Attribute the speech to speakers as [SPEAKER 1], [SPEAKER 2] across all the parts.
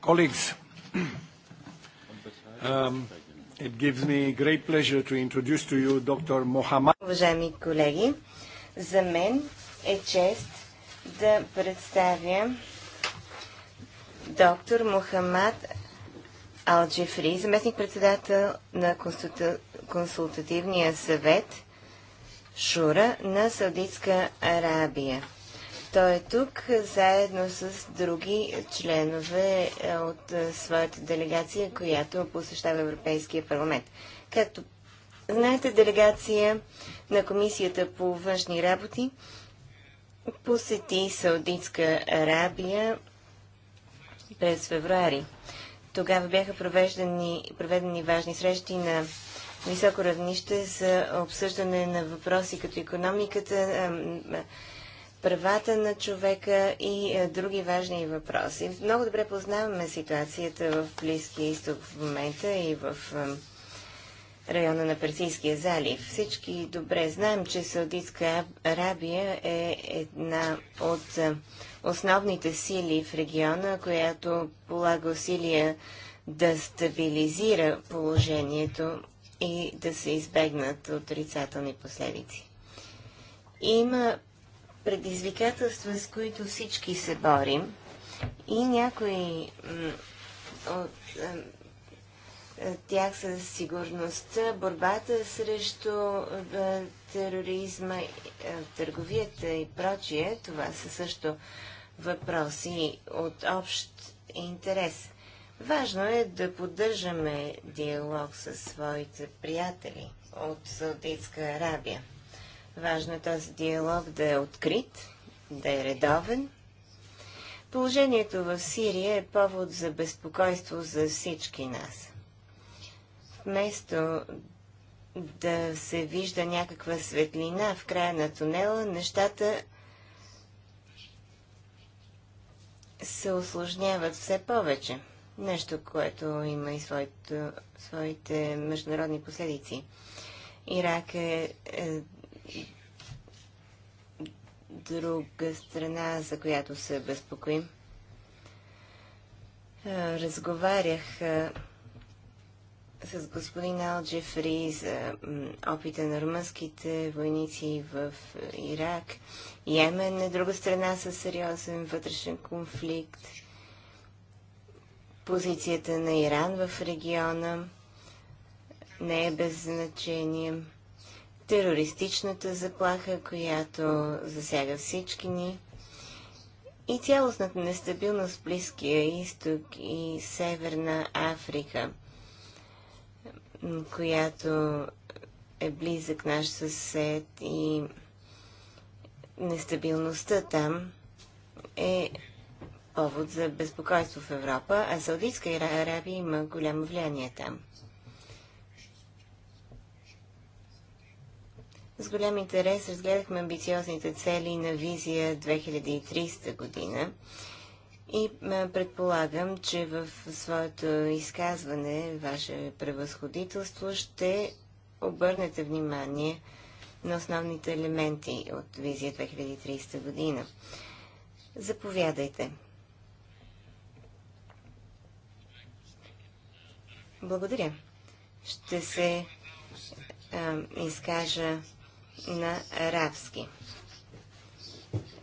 [SPEAKER 1] colleagues, um, it gives
[SPEAKER 2] me great pleasure to introduce to you Dr. Mohamad. Уважаеми колеги, за мен е чест да представя доктор Мохамад Алджифри, заместник-председател на консултативния съвет Шура на Саудитска Арабия. Той е тук заедно с други членове е, от е, своята делегация, която посещава Европейския парламент. Както знаете, делегация на Комисията по външни работи посети Саудитска Арабия през февруари. Тогава бяха провеждани, проведени важни срещи на високо равнище за обсъждане на въпроси като економиката, правата на човека и е, други важни въпроси. Много добре познаваме ситуацията в Близкия изток в момента и в е, района на Персийския залив. Всички добре знаем, че Саудитска Арабия е една от е, основните сили в региона, която полага усилия да стабилизира положението и да се избегнат отрицателни последици. Има предизвикателства, с които всички се борим и някои от тях със сигурност, борбата срещу тероризма, търговията и прочие, това са също въпроси от общ интерес. Важно е да поддържаме диалог със своите приятели от Саудитска Арабия. Важно е този диалог да е открит, да е редовен. Положението в Сирия е повод за безпокойство за всички нас. Вместо да се вижда някаква светлина в края на тунела, нещата се осложняват все повече. Нещо, което има и своите, своите международни последици. Ирак е, е друга страна, за която се безпокоим. Разговарях с господин Алджи Фри за опита на румънските войници в Ирак. Йемен е друга страна с сериозен вътрешен конфликт. Позицията на Иран в региона не е без значение терористичната заплаха, която засяга всички ни, и цялостната нестабилност в Близкия изток и Северна Африка, която е близък наш съсед и нестабилността там е повод за безпокойство в Европа, а Саудитска Арабия има голямо влияние там. С голям интерес разгледахме амбициозните цели на визия 2030 година и предполагам, че в своето изказване, ваше превъзходителство, ще обърнете внимание на основните елементи от визия 2030 година. Заповядайте. Благодаря. Ще се а, изкажа на арабски.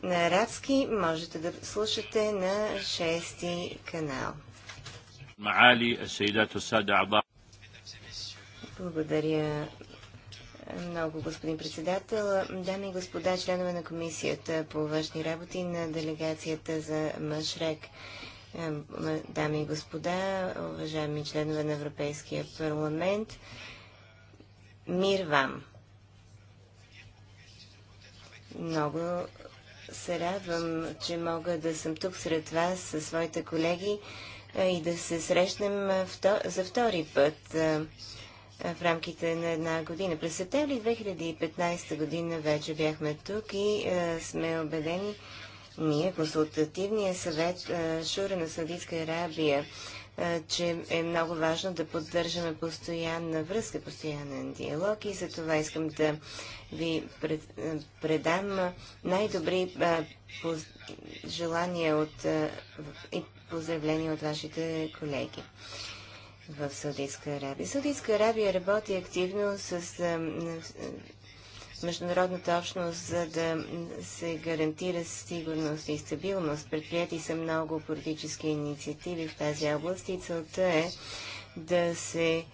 [SPEAKER 2] На арабски можете да слушате на 6 канал. Благодаря много, господин председател. Дами и господа, членове на комисията по външни работи на делегацията за Машрек. Дами и господа, уважаеми членове на Европейския парламент, мир вам! Много се радвам, че мога да съм тук сред вас със своите колеги и да се срещнем за втори път в рамките на една година. През септември 2015 година вече бяхме тук и сме убедени ние, консултативния съвет Шура на Саудитска Арабия, е, че е много важно да поддържаме постоянна връзка, постоянен диалог и за това искам да ви е, предам най-добри е, желания от, и поздравления от вашите колеги в Саудитска Арабия. Саудитска Арабия работи активно с международната общност, за да се гарантира сигурност и стабилност. Предприяти са много политически инициативи в тази област и целта е да се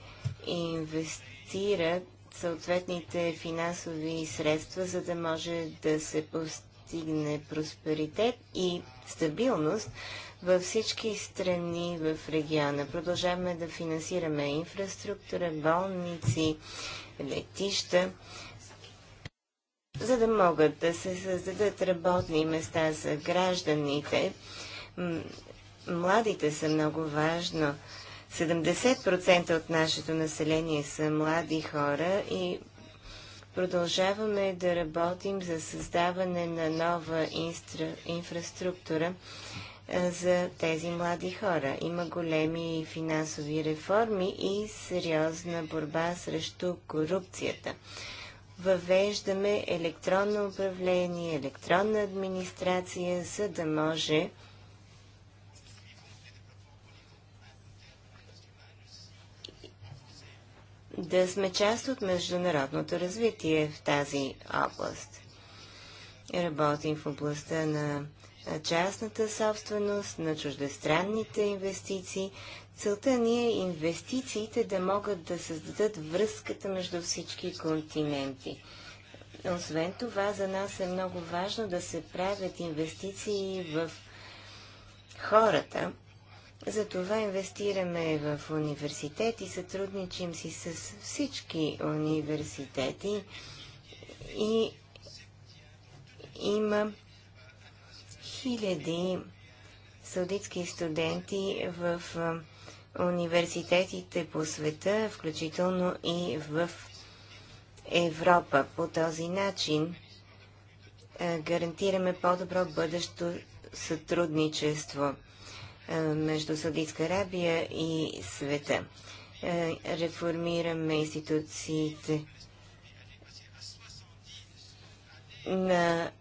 [SPEAKER 2] инвестират съответните финансови средства, за да може да се постигне просперитет и стабилност във всички страни в региона. Продължаваме да финансираме инфраструктура, болници, летища, за да могат да се създадат работни места за гражданите. Младите са много важно. 70% от нашето население са млади хора и продължаваме да работим за създаване на нова инстра... инфраструктура е, за тези млади хора. Има големи финансови реформи и сериозна борба срещу корупцията въвеждаме електронно управление, електронна администрация, за да може да сме част от международното развитие в тази област. Работим в областта на частната собственост, на чуждестранните инвестиции, Целта ни е инвестициите да могат да създадат връзката между всички континенти. Освен това, за нас е много важно да се правят инвестиции в хората. Затова инвестираме в университети, сътрудничим си с всички университети и има хиляди саудитски студенти в университетите по света, включително и в Европа. По този начин е, гарантираме по-добро бъдещо сътрудничество е, между Саудитска Арабия и света. Е, реформираме институциите на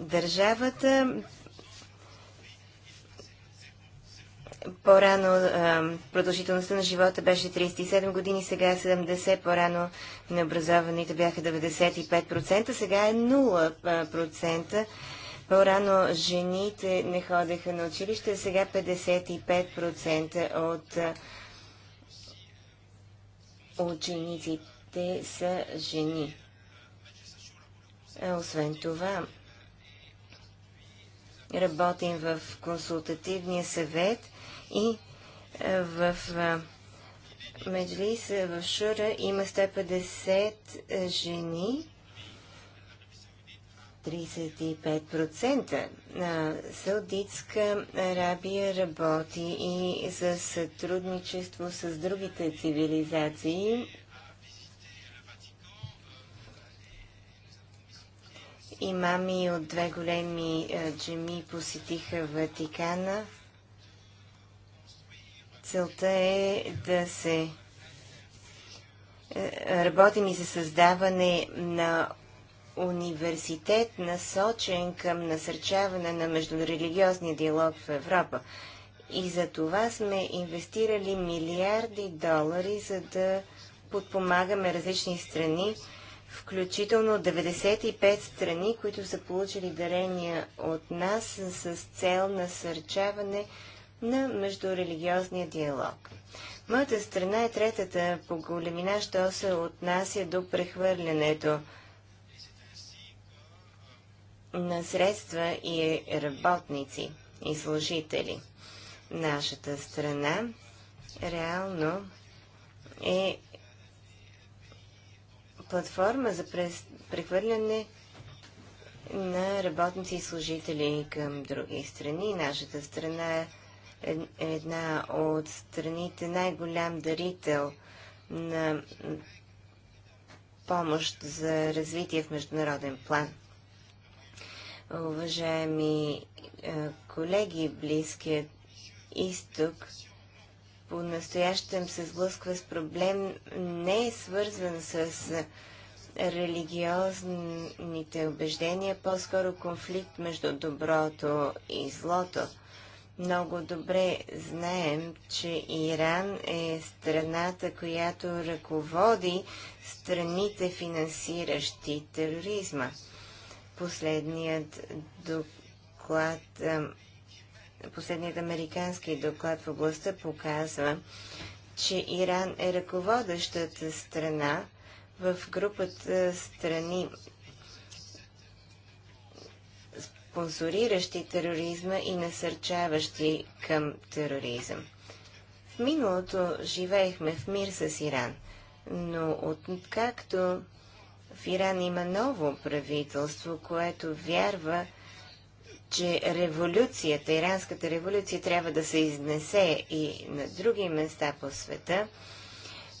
[SPEAKER 2] държавата. По-рано продължителността на живота беше 37 години, сега е 70, по-рано на образованите бяха 95%, сега е 0%. По-рано жените не ходеха на училище, сега 55% от учениците са жени. Освен това, работим в консултативния съвет – и е, в Меджлис, е, в Шура има 150 е, жени, 35%. Саудитска Арабия работи и за сътрудничество с другите цивилизации. Имами от две големи джеми посетиха Ватикана – Целта е да се е, работим и за създаване на университет, насочен към насърчаване на междурелигиозния диалог в Европа. И за това сме инвестирали милиарди долари, за да подпомагаме различни страни, включително 95 страни, които са получили дарения от нас с цел насърчаване на междурелигиозния диалог. Моята страна е третата по големина, що се отнася до прехвърлянето на средства и работници и служители. Нашата страна реално е платформа за прехвърляне на работници и служители към други страни. Нашата страна е една от страните най-голям дарител на помощ за развитие в международен план. Уважаеми е, колеги, Близкият изток по-настоящем се сблъсква с проблем, не е свързан с религиозните убеждения, по-скоро конфликт между доброто и злото – много добре знаем, че Иран е страната, която ръководи страните, финансиращи тероризма. Последният доклад, последният американски доклад в областта показва, че Иран е ръководещата страна в групата страни спонсориращи тероризма и насърчаващи към тероризъм. В миналото живеехме в мир с Иран, но откакто в Иран има ново правителство, което вярва, че революцията, иранската революция трябва да се изнесе и на други места по света,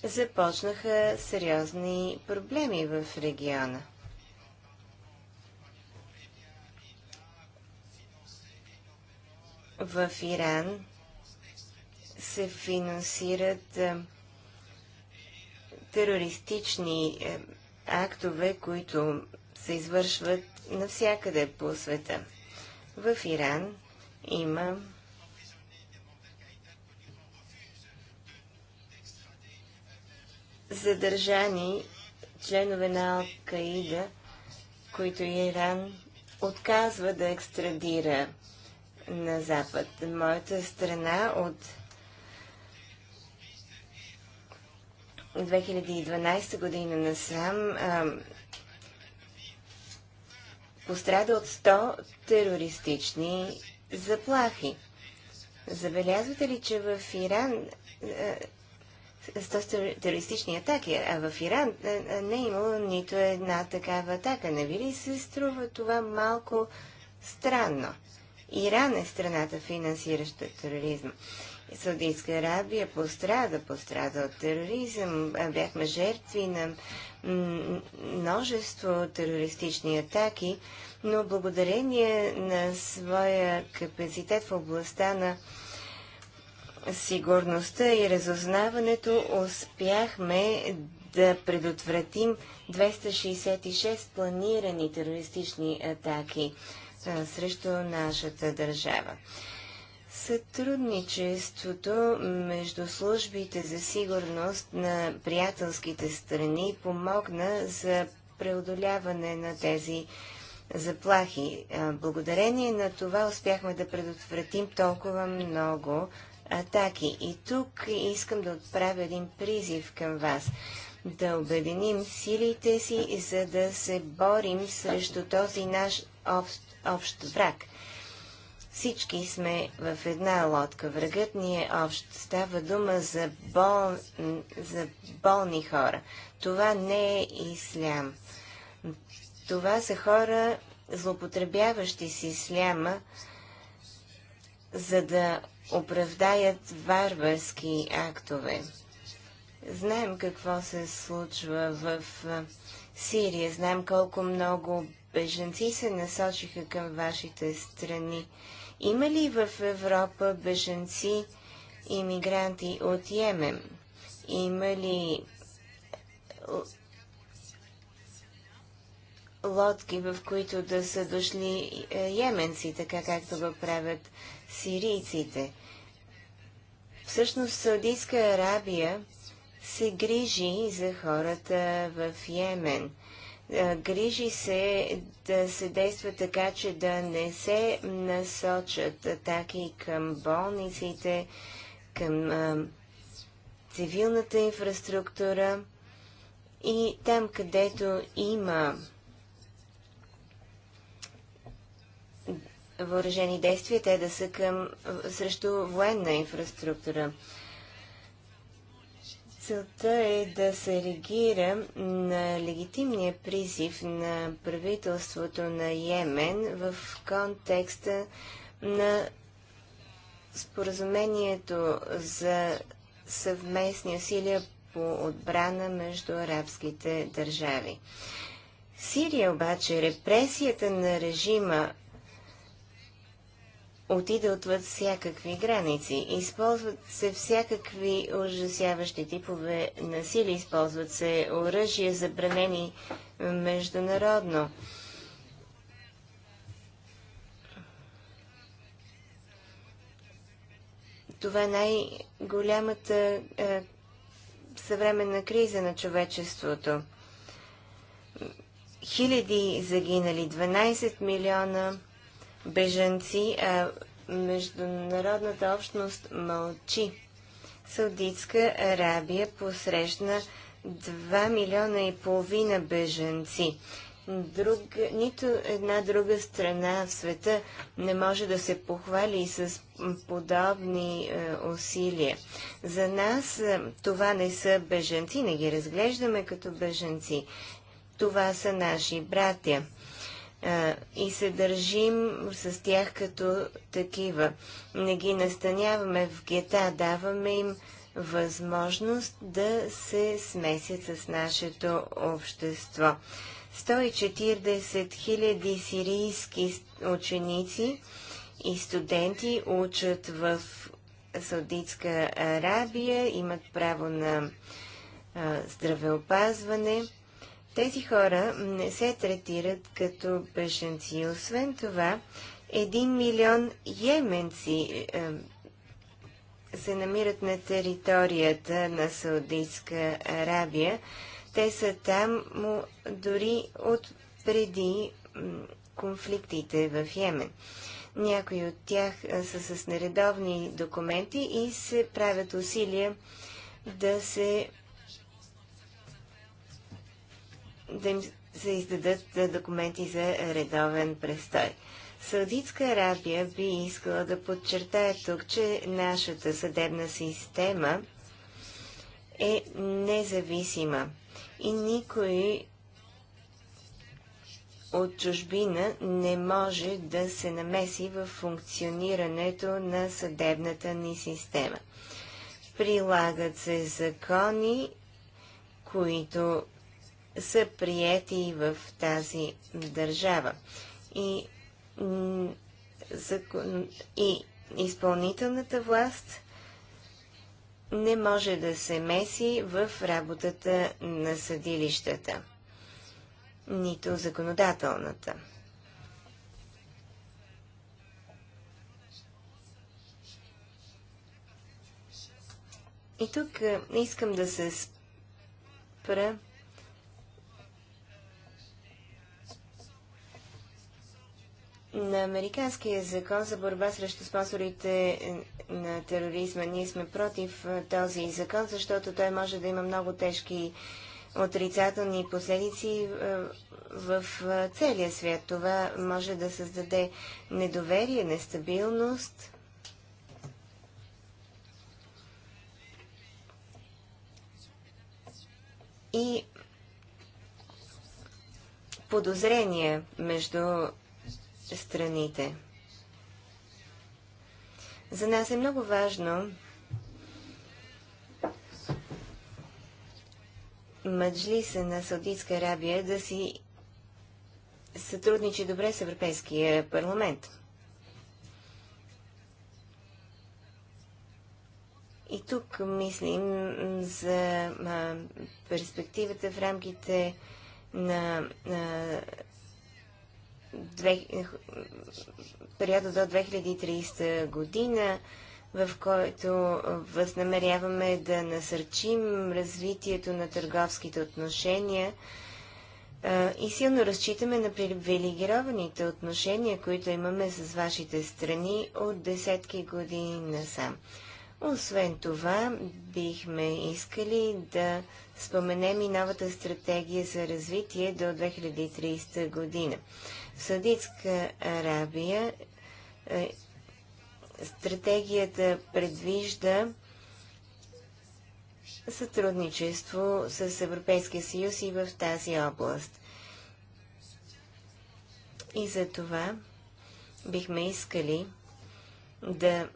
[SPEAKER 2] започнаха сериозни проблеми в региона. в Иран се финансират е, терористични е, актове, които се извършват навсякъде по света. В Иран има задържани членове на Ал-Каида, които Иран отказва да екстрадира на Запад. Моята страна от 2012 година насам а, пострада от 100 терористични заплахи. Забелязвате ли, че в Иран а, 100 терористични атаки, а в Иран а, не е имало нито една такава атака? Не ви ли се струва това малко странно? Иран е страната финансираща тероризма. Саудитска Арабия пострада, пострада от тероризъм. Бяхме жертви на множество терористични атаки, но благодарение на своя капацитет в областта на сигурността и разузнаването успяхме да предотвратим 266 планирани терористични атаки срещу нашата държава. Сътрудничеството между службите за сигурност на приятелските страни помогна за преодоляване на тези заплахи. Благодарение на това успяхме да предотвратим толкова много атаки. И тук искам да отправя един призив към вас. Да обединим силите си, за да се борим срещу този наш общ общ враг. Всички сме в една лодка. Врагът ни е общ. Става дума за, бол... за болни хора. Това не е ислям. Това са хора, злоупотребяващи с исляма, за да оправдаят варварски актове. Знаем какво се случва в Сирия, знаем колко много бежанци се насочиха към вашите страни. Има ли в Европа бежанци иммигранти от Йемен? Има ли е, лодки, в които да са дошли е, йеменци, така както го правят сирийците? Всъщност Саудитска Арабия се грижи за хората в Йемен. Е, грижи се да се действа така, че да не се насочат атаки към болниците, към е, цивилната инфраструктура и там, където има въоръжени действия, те да са към, срещу военна инфраструктура. Целта е да се реагира на легитимния призив на правителството на Йемен в контекста на споразумението за съвместни усилия по отбрана между арабските държави. Сирия обаче репресията на режима отида отвъд всякакви граници. Използват се всякакви ужасяващи типове насилие, използват се оръжия, забранени международно. Това е най-голямата е, съвременна криза на човечеството. Хиляди загинали, 12 милиона бежанци, а международната общност мълчи. Саудитска Арабия посрещна 2 милиона и половина бежанци. Друг, нито една друга страна в света не може да се похвали с подобни е, усилия. За нас е, това не са бежанци, не ги разглеждаме като бежанци. Това са наши братя и се държим с тях като такива. Не ги настаняваме в гета, даваме им възможност да се смесят с нашето общество. 140 000 сирийски ученици и студенти учат в Саудитска Арабия, имат право на здравеопазване. Тези хора не се третират като бежанци. Освен това, един милион йеменци е, се намират на територията на Саудитска Арабия. Те са там дори от преди конфликтите в Йемен. Някои от тях е, са с нередовни документи и се правят усилия да се да им се издадат е, документи за редовен престой. Саудитска Арабия би искала да подчертая тук, че нашата съдебна система е независима и никой от чужбина не може да се намеси в функционирането на съдебната ни система. Прилагат се закони, които са приети в тази държава. И, закон... и изпълнителната власт не може да се меси в работата на съдилищата, нито законодателната. И тук искам да се спра на Американския закон за борба срещу спонсорите на тероризма. Ние сме против този закон, защото той може да има много тежки отрицателни последици в целия свят. Това може да създаде недоверие, нестабилност. И подозрения между страните. За нас е много важно Маджлиса на Саудитска Арабия да си сътрудничи добре с Европейския парламент. И тук мислим за перспективата в рамките на, на две, периода до 2030 година, в който възнамеряваме да насърчим развитието на търговските отношения и силно разчитаме на привилегированите отношения, които имаме с вашите страни от десетки години насам. Освен това, бихме искали да споменем и новата стратегия за развитие до 2030 година. В Саудитска Арабия е, стратегията предвижда сътрудничество с Европейския съюз и в тази област. И за това бихме искали да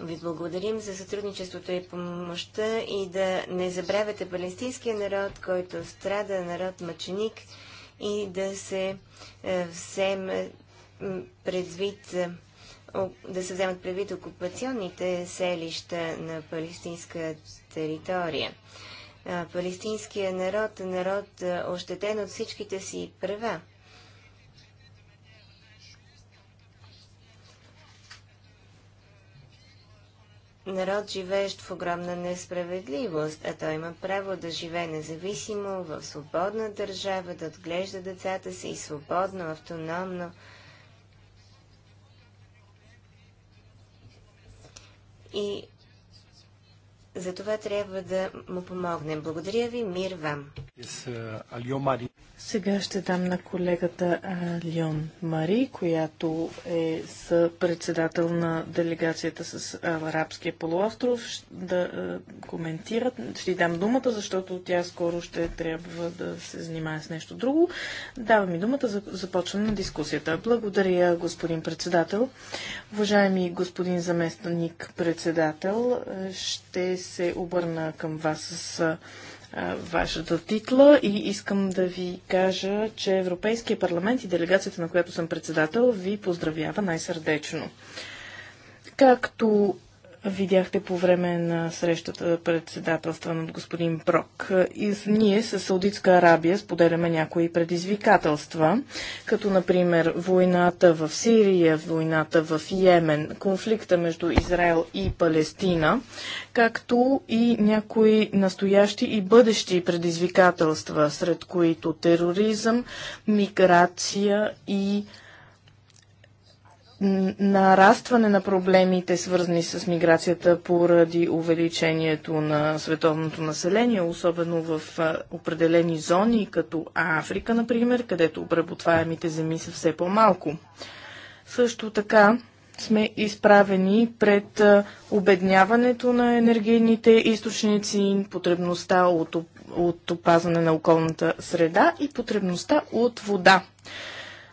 [SPEAKER 2] ви благодарим за сътрудничеството и помощта и да не забравяте палестинския народ, който страда, народ мъченик, и да се е, вземе предвид е, да се вземат предвид окупационните селища на палестинска територия. Палестинският народ е народ е, ощетен от всичките си права. народ, живеещ в огромна несправедливост, а той има право да живее независимо, в свободна държава, да отглежда децата си и свободно, автономно. И за това трябва да му помогнем. Благодаря ви, мир вам.
[SPEAKER 1] Uh,
[SPEAKER 3] сега ще дам на колегата Лион Мари, която е съпредседател на делегацията с Арабския полуостров, да коментират. Ще й дам думата, защото тя скоро ще трябва да се занимае с нещо друго. Давам ми думата, започвам на дискусията. Благодаря, господин председател. Уважаеми господин заместник председател, ще се обърна към вас с вашата титла и искам да ви кажа, че Европейския парламент и делегацията, на която съм председател, ви поздравява най-сърдечно. Както видяхте по време на срещата председателства на господин Брок. И ние с Саудитска Арабия споделяме някои предизвикателства, като например войната в Сирия, войната в Йемен, конфликта между Израел и Палестина, както и някои настоящи и бъдещи предизвикателства, сред които тероризъм, миграция и нарастване на проблемите, свързани с миграцията поради увеличението на световното население, особено в определени зони, като Африка, например, където обработваемите земи са все по-малко. Също така сме изправени пред обедняването на енергийните източници, потребността от, от опазване на околната среда и потребността от вода.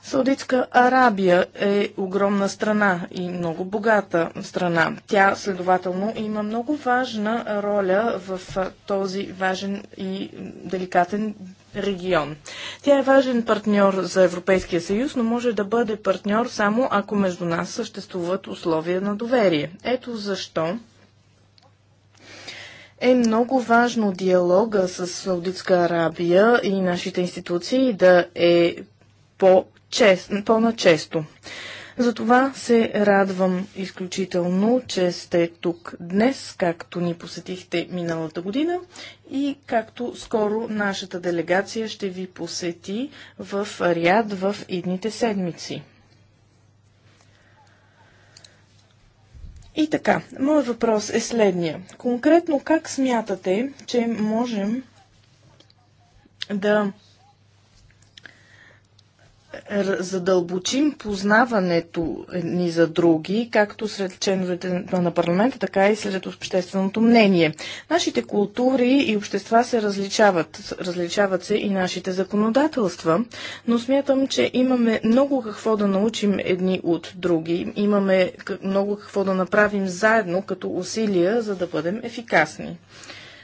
[SPEAKER 3] Саудитска Арабия е огромна страна и много богата страна. Тя, следователно, има много важна роля в този важен и деликатен регион. Тя е важен партньор за Европейския съюз, но може да бъде партньор само ако между нас съществуват условия на доверие. Ето защо е много важно диалога с Саудитска Арабия и нашите институции да е по по-начесто. Затова се радвам изключително, че сте тук днес, както ни посетихте миналата година и както скоро нашата делегация ще ви посети в Ряд в идните седмици. И така, моят въпрос е следния. Конкретно как смятате, че можем да задълбочим познаването ни за други, както сред членовете на парламента, така и сред общественото мнение. Нашите култури и общества се различават. Различават се и нашите законодателства, но смятам, че имаме много какво да научим едни от други. Имаме много какво да направим заедно като усилия, за да бъдем ефикасни.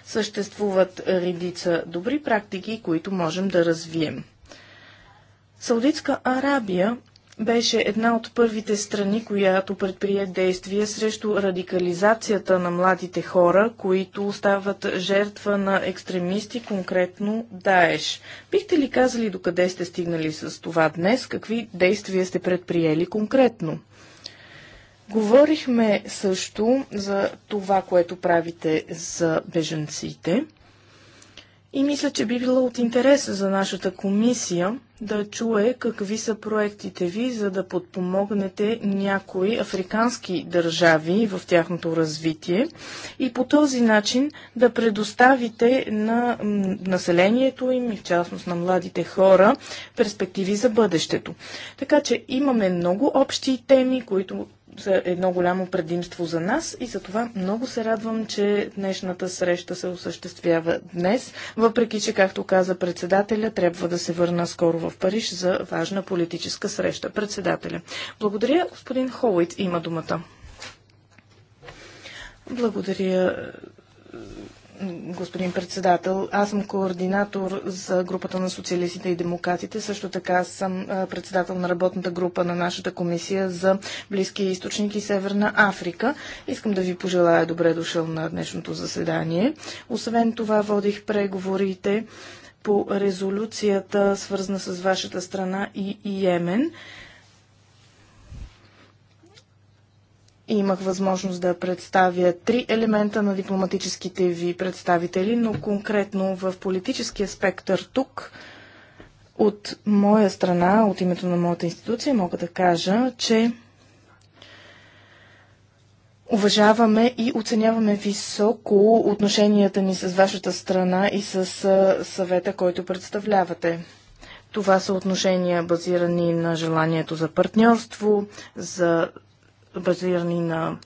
[SPEAKER 3] Съществуват редица добри практики, които можем да развием. Саудитска Арабия беше една от първите страни, която предприе действия срещу радикализацията на младите хора, които стават жертва на екстремисти, конкретно Даеш. Бихте ли казали докъде сте стигнали с това днес? Какви действия сте предприели конкретно? Говорихме също за това, което правите за беженците. И мисля, че би било от интерес за нашата комисия да чуе какви са проектите ви, за да подпомогнете някои африкански държави в тяхното развитие и по този начин да предоставите на населението им и в частност на младите хора перспективи за бъдещето. Така че имаме много общи теми, които са едно голямо предимство за нас и за това много се радвам, че днешната среща се осъществява днес, въпреки че, както каза председателя, трябва да се върна скоро в Париж за важна политическа среща. Председателя. Благодаря, господин Холуит има думата. Благодаря, господин председател. Аз съм координатор за групата на социалистите и демократите. Също така съм председател на работната група на нашата комисия за Близкия източник и Северна Африка. Искам да ви пожелая добре дошъл на днешното заседание. Освен това водих преговорите по резолюцията, свързана с вашата страна и Йемен. Имах възможност да представя три елемента на дипломатическите ви представители, но конкретно в политическия спектър тук от моя страна, от името на моята институция, мога да кажа, че уважаваме и оценяваме високо отношенията ни с вашата страна и с съвета, който представлявате. Това са отношения базирани на желанието за партньорство, за базирани на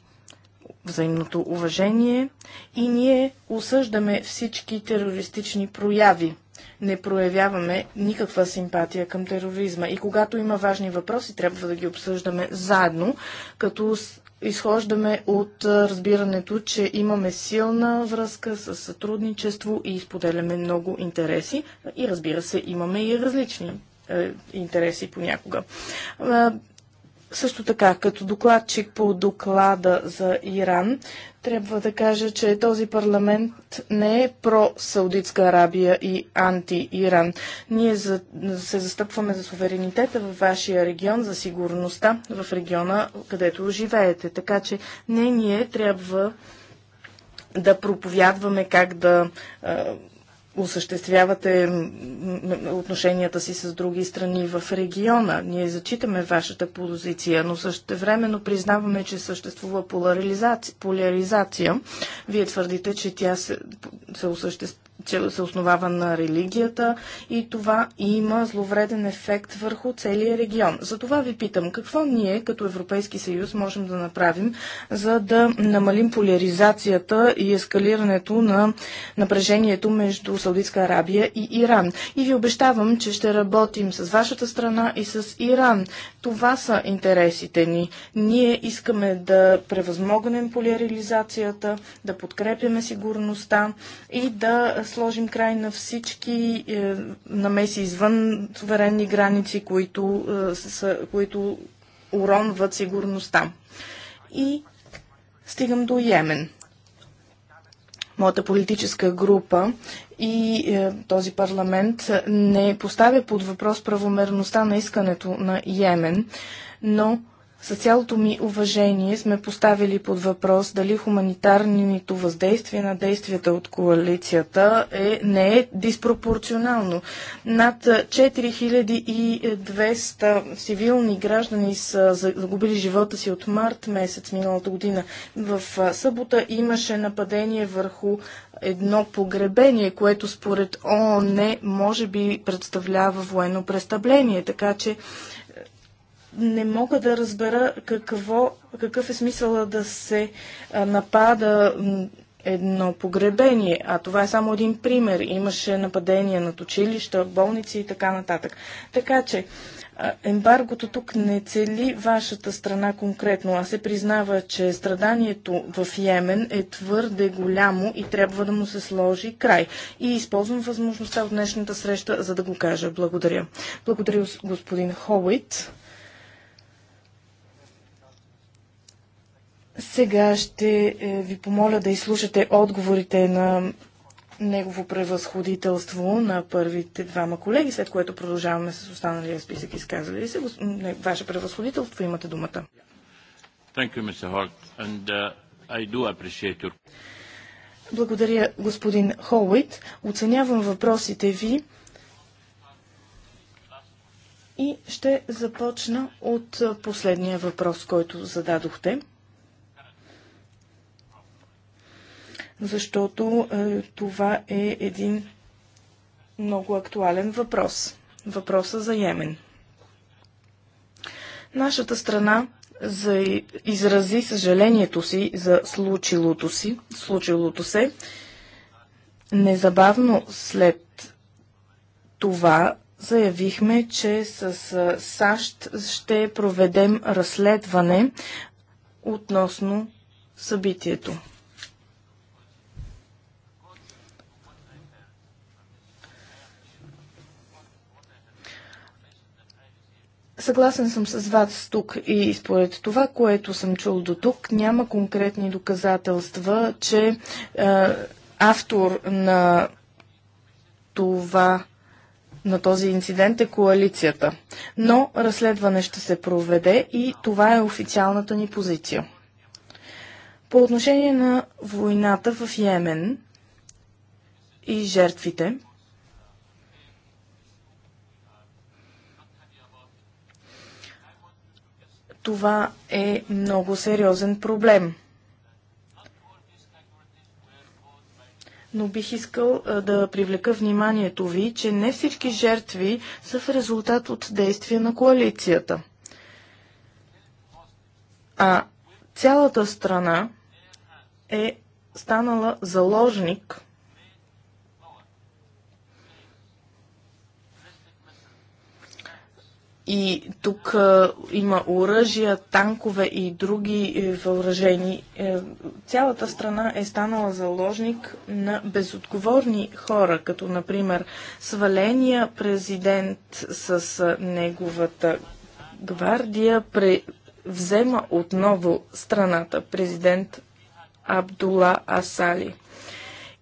[SPEAKER 3] взаимното уважение и ние осъждаме всички терористични прояви. Не проявяваме никаква симпатия към тероризма. И когато има важни въпроси, трябва да ги обсъждаме заедно, като изхождаме от разбирането, че имаме силна връзка с сътрудничество и споделяме много интереси. И разбира се, имаме и различни е, интереси понякога. Също така, като докладчик по доклада за Иран, трябва да кажа, че този парламент не е про-Саудитска Арабия и анти-Иран. Ние за, се застъпваме за суверенитета във вашия регион, за сигурността в региона, където живеете. Така че не ние трябва да проповядваме как да осъществявате отношенията си с други страни в региона. Ние зачитаме вашата позиция, но също времено признаваме, че съществува поляризация. Вие твърдите, че тя се, се че се основава на религията и това има зловреден ефект върху целия регион. Затова ви питам, какво ние като Европейски съюз можем да направим, за да намалим поляризацията и ескалирането на напрежението между Саудитска Арабия и Иран. И ви обещавам, че ще работим с вашата страна и с Иран. Това са интересите ни. Ние искаме да превъзмогнем поляризацията, да подкрепяме сигурността и да сложим край на всички е, намеси извън суверенни граници, които, е, са, които уронват сигурността. И стигам до Йемен. Моята политическа група и е, този парламент не поставя под въпрос правомерността на искането на Йемен, но с цялото ми уважение сме поставили под въпрос дали хуманитарното въздействие на действията от коалицията е, не е диспропорционално. Над 4200 цивилни граждани са загубили живота си от март месец миналата година. В събота имаше нападение върху едно погребение, което според ООН е може би представлява военно престъпление. Така че не мога да разбера какво, какъв е смисъла да се напада едно погребение, а това е само един пример. Имаше нападения над училища, болници и така нататък. Така че, ембаргото тук не цели вашата страна конкретно, а се признава, че страданието в Йемен е твърде голямо и трябва да му се сложи край. И използвам възможността от днешната среща, за да го кажа. Благодаря. Благодаря господин Холит. Сега ще е, ви помоля да изслушате отговорите на негово превъзходителство на първите двама колеги, след което продължаваме с останалия списък изказали ли се. Ваше превъзходителство, имате думата.
[SPEAKER 1] You, And, uh,
[SPEAKER 3] Благодаря, господин Холуит. Оценявам въпросите ви и ще започна от последния въпрос, който зададохте. защото е, това е един много актуален въпрос. Въпроса за Йемен. Нашата страна за... изрази съжалението си за случилото, си, случилото се. Незабавно след това заявихме, че с е, САЩ ще проведем разследване относно събитието. Съгласен съм с вас тук и според това, което съм чул до тук, няма конкретни доказателства, че е, автор на това на този инцидент е коалицията. Но разследване ще се проведе и това е официалната ни позиция. По отношение на войната в Йемен и жертвите, Това е много сериозен проблем. но бих искал да привлека вниманието ви, че не всички жертви са в резултат от действия на коалицията. А цялата страна е станала заложник И тук а, има оръжия, танкове и други е, въоръжени. Е, цялата страна е станала заложник на безотговорни хора, като например сваления президент с а, неговата гвардия пре, взема отново страната президент Абдула Асали.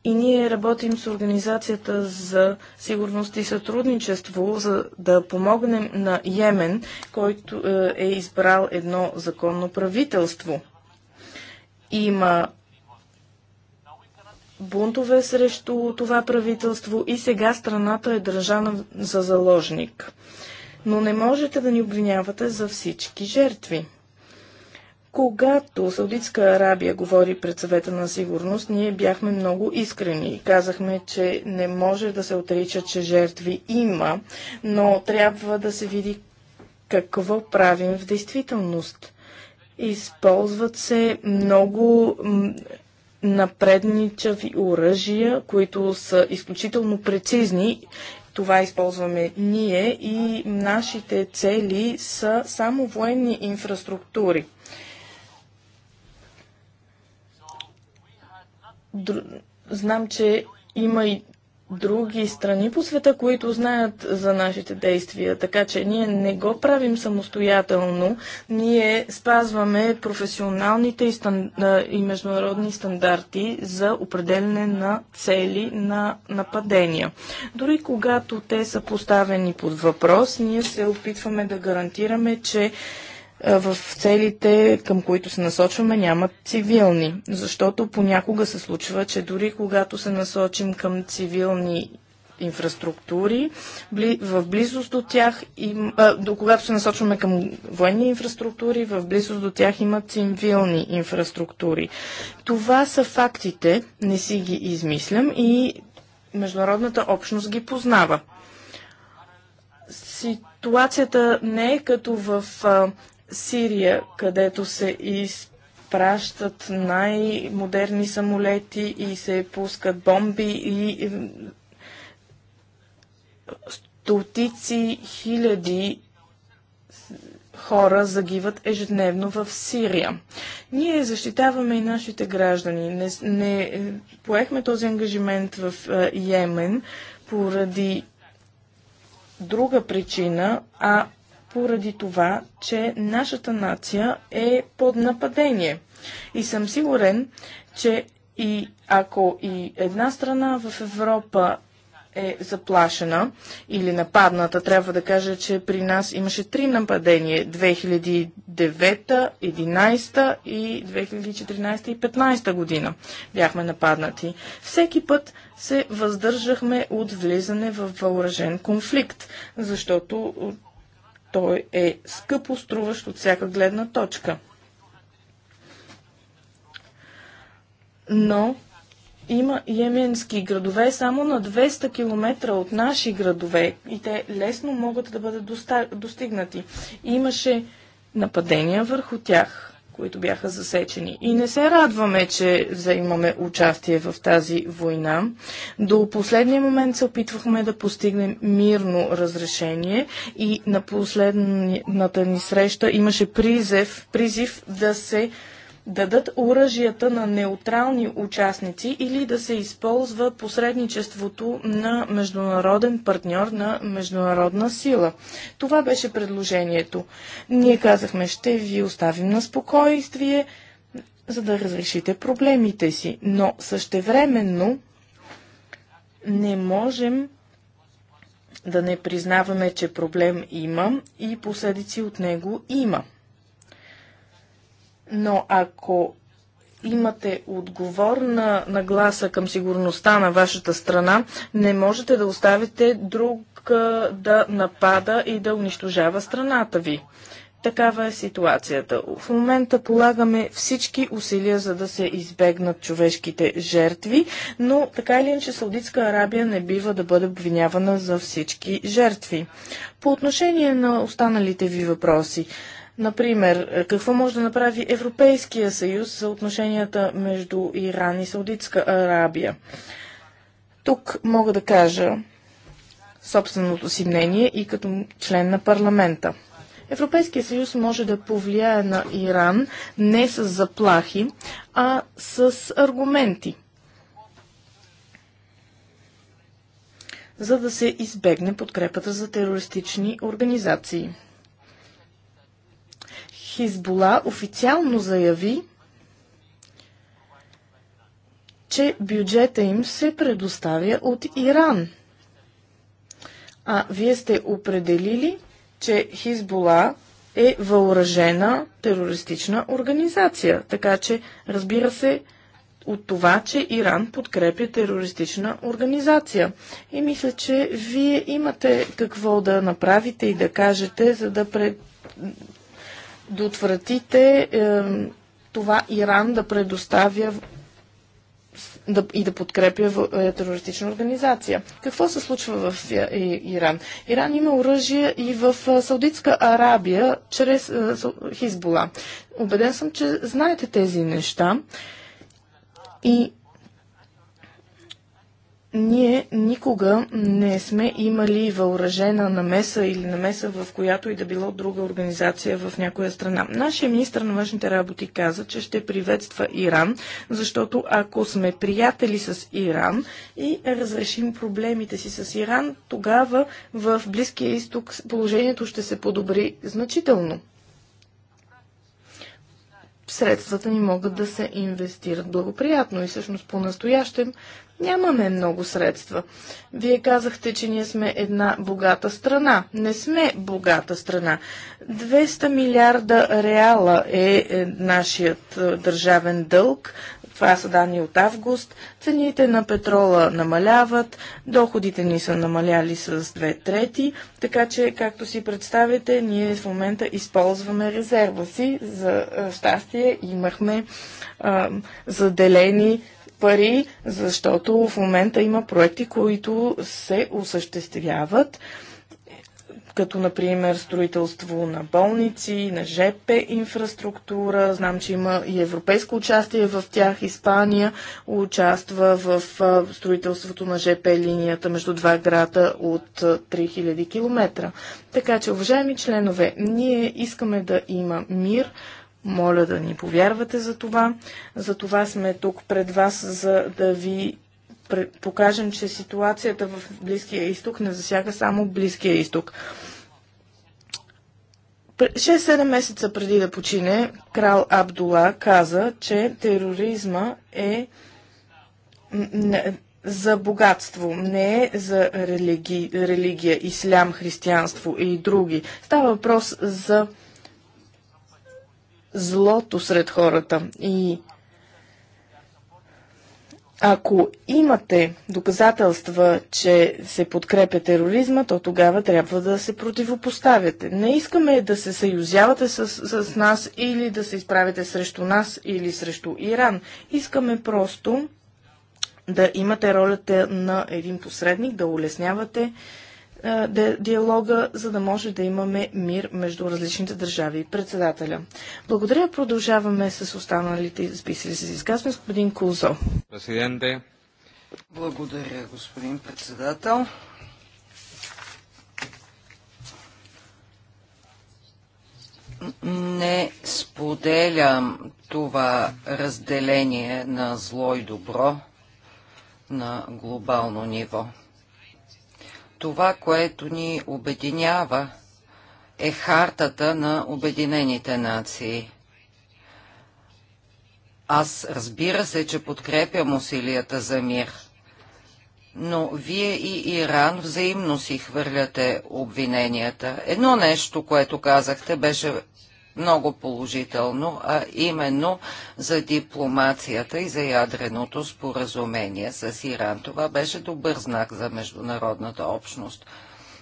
[SPEAKER 3] И ние работим с Организацията за сигурност и сътрудничество, за да помогнем на Йемен, който е, е избрал едно законно правителство. Има бунтове срещу това правителство и сега страната е държана за заложник. Но не можете да ни обвинявате за всички жертви. Когато Саудитска Арабия говори пред съвета на сигурност, ние бяхме много искрени. Казахме, че не може да се отрича, че жертви има, но трябва да се види какво правим в действителност. Използват се много напредничави оръжия, които са изключително прецизни това използваме ние и нашите цели са само военни инфраструктури. Дру... Знам, че има и други страни по света, които знаят за нашите действия. Така че ние не го правим самостоятелно. Ние спазваме професионалните и, стан... и международни стандарти за определене на цели на нападения. Дори когато те са поставени под въпрос, ние се опитваме да гарантираме, че в целите, към които се насочваме, нямат цивилни. Защото понякога се случва, че дори когато се насочим към цивилни инфраструктури, в близост до тях, им, а, до когато се насочваме към военни инфраструктури, в близост до тях има цивилни инфраструктури. Това са фактите, не си ги измислям и международната общност ги познава. Ситуацията не е като в а, Сирия, където се изпращат най-модерни самолети и се пускат бомби и стотици хиляди хора загиват ежедневно в Сирия. Ние защитаваме и нашите граждани. Не, не поехме този ангажимент в е, Йемен поради друга причина, а поради това, че нашата нация е под нападение. И съм сигурен, че и ако и една страна в Европа е заплашена или нападната. Трябва да кажа, че при нас имаше три нападения 2009, 2011 и 2014 и 2015 година бяхме нападнати. Всеки път се въздържахме от влизане в въоръжен конфликт, защото той е скъпо струващ от всяка гледна точка. Но има йеменски градове само на 200 км от наши градове и те лесно могат да бъдат достигнати. Имаше нападения върху тях които бяха засечени. И не се радваме, че взаимаме участие в тази война. До последния момент се опитвахме да постигнем мирно разрешение и на последната ни среща имаше призев, призив да се дадат оръжията на неутрални участници или да се използва посредничеството на международен партньор на международна сила. Това беше предложението. Ние казахме, ще ви оставим на спокойствие, за да разрешите проблемите си, но същевременно не можем да не признаваме, че проблем има и последици от него има. Но ако имате отговорна нагласа към сигурността на вашата страна, не можете да оставите друг да напада и да унищожава страната ви. Такава е ситуацията. В момента полагаме всички усилия, за да се избегнат човешките жертви, но така или иначе Саудитска Арабия не бива да бъде обвинявана за всички жертви. По отношение на останалите ви въпроси, Например, какво може да направи Европейския съюз за отношенията между Иран и Саудитска Арабия? Тук мога да кажа собственото си мнение и като член на парламента. Европейския съюз може да повлияе на Иран не с заплахи, а с аргументи, за да се избегне подкрепата за терористични организации. Хизбола официално заяви, че бюджета им се предоставя от Иран. А вие сте определили, че Хизбола е въоръжена терористична организация. Така че, разбира се, от това, че Иран подкрепя терористична организация. И мисля, че вие имате какво да направите и да кажете, за да пред да отвратите е, това Иран да предоставя да, и да подкрепя е, терористична организация. Какво се случва в е, е, Иран? Иран има оръжие и в е, Саудитска Арабия чрез е, Хизбола. Обеден съм, че знаете тези неща и ние никога не сме имали въоръжена намеса или намеса в която и да било друга организация в някоя страна. Нашия министр на външните работи каза, че ще приветства Иран, защото ако сме приятели с Иран и разрешим проблемите си с Иран, тогава в Близкия изток положението ще се подобри значително средствата ни могат да се инвестират благоприятно и всъщност по-настоящем нямаме много средства. Вие казахте, че ние сме една богата страна. Не сме богата страна. 200 милиарда реала е, е нашият е, държавен дълг. Това са данни от август. Цените на петрола намаляват, доходите ни са намаляли с две трети, така че, както си представите, ние в момента използваме резерва си. За е, щастие имахме а, заделени пари, защото в момента има проекти, които се осъществяват като например строителство на болници, на ЖП инфраструктура. Знам, че има и европейско участие в тях. Испания участва в строителството на ЖП линията между два града от 3000 км. Така че, уважаеми членове, ние искаме да има мир моля да ни повярвате за това. За това сме тук пред вас, за да ви покажем, че ситуацията в Близкия изток не засяга само Близкия изток. 6-7 месеца преди да почине, крал Абдула каза, че тероризма е за богатство, не е за религи, религия, ислям, християнство и други. Става въпрос за злото сред хората. И ако имате доказателства, че се подкрепя тероризма, то тогава трябва да се противопоставяте. Не искаме да се съюзявате с, с нас или да се изправите срещу нас или срещу Иран. Искаме просто да имате ролята на един посредник, да улеснявате е, диалога, за да може да имаме мир между различните държави и председателя. Благодаря. Продължаваме с останалите изписали се изказване с господин Кулзо.
[SPEAKER 4] Президенте. Благодаря, господин председател. Не споделям това разделение на зло и добро на глобално ниво. Това, което ни обединява, е хартата на Обединените нации. Аз разбира се, че подкрепям усилията за мир, но вие и Иран взаимно си хвърляте обвиненията. Едно нещо, което казахте, беше много положително, а именно за дипломацията и за ядреното споразумение с Иран. Това беше добър знак за международната общност.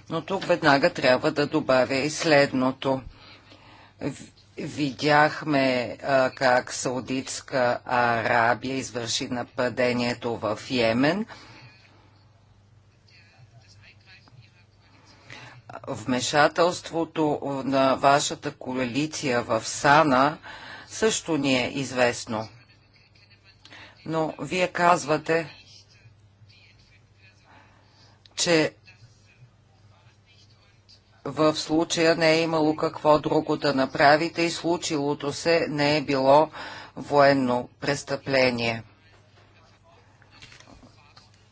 [SPEAKER 4] Но тук веднага трябва да добавя и следното. Видяхме а, как Саудитска Арабия извърши нападението в Йемен – вмешателството на вашата коалиция в САНА също ни е известно. Но вие казвате, че в случая не е имало какво друго да направите и случилото се не е било военно престъпление.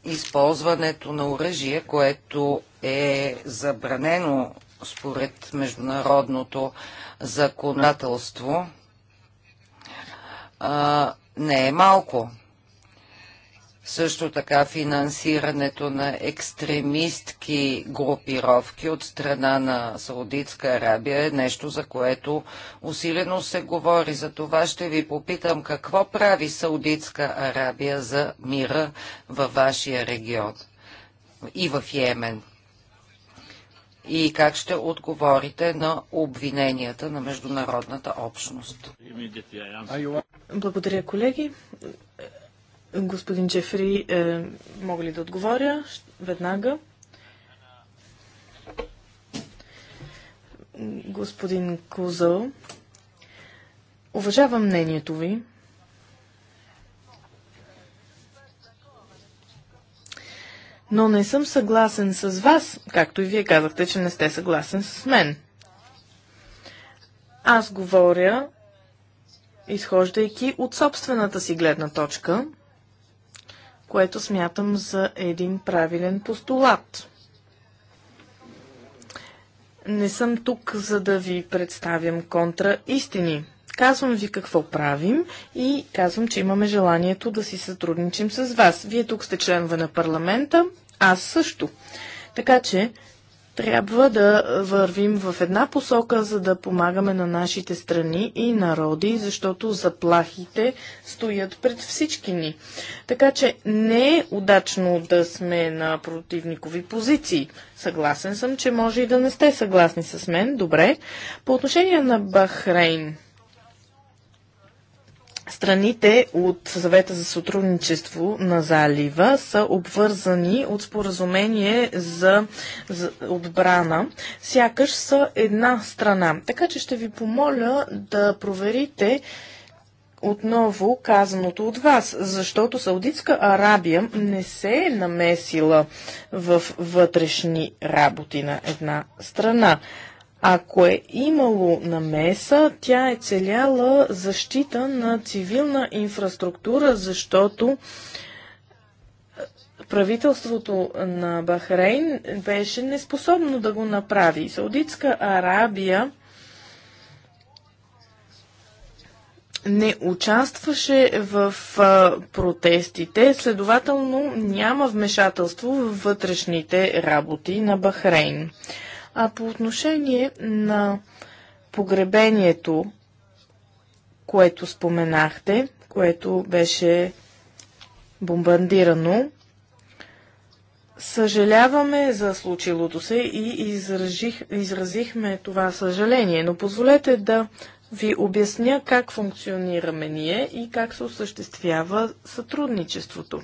[SPEAKER 4] Използването на оръжие, което е забранено според международното законодателство, не е малко. Също така финансирането на екстремистки групировки от страна на Саудитска Арабия е нещо, за което усилено се говори. За това ще ви попитам какво прави Саудитска Арабия за мира във вашия регион и в Йемен и как ще отговорите на
[SPEAKER 3] обвиненията на международната общност? Благодаря, колеги. Господин Джефри, е, мога ли да отговоря веднага? Господин Кузъл, уважавам мнението ви. но не съм съгласен с вас, както и вие казахте, че не сте съгласен с мен. Аз говоря, изхождайки от собствената си гледна точка, което смятам за един правилен постулат. Не съм тук, за да ви представям контра истини. Казвам ви какво правим и казвам, че имаме желанието да си сътрудничим с вас. Вие тук сте членове на парламента, аз също. Така че трябва да вървим в една посока, за да помагаме на нашите страни и народи, защото заплахите стоят пред всички ни. Така че не е удачно да сме на противникови позиции. Съгласен съм, че може и да не сте съгласни с мен. Добре. По отношение на Бахрейн. Страните от съвета за сътрудничество на залива са обвързани от споразумение за, за отбрана, сякаш са една страна. Така че ще ви помоля да проверите отново казаното от вас, защото Саудитска Арабия не се е намесила в вътрешни работи на една страна. Ако е имало намеса, тя е целяла защита на цивилна инфраструктура, защото е, правителството на Бахрейн беше неспособно да го направи. Саудитска Арабия не участваше в е, протестите, следователно няма вмешателство в вътрешните работи на Бахрейн. А по отношение на погребението, което споменахте, което беше бомбандирано, съжаляваме за случилото се и изразих, изразихме това съжаление, но позволете да ви обясня как функционираме ние и как се осъществява сътрудничеството.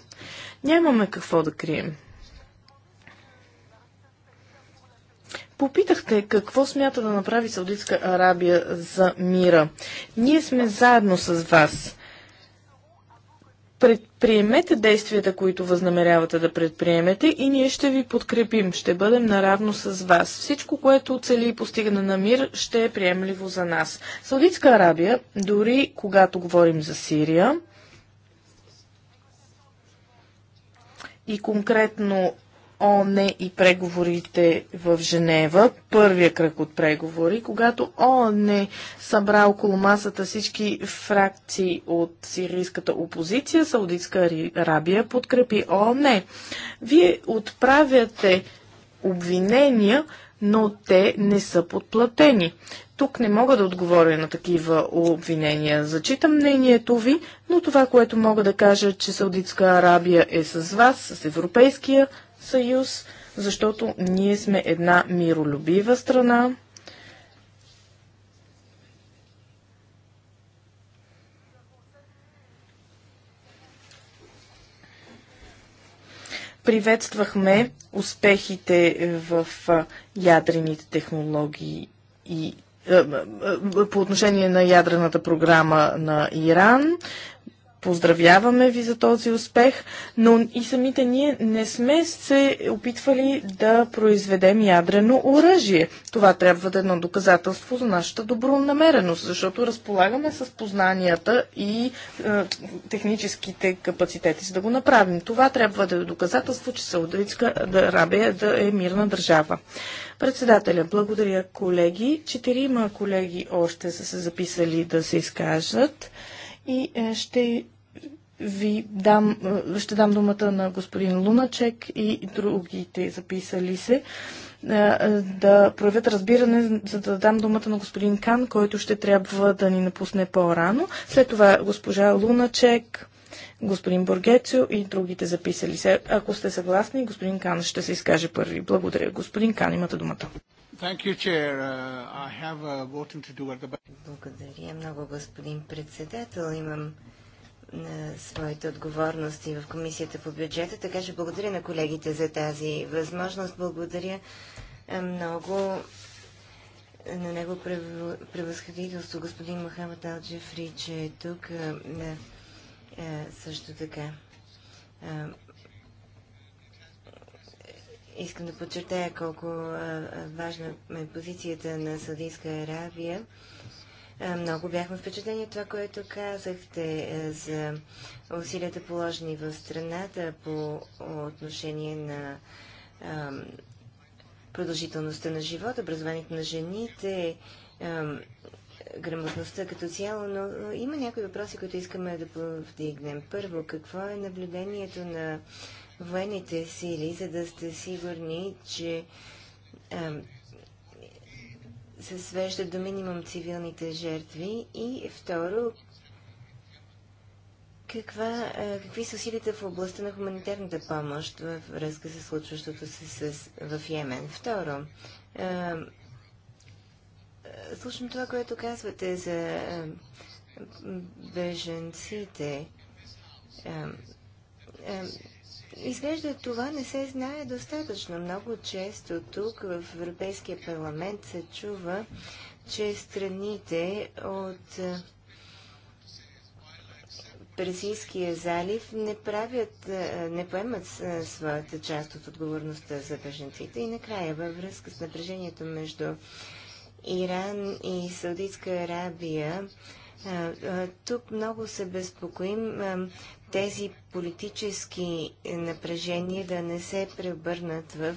[SPEAKER 3] Нямаме какво да крием. Попитахте какво смята да направи Саудитска Арабия за мира. Ние сме заедно с вас. Предприемете действията, които възнамерявате да предприемете и ние ще ви подкрепим. Ще бъдем наравно с вас. Всичко, което цели постигане на мир, ще е приемливо за нас. Саудитска Арабия, дори когато говорим за Сирия и конкретно ООН и преговорите в Женева, първия кръг от преговори, когато ООН е събра около масата всички фракции от сирийската опозиция, Саудитска Арабия подкрепи ООН. Вие отправяте обвинения, но те не са подплатени. Тук не мога да отговоря на такива обвинения. Зачитам мнението ви, но това, което мога да кажа, че Саудитска Арабия е с вас, с Европейския съюз, защото ние сме една миролюбива страна. Приветствахме успехите в ядрените технологии и по отношение на ядрената програма на Иран. Поздравяваме ви за този успех, но и самите ние не сме се опитвали да произведем ядрено оръжие. Това трябва да е едно доказателство за нашата добронамереност, защото разполагаме с познанията и е, техническите капацитети, за да го направим. Това трябва да е доказателство, че Саудитска Арабия да е мирна държава. Председателя, благодаря колеги. Четирима колеги още са се записали да се изкажат. И е, ще ви дам, е, ще дам думата на господин Луначек и другите записали се е, да проявят разбиране, за да дам думата на господин Кан, който ще трябва да ни напусне по-рано. След това госпожа Луначек, господин Боргецио и другите записали се. Ако сте съгласни, господин Кан ще се изкаже първи. Благодаря. Господин Кан, имате думата.
[SPEAKER 2] Благодаря много, господин председател. Имам на е, своите отговорности в Комисията по бюджета, така че благодаря на колегите за тази възможност. Благодаря е, много на него превъзходителство господин Мохамед Алджефри, че е тук е, също така. Искам да подчертая колко а, важна е позицията на Саудитска Аравия. А, много бяхме впечатлени от това, което казахте а, за усилията положени в страната по отношение на продължителността на живота, образованието на жените, грамотността като цяло, но има някои въпроси, които искаме да повдигнем. Първо, какво е наблюдението на военните сили, за да сте сигурни, че се свежда до минимум цивилните жертви? И второ, каква, какви са усилията в областта на хуманитарната помощ във връзка с случващото се с, в Йемен? Второ, слушам това, което казвате за беженците. Изглежда това не се знае достатъчно. Много често тук в Европейския парламент се чува, че страните от Персийския залив не правят, не поемат своята част от отговорността за беженците. И накрая, във връзка с напрежението между Иран и Саудитска Арабия, тук много се безпокоим тези политически напрежения да не се превърнат в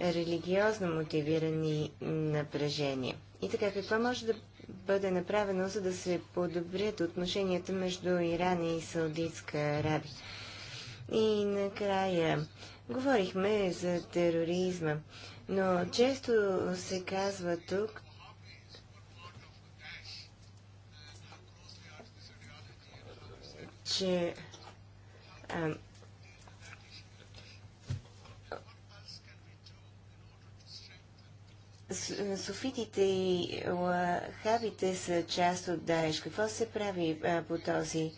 [SPEAKER 2] религиозно мотивирани напрежения. И така, какво може да бъде направено, за да се подобрят отношенията между Иран и Саудитска Арабия? И накрая, говорихме за тероризма, но често се казва тук, че а, Софитите и лахабите са част от Даеш. Какво се прави а, по този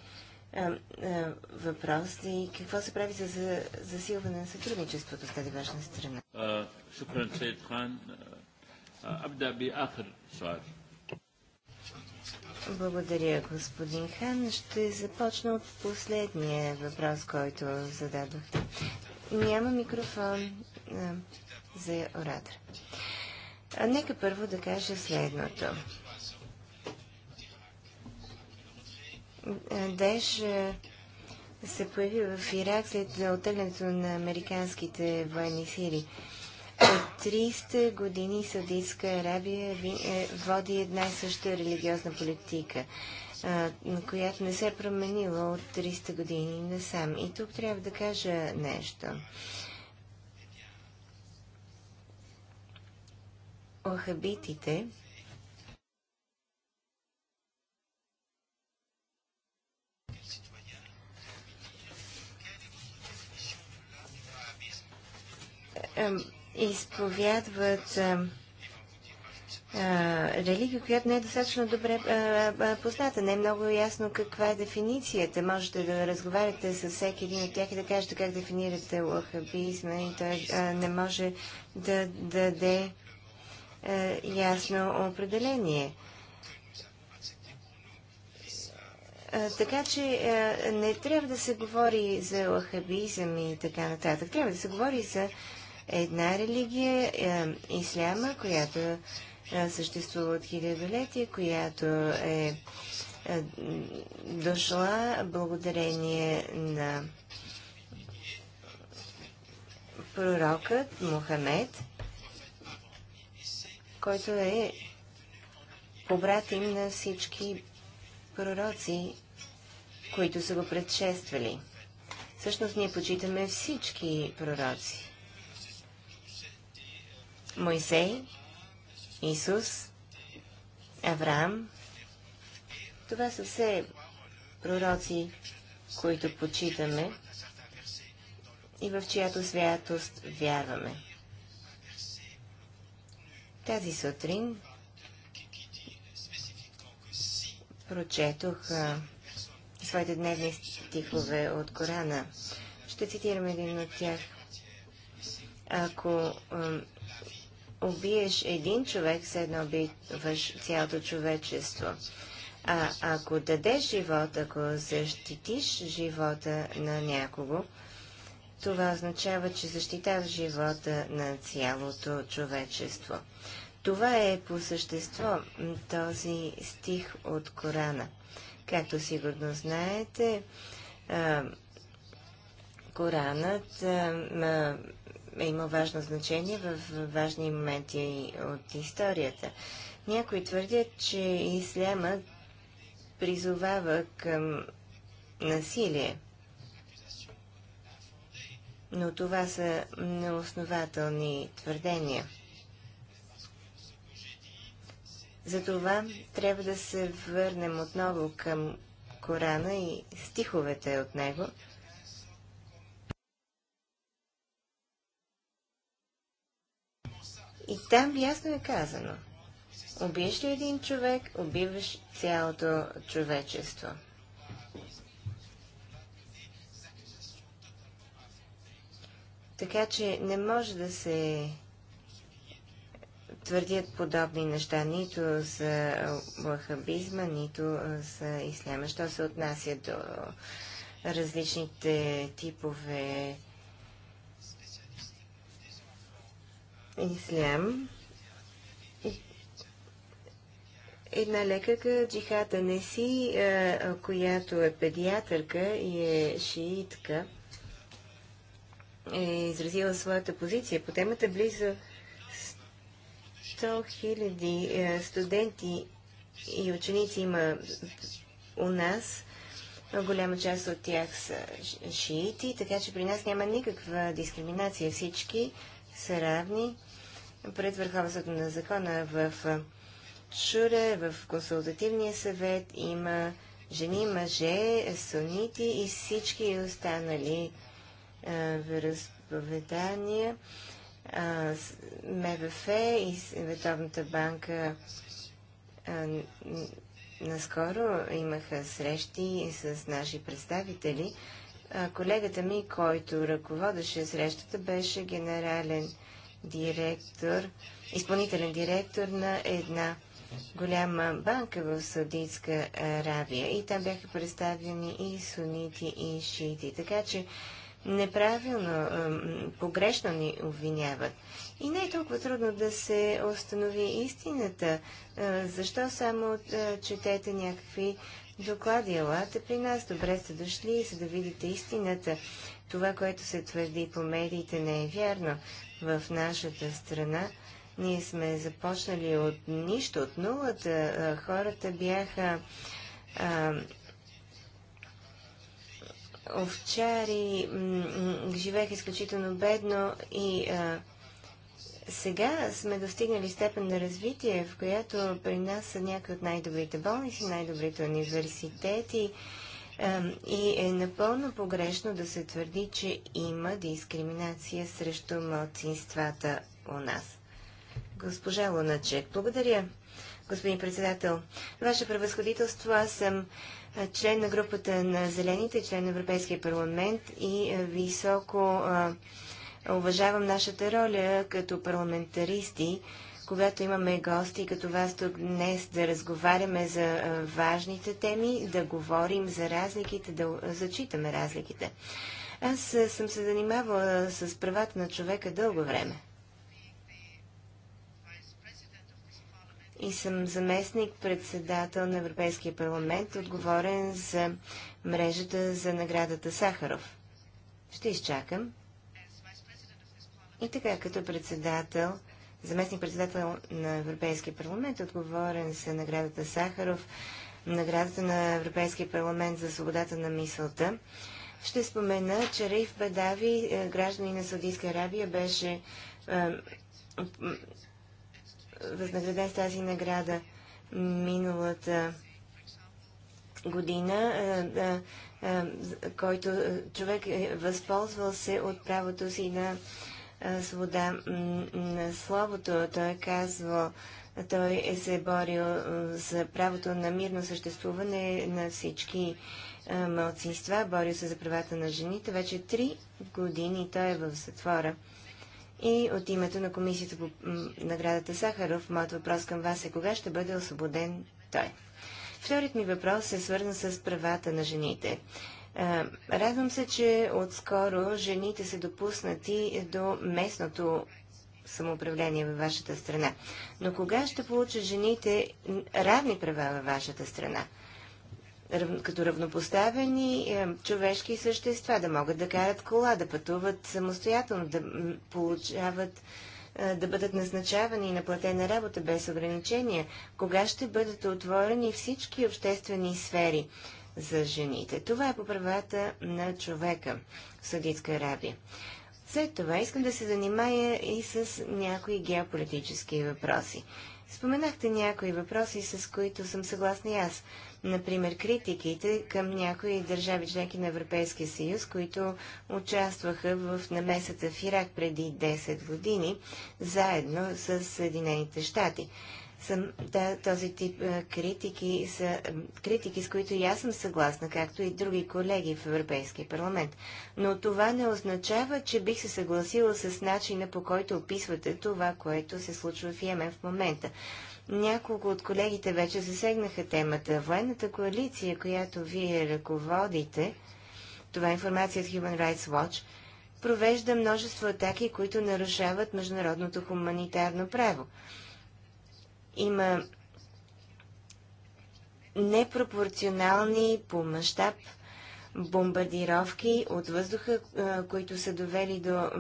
[SPEAKER 2] а, а, въпрос и какво се прави за, за засилване на сътрудничеството с тази важна страна?
[SPEAKER 1] Шукран Сейд Хан. أبدأ بآخر سؤال.
[SPEAKER 2] Благодаря, господин Хан. Ще започна от последния въпрос, който зададохте. Няма микрофон а, за оратор. А, нека първо да кажа
[SPEAKER 1] следното.
[SPEAKER 2] Деш се появи в Ирак след оттеглянето на американските военни сили. От 30 години Саудитска Арабия е, води една и съща религиозна политика, която не се е променила от 300 години насам. И тук трябва да кажа нещо. Охабитите Um, изповядват а, а, религия, която не е достатъчно добре а, позната. Не е много ясно каква е дефиницията. Можете да разговаряте с всеки един от тях и да кажете как дефинирате лахабизма и той не може да, да даде ясно определение. така че не трябва да се говори за лахабизъм и така нататък. Трябва да се говори за една религия, е, исляма, която е, съществува от хилядолетия, която е, е дошла благодарение на пророкът Мухамед, който е побратим на всички пророци, които са го предшествали. Всъщност ние почитаме всички пророци. Мойсей, Исус, Авраам. Това са все пророци, които почитаме и в чиято святост вярваме. Тази сутрин прочетох своите дневни стихове от Корана. Ще цитирам един от тях. Ако убиеш един човек, все едно убиваш цялото човечество. А ако дадеш живот, ако защитиш живота на някого, това означава, че защитаваш живота на цялото човечество. Това е по същество този стих от Корана. Както сигурно знаете, Коранът е важно значение в важни моменти от историята. Някои твърдят, че Исляма призовава към насилие. Но това са неоснователни твърдения. Затова трябва да се върнем отново към Корана и стиховете от него – И там ясно е казано. Убиеш ли един човек, убиваш цялото човечество. Така че не може да се твърдят подобни неща нито за лахабизма, нито за исляма. Що се отнася до различните типове ислям. Една лекарка не си, която е педиатърка и е шиитка, е изразила своята позиция. По темата близо 100 хиляди студенти и ученици има у нас. Голяма част от тях са шиити, така че при нас няма никаква дискриминация. Всички са равни пред върховството на закона в Шура, в консултативния съвет има жени, мъже, сунити и всички останали а, вероисповедания. МВФ и Световната банка а, наскоро имаха срещи с наши представители. А, колегата ми, който ръководеше срещата, беше генерален директор, изпълнителен директор на една голяма банка в Саудитска Аравия. И там бяха представени и сунити, и шиити. Така че неправилно, погрешно ни обвиняват. И не е толкова трудно да се установи истината. Защо само четете някакви доклади? Елате при нас, добре сте дошли, за да видите истината. Това, което се твърди по медиите, не е вярно в нашата страна. Ние сме започнали от нищо, от нулата. Хората бяха а, овчари, живеех изключително бедно и а, сега сме достигнали степен на развитие, в която при нас са някои от най-добрите болници, най-добрите университети и е напълно погрешно да се твърди, че има дискриминация срещу младсинствата у нас. Госпожа Луначек, благодаря. Господин председател, Ваше превъзходителство, аз съм член на групата на Зелените, член на Европейския парламент и високо уважавам нашата роля като парламентаристи когато имаме гости като вас тук днес, да разговаряме за важните теми, да говорим за разликите, да зачитаме разликите. Аз съм се занимавала с правата на човека дълго време. и съм заместник председател на Европейския парламент, отговорен за мрежата за наградата Сахаров. Ще изчакам. И така, като председател заместник председател на Европейския парламент, отговорен за наградата Сахаров, наградата на Европейския парламент за свободата на мисълта. Ще спомена, че Рейф Бадави, е, гражданин на Саудитска Арабия, беше е, възнаграден с тази награда миналата година, е, който човек е възползвал се от правото си на свобода на словото. Той е казвал, той е се борил за правото на мирно съществуване на всички малцинства, борил се за правата на жените. Вече три години той е в затвора. И от името на комисията по наградата Сахаров, моят въпрос към вас е кога ще бъде освободен той? Вторият ми въпрос е свързан с правата на жените. Е, радвам се, че отскоро жените са допуснати до местното самоуправление във вашата страна. Но кога ще получат жените равни права във вашата страна? Като равнопоставени е, човешки същества, да могат да карат кола, да пътуват самостоятелно, да получават е, да бъдат назначавани и наплатена работа без ограничения, кога ще бъдат отворени всички обществени сфери, за жените. Това е по правата на човека в Саудитска Арабия. След това искам да се занимая и с някои геополитически въпроси. Споменахте някои въпроси, с които съм съгласна и аз. Например, критиките към някои държави членки на Европейския съюз, които участваха в намесата в Ирак преди 10 години, заедно с Съединените щати съм, да, този тип а, критики са критики, с които и аз съм съгласна, както и други колеги в Европейския парламент. Но това не означава, че бих се съгласила с начина по който описвате това, което се случва в Йемен в момента. Няколко от колегите вече засегнаха темата. Военната коалиция, която вие ръководите, това е информация от Human Rights Watch, провежда множество атаки, които нарушават международното хуманитарно право има непропорционални по мащаб бомбардировки от въздуха, които са довели до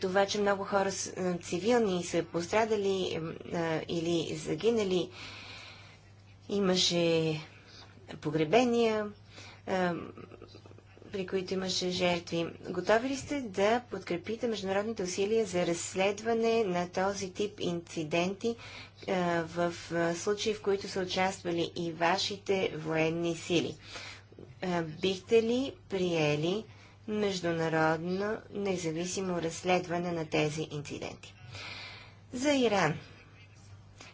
[SPEAKER 2] това, че много хора цивилни са пострадали или загинали. Имаше погребения, при които имаше жертви. Готови ли сте да подкрепите международните усилия за разследване на този тип инциденти в случаи, в които са участвали и вашите военни сили? бихте ли приели международно независимо разследване на тези инциденти? За Иран.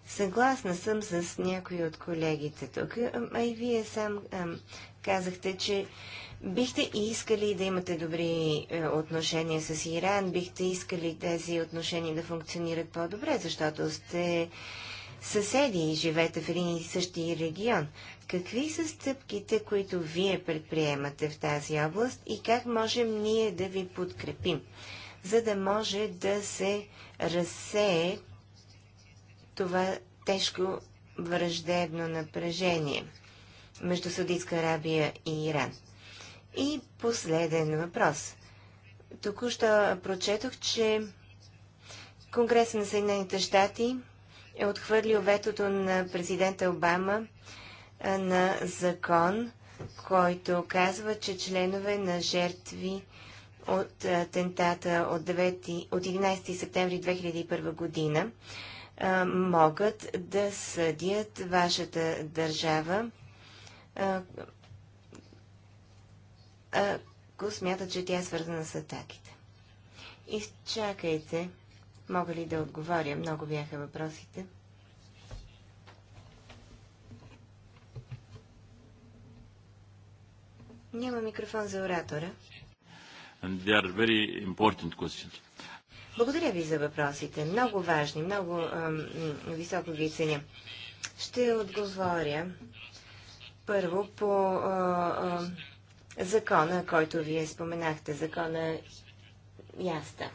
[SPEAKER 2] Съгласна съм с някои от колегите тук, а и вие сам казахте, че Бихте и искали да имате добри е, отношения с Иран, бихте искали тези отношения да функционират по-добре, защото сте съседи и живеете в един и същи регион. Какви са стъпките, които вие предприемате в тази област и как можем ние да ви подкрепим, за да може да се разсее това тежко враждебно напрежение между Саудитска Арабия и Иран? И последен въпрос. Току-що прочетох, че Конгреса на Съединените щати е отхвърлил ветото на президента Обама на закон, който казва, че членове на жертви от атентата от, 9, от 11 септември 2001 година могат да съдят вашата държава ако смятат, че тя е свързана с атаките. Изчакайте, мога ли да отговоря? Много бяха въпросите. Няма микрофон за оратора.
[SPEAKER 1] they are very important questions.
[SPEAKER 2] Благодаря ви за въпросите. Много важни, много ам, високо ги ценя. Ще отговоря първо по а, а, закона, който вие споменахте, закона Яста.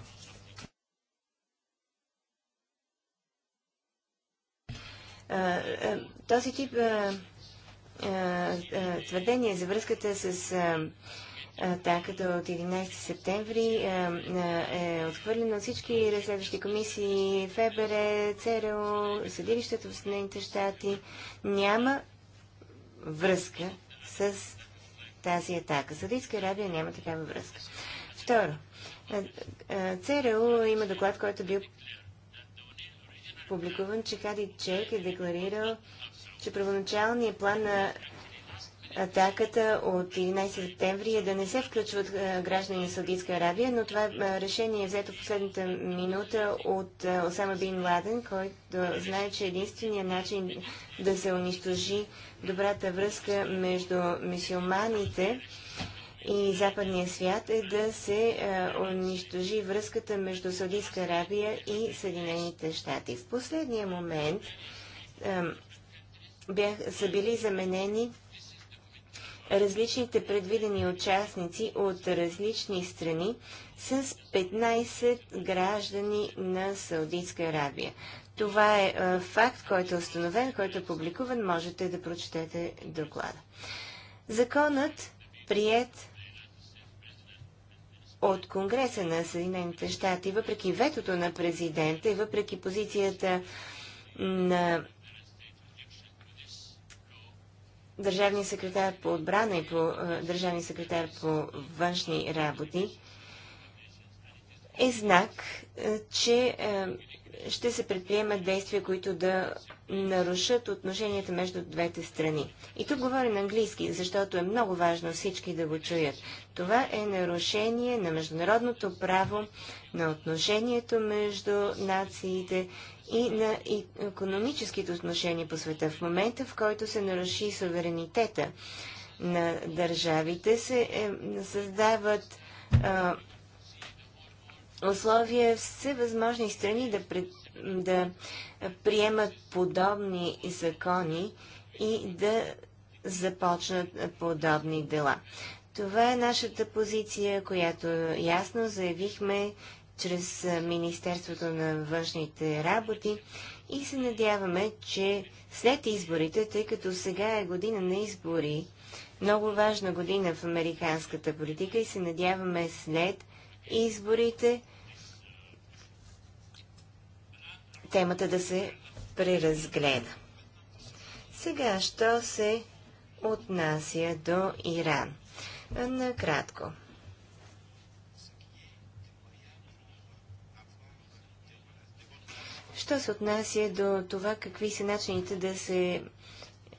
[SPEAKER 2] Този тип твърдение за връзката с атаката от 11 септември е отхвърлено от всички разследващи комисии, ФБР, ЦРО, съдилищата в Съединените щати. Няма връзка с тази атака. Саудитска Арабия няма такава връзка. Второ, е, е, ЦРУ има доклад, който бил публикуван, че Хади Чек е декларирал, че първоначалният план на атаката от 11 септември е да не се включват граждани на Саудитска Арабия, но това решение е взето последната минута от Осама Бин Ладен, който знае, че единственият начин да се унищожи добрата връзка между мисиоманите и западния свят е да се унищожи връзката между Саудитска Арабия и Съединените щати. В последния момент бях, са били заменени различните предвидени участници от различни страни с 15 граждани на Саудитска Арабия. Това е, е факт, който е установен, който е публикуван. Можете да прочетете доклада. Законът, прият от Конгреса на Съединените щати, въпреки ветото на президента и въпреки позицията на държавния секретар по отбрана и по е, държавния секретар по външни работи е знак, е, че е, ще се предприемат действия, които да нарушат отношенията между двете страни. И тук говоря на английски, защото е много важно всички да го чуят. Това е нарушение на международното право, на отношението между нациите и на економическите отношения по света. В момента, в който се наруши суверенитета на държавите, се е, създават а, условия всевъзможни страни да, пред, да приемат подобни закони и да започнат подобни дела. Това е нашата позиция, която ясно заявихме чрез Министерството на външните работи и се надяваме, че след изборите, тъй като сега е година на избори, много важна година в американската политика и се надяваме след изборите темата да се преразгледа. Сега, що се отнася до Иран? Накратко. Що се отнася до това, какви са начините да се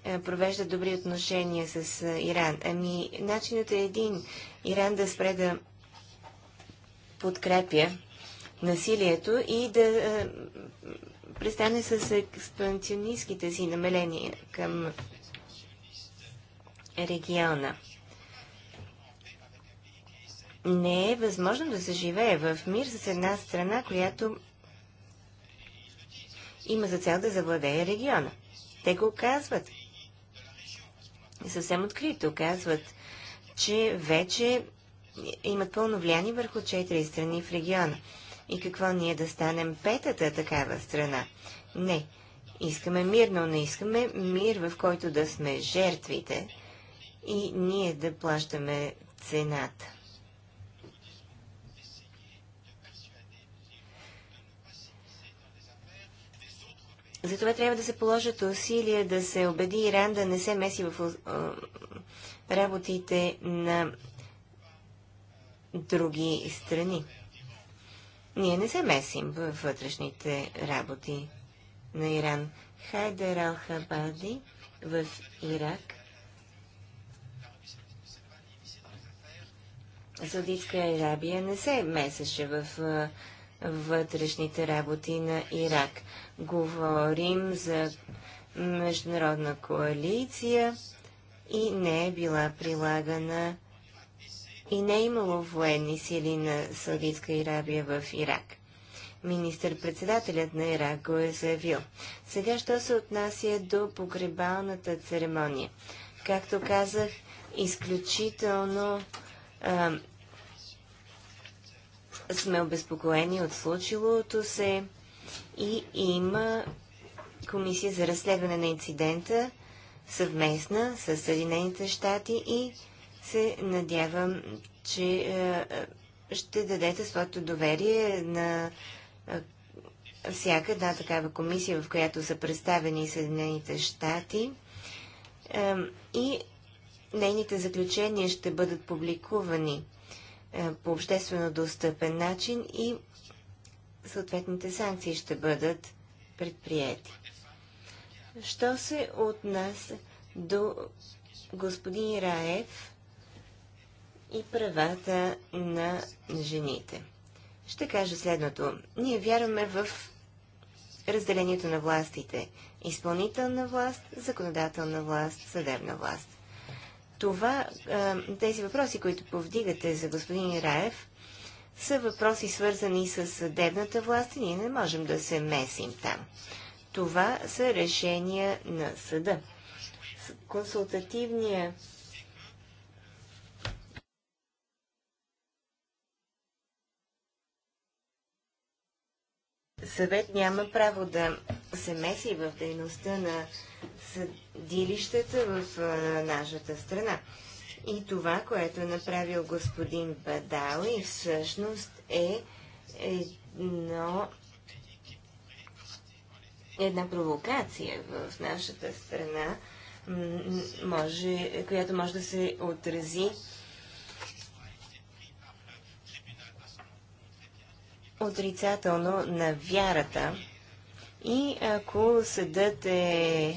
[SPEAKER 2] е, провеждат добри отношения с е, Иран? Ами, начинът е един. Иран да спре да подкрепя насилието и да е, престане с експансионистските си намеления към региона. Не е възможно да се живее в мир с една страна, която има за цел да завладее региона. Те го казват. Съвсем открито казват, че вече имат пълно влияние върху четири страни в региона. И какво ние да станем петата такава страна? Не. Искаме мир, но не искаме мир, в който да сме жертвите и ние да плащаме цената. Затова трябва да се положат усилия да се убеди Иран да не се меси в работите на други страни. Ние не се месим в вътрешните работи на Иран. Хайдер Алхабади в Ирак. Саудитска Арабия не се месеше в вътрешните работи на Ирак говорим за международна коалиция и не е била прилагана и не е имало военни сили на Саудитска Арабия в Ирак. Министър-председателят на Ирак го е заявил. Сега, що се отнася до погребалната церемония? Както казах, изключително а, сме обезпокоени от случилото се и има комисия за разследване на инцидента съвместна с Съединените щати и се надявам, че е, е, ще дадете своето доверие на е, всяка една такава комисия, в която са представени Съединените щати. и нейните заключения ще бъдат публикувани по обществено достъпен начин и съответните санкции ще бъдат предприяти. Що се отнася до господин Раев и правата на жените? Ще кажа следното. Ние вярваме в разделението на властите. Изпълнителна власт, законодателна власт, съдебна власт. Това, тези въпроси, които повдигате за господин Раев, са въпроси свързани с съдебната власт и ние не можем да се месим там. Това са решения на съда. Консултативния съвет няма право да се меси в дейността на съдилищата в нашата страна. И това, което е направил господин Бадали, всъщност е едно, една провокация в нашата страна, може, която може да се отрази отрицателно на вярата. И ако съдът е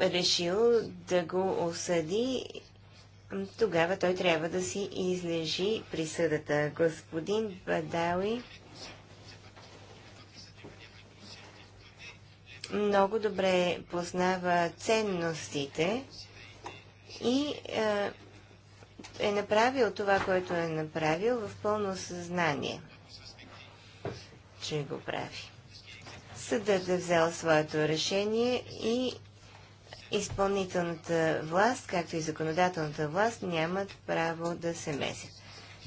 [SPEAKER 2] решил да го осъди, тогава той трябва да си излежи присъдата. Господин Бадауи много добре познава ценностите и е, е направил това, което е направил в пълно съзнание, че го прави. Съдът е взел своето решение и изпълнителната власт, както и законодателната власт, нямат право да се месят.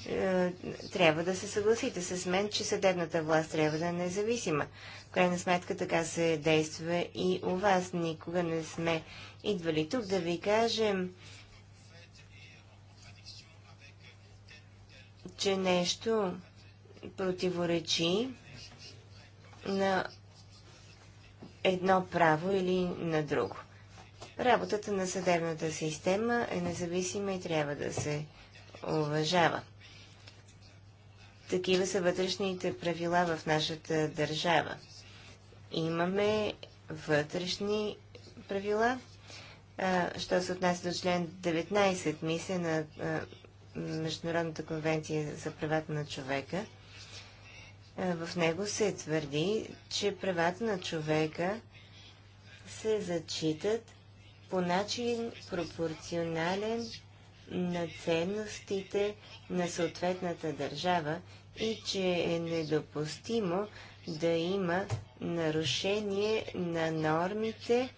[SPEAKER 2] Е, трябва да се съгласите с мен, че съдебната власт трябва да е независима. В крайна сметка така се действа и у вас. Никога не сме идвали тук да ви кажем, че нещо противоречи на едно право или на друго. Работата на съдебната система е независима и трябва да се уважава. Такива са вътрешните правила в нашата държава. Имаме вътрешни правила. що се отнася до член 19, мисля на Международната конвенция за правата на човека, в него се твърди, че правата на човека се зачитат по начин пропорционален на ценностите на съответната държава и че е недопустимо да има нарушение на нормите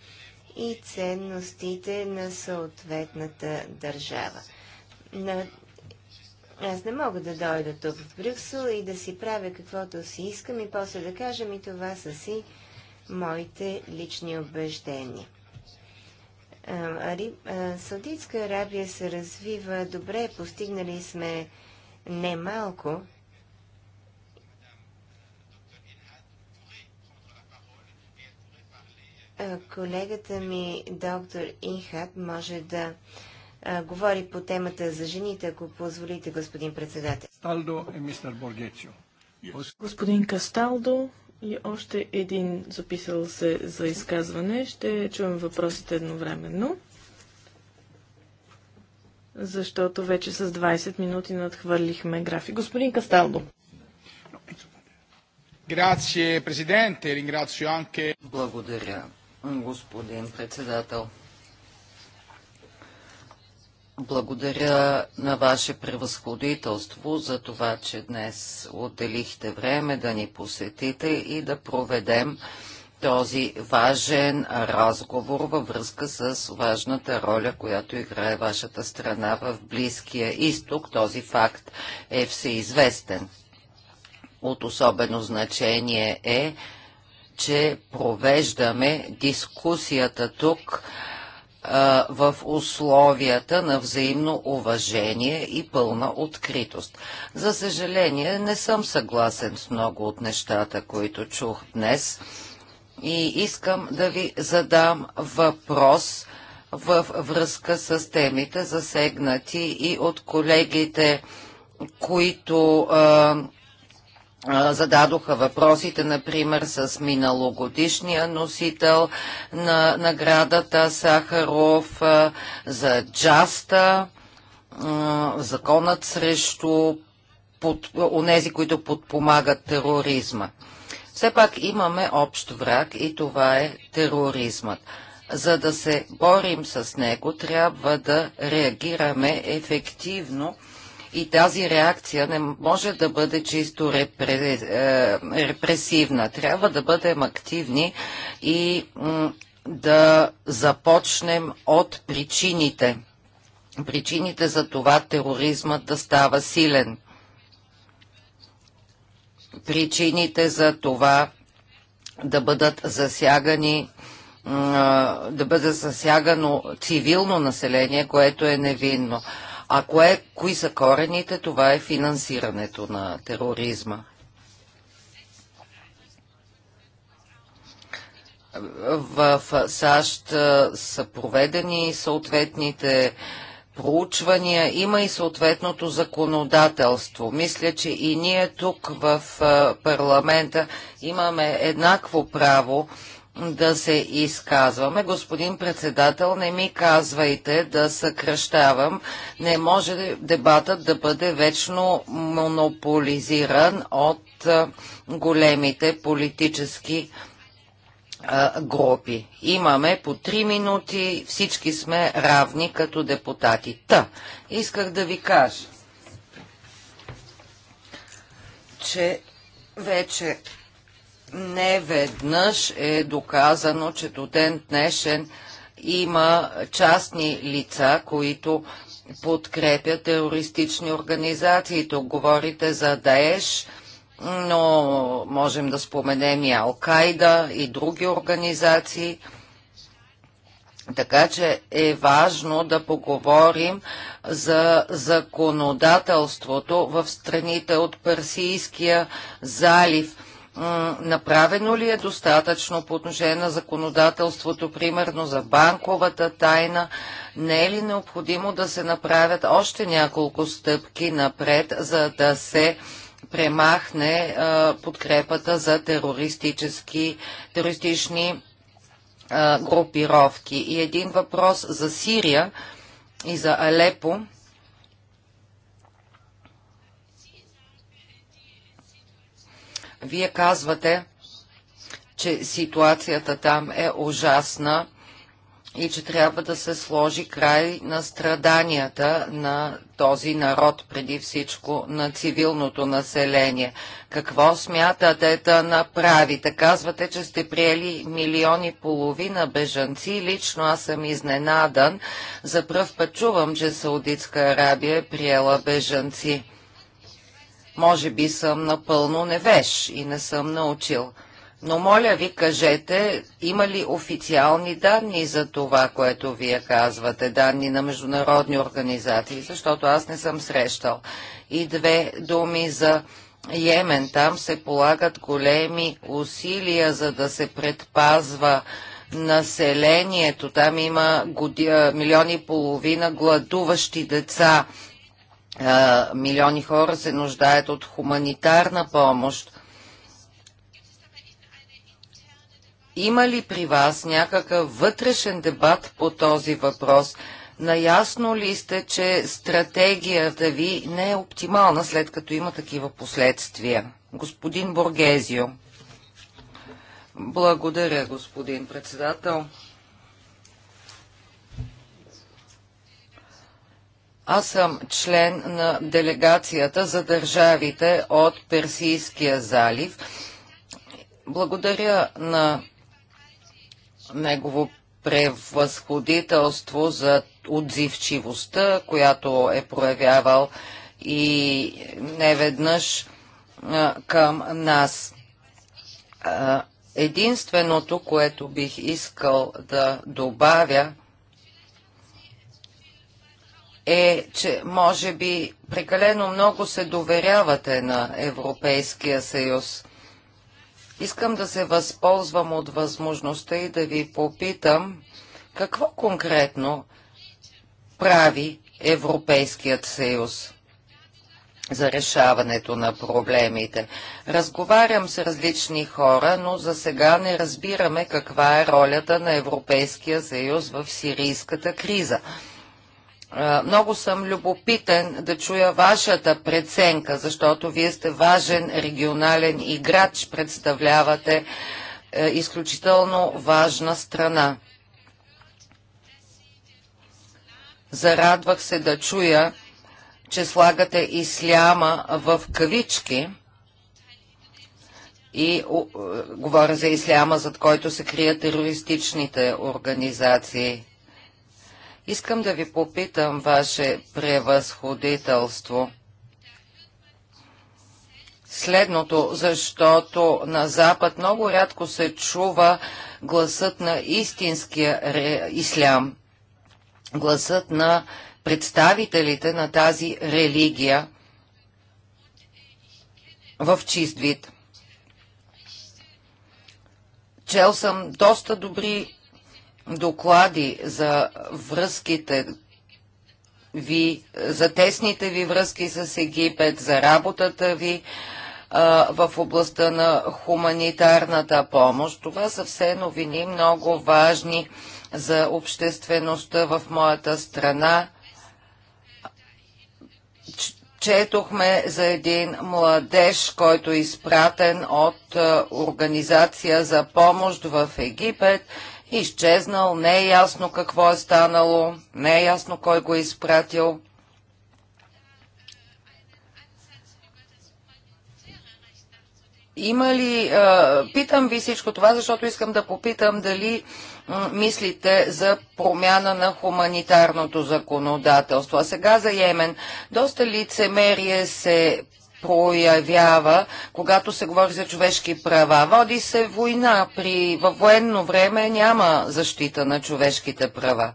[SPEAKER 2] и ценностите на съответната държава. На... Аз не мога да дойда тук в Брюксел и да си правя каквото си искам и после да кажа ми това са си моите лични убеждения. Саудитска Арабия се развива добре, постигнали сме немалко. Колегата ми, доктор Инхат, може да а, говори по темата за жените, ако позволите, господин председател.
[SPEAKER 1] Сталдо мистер Боргецио.
[SPEAKER 3] Господин Касталдо и още един записал се за изказване. Ще чуем въпросите едновременно. Защото вече с 20 минути надхвърлихме графи. Господин Касталдо.
[SPEAKER 4] Благодаря, господин председател. Благодаря на Ваше превъзходителство за това, че днес отделихте време да ни посетите и да проведем този важен разговор във връзка с важната роля, която играе вашата страна в Близкия изток. Този факт е всеизвестен. От особено значение е, че провеждаме дискусията тук в условията на взаимно уважение и пълна откритост. За съжаление, не съм съгласен с много от нещата, които чух днес и искам да ви задам въпрос в връзка с темите засегнати и от колегите, които а, зададоха въпросите, например, с миналогодишния носител на наградата Сахаров за джаста, законът срещу под, онези, които подпомагат тероризма. Все пак имаме общ враг и това е тероризмът. За да се борим с него, трябва да реагираме ефективно и тази реакция не може да бъде чисто е, репресивна. Трябва да бъдем активни и да започнем от причините. Причините за това тероризмът да става силен. Причините за това да бъдат засягани да бъде засягано цивилно население, което е невинно. А кое, кои са корените? Това е финансирането на тероризма. В САЩ са проведени съответните проучвания, има и съответното законодателство. Мисля, че и ние тук в парламента имаме еднакво право да се изказваме. Господин председател, не ми казвайте да съкръщавам. Не може дебатът да бъде вечно монополизиран от големите политически групи. Имаме по три минути, всички сме равни като депутати. Та, исках да ви кажа, че вече не веднъж е доказано, че до ден днешен има частни лица, които подкрепят терористични организации. Тук говорите за Даеш, но можем да споменем и Алкайда и други организации. Така че е важно да поговорим за законодателството в страните от Персийския залив – направено ли е достатъчно по отношение на законодателството, примерно за банковата тайна? Не е ли необходимо да се направят още няколко стъпки напред, за да се премахне подкрепата за терористически, терористични групировки? И един въпрос за Сирия и за Алепо. Вие казвате, че ситуацията там е ужасна и че трябва да се сложи край на страданията на този народ, преди всичко на цивилното население. Какво смятате да направите? Казвате, че сте приели милиони и половина бежанци. Лично аз съм изненадан. За пръв път чувам, че Саудитска Арабия е приела бежанци. Може би съм напълно невеж и не съм научил. Но моля ви, кажете, има ли официални данни за това, което вие казвате, данни на международни организации, защото аз не съм срещал. И две думи за Йемен. Там се полагат големи усилия, за да се предпазва населението. Там има годи... милиони и половина гладуващи деца милиони хора се нуждаят от хуманитарна помощ. Има ли при вас някакъв вътрешен дебат по този въпрос? Наясно ли сте, че стратегията ви не е оптимална, след като има такива последствия? Господин Боргезио. Благодаря, господин председател. Аз съм член на делегацията за държавите от Персийския залив. Благодаря на негово превъзходителство за отзивчивостта, която е проявявал и неведнъж към нас. Единственото, което бих искал да добавя е, че може би прекалено много се доверявате на Европейския съюз. Искам да се възползвам от възможността и да ви попитам какво конкретно прави Европейският съюз за решаването на проблемите. Разговарям с различни хора, но за сега не разбираме каква е ролята на Европейския съюз в сирийската криза. Много съм любопитен да чуя вашата преценка, защото вие сте важен регионален играч, представлявате е, изключително важна страна. Зарадвах се да чуя, че слагате исляма в кавички и е, говоря за исляма, зад който се крият терористичните организации. Искам да ви попитам, ваше превъзходителство, следното, защото на Запад много рядко се чува гласът на истинския ислям, гласът на представителите на тази религия в чист вид. Чел съм доста добри доклади за връзките ви, за тесните ви връзки с Египет, за работата ви в областта на хуманитарната помощ. Това са все новини, много важни за обществеността в моята страна. Четохме за един младеж, който е изпратен от Организация за помощ в Египет, изчезнал, не е ясно какво е станало, не е ясно кой го е изпратил. Има ли, питам ви всичко това, защото искам да попитам дали мислите за промяна на хуманитарното законодателство. А сега за Йемен. Доста лицемерие се проявява, когато се говори за човешки права. Води се война. При, във военно време няма защита на човешките права.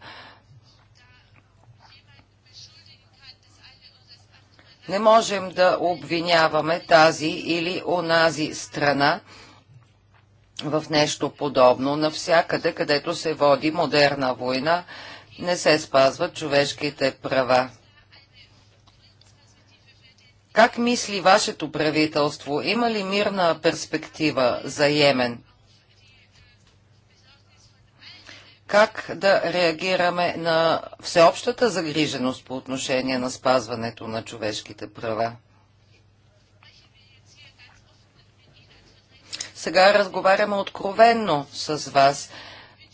[SPEAKER 4] Не можем да обвиняваме тази или онази страна в нещо подобно. Навсякъде, където се води модерна война, не се спазват човешките права. Как мисли вашето правителство? Има ли мирна перспектива за Йемен? Как да реагираме на всеобщата загриженост по отношение на спазването на човешките права? Сега разговаряме откровенно с вас.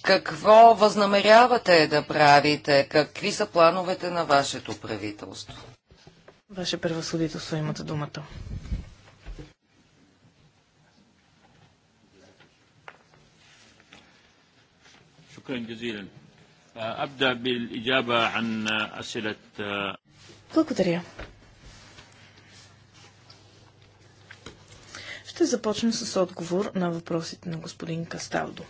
[SPEAKER 4] Какво възнамерявате да правите? Какви са плановете на вашето правителство?
[SPEAKER 3] Ваше превъзходителство, имате думата. Благодаря. Ще започнем с отговор на въпросите на господин Касталдо.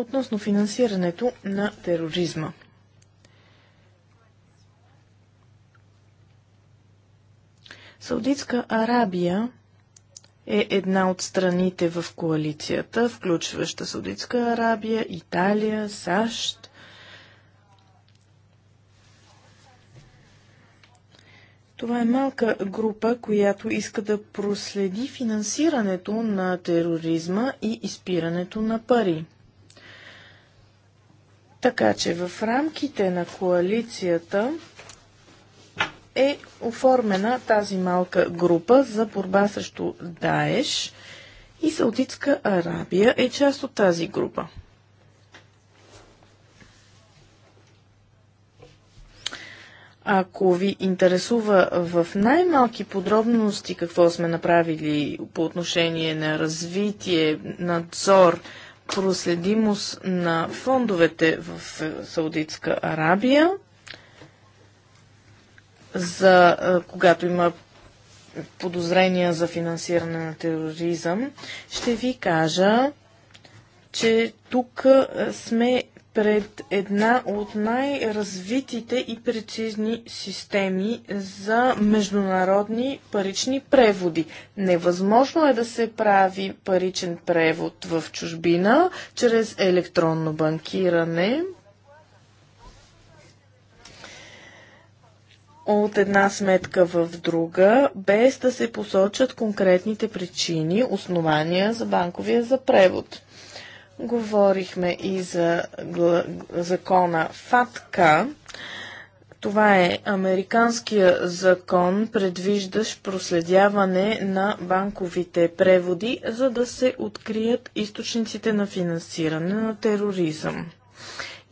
[SPEAKER 3] относно финансирането на тероризма. Саудитска Арабия е една от страните в коалицията, включваща Саудитска Арабия, Италия, САЩ. Това е малка група, която иска да проследи финансирането на тероризма и изпирането на пари. Така че в рамките на коалицията е оформена тази малка група за борба срещу Даеш и Саудитска Арабия е част от тази група. Ако ви интересува в най-малки подробности какво сме направили по отношение на развитие, надзор, проследимост на фондовете в е, Саудитска Арабия, за е, когато има подозрения за финансиране на тероризъм, ще ви кажа, че тук е, сме пред една от най-развитите и прецизни системи за международни парични преводи. Невъзможно е да се прави паричен превод в чужбина чрез електронно банкиране. от една сметка в друга, без да се посочат конкретните причини, основания за банковия за превод. Говорихме и за закона ФАТКА. Това е американския закон, предвиждащ проследяване на банковите преводи, за да се открият източниците на финансиране на тероризъм.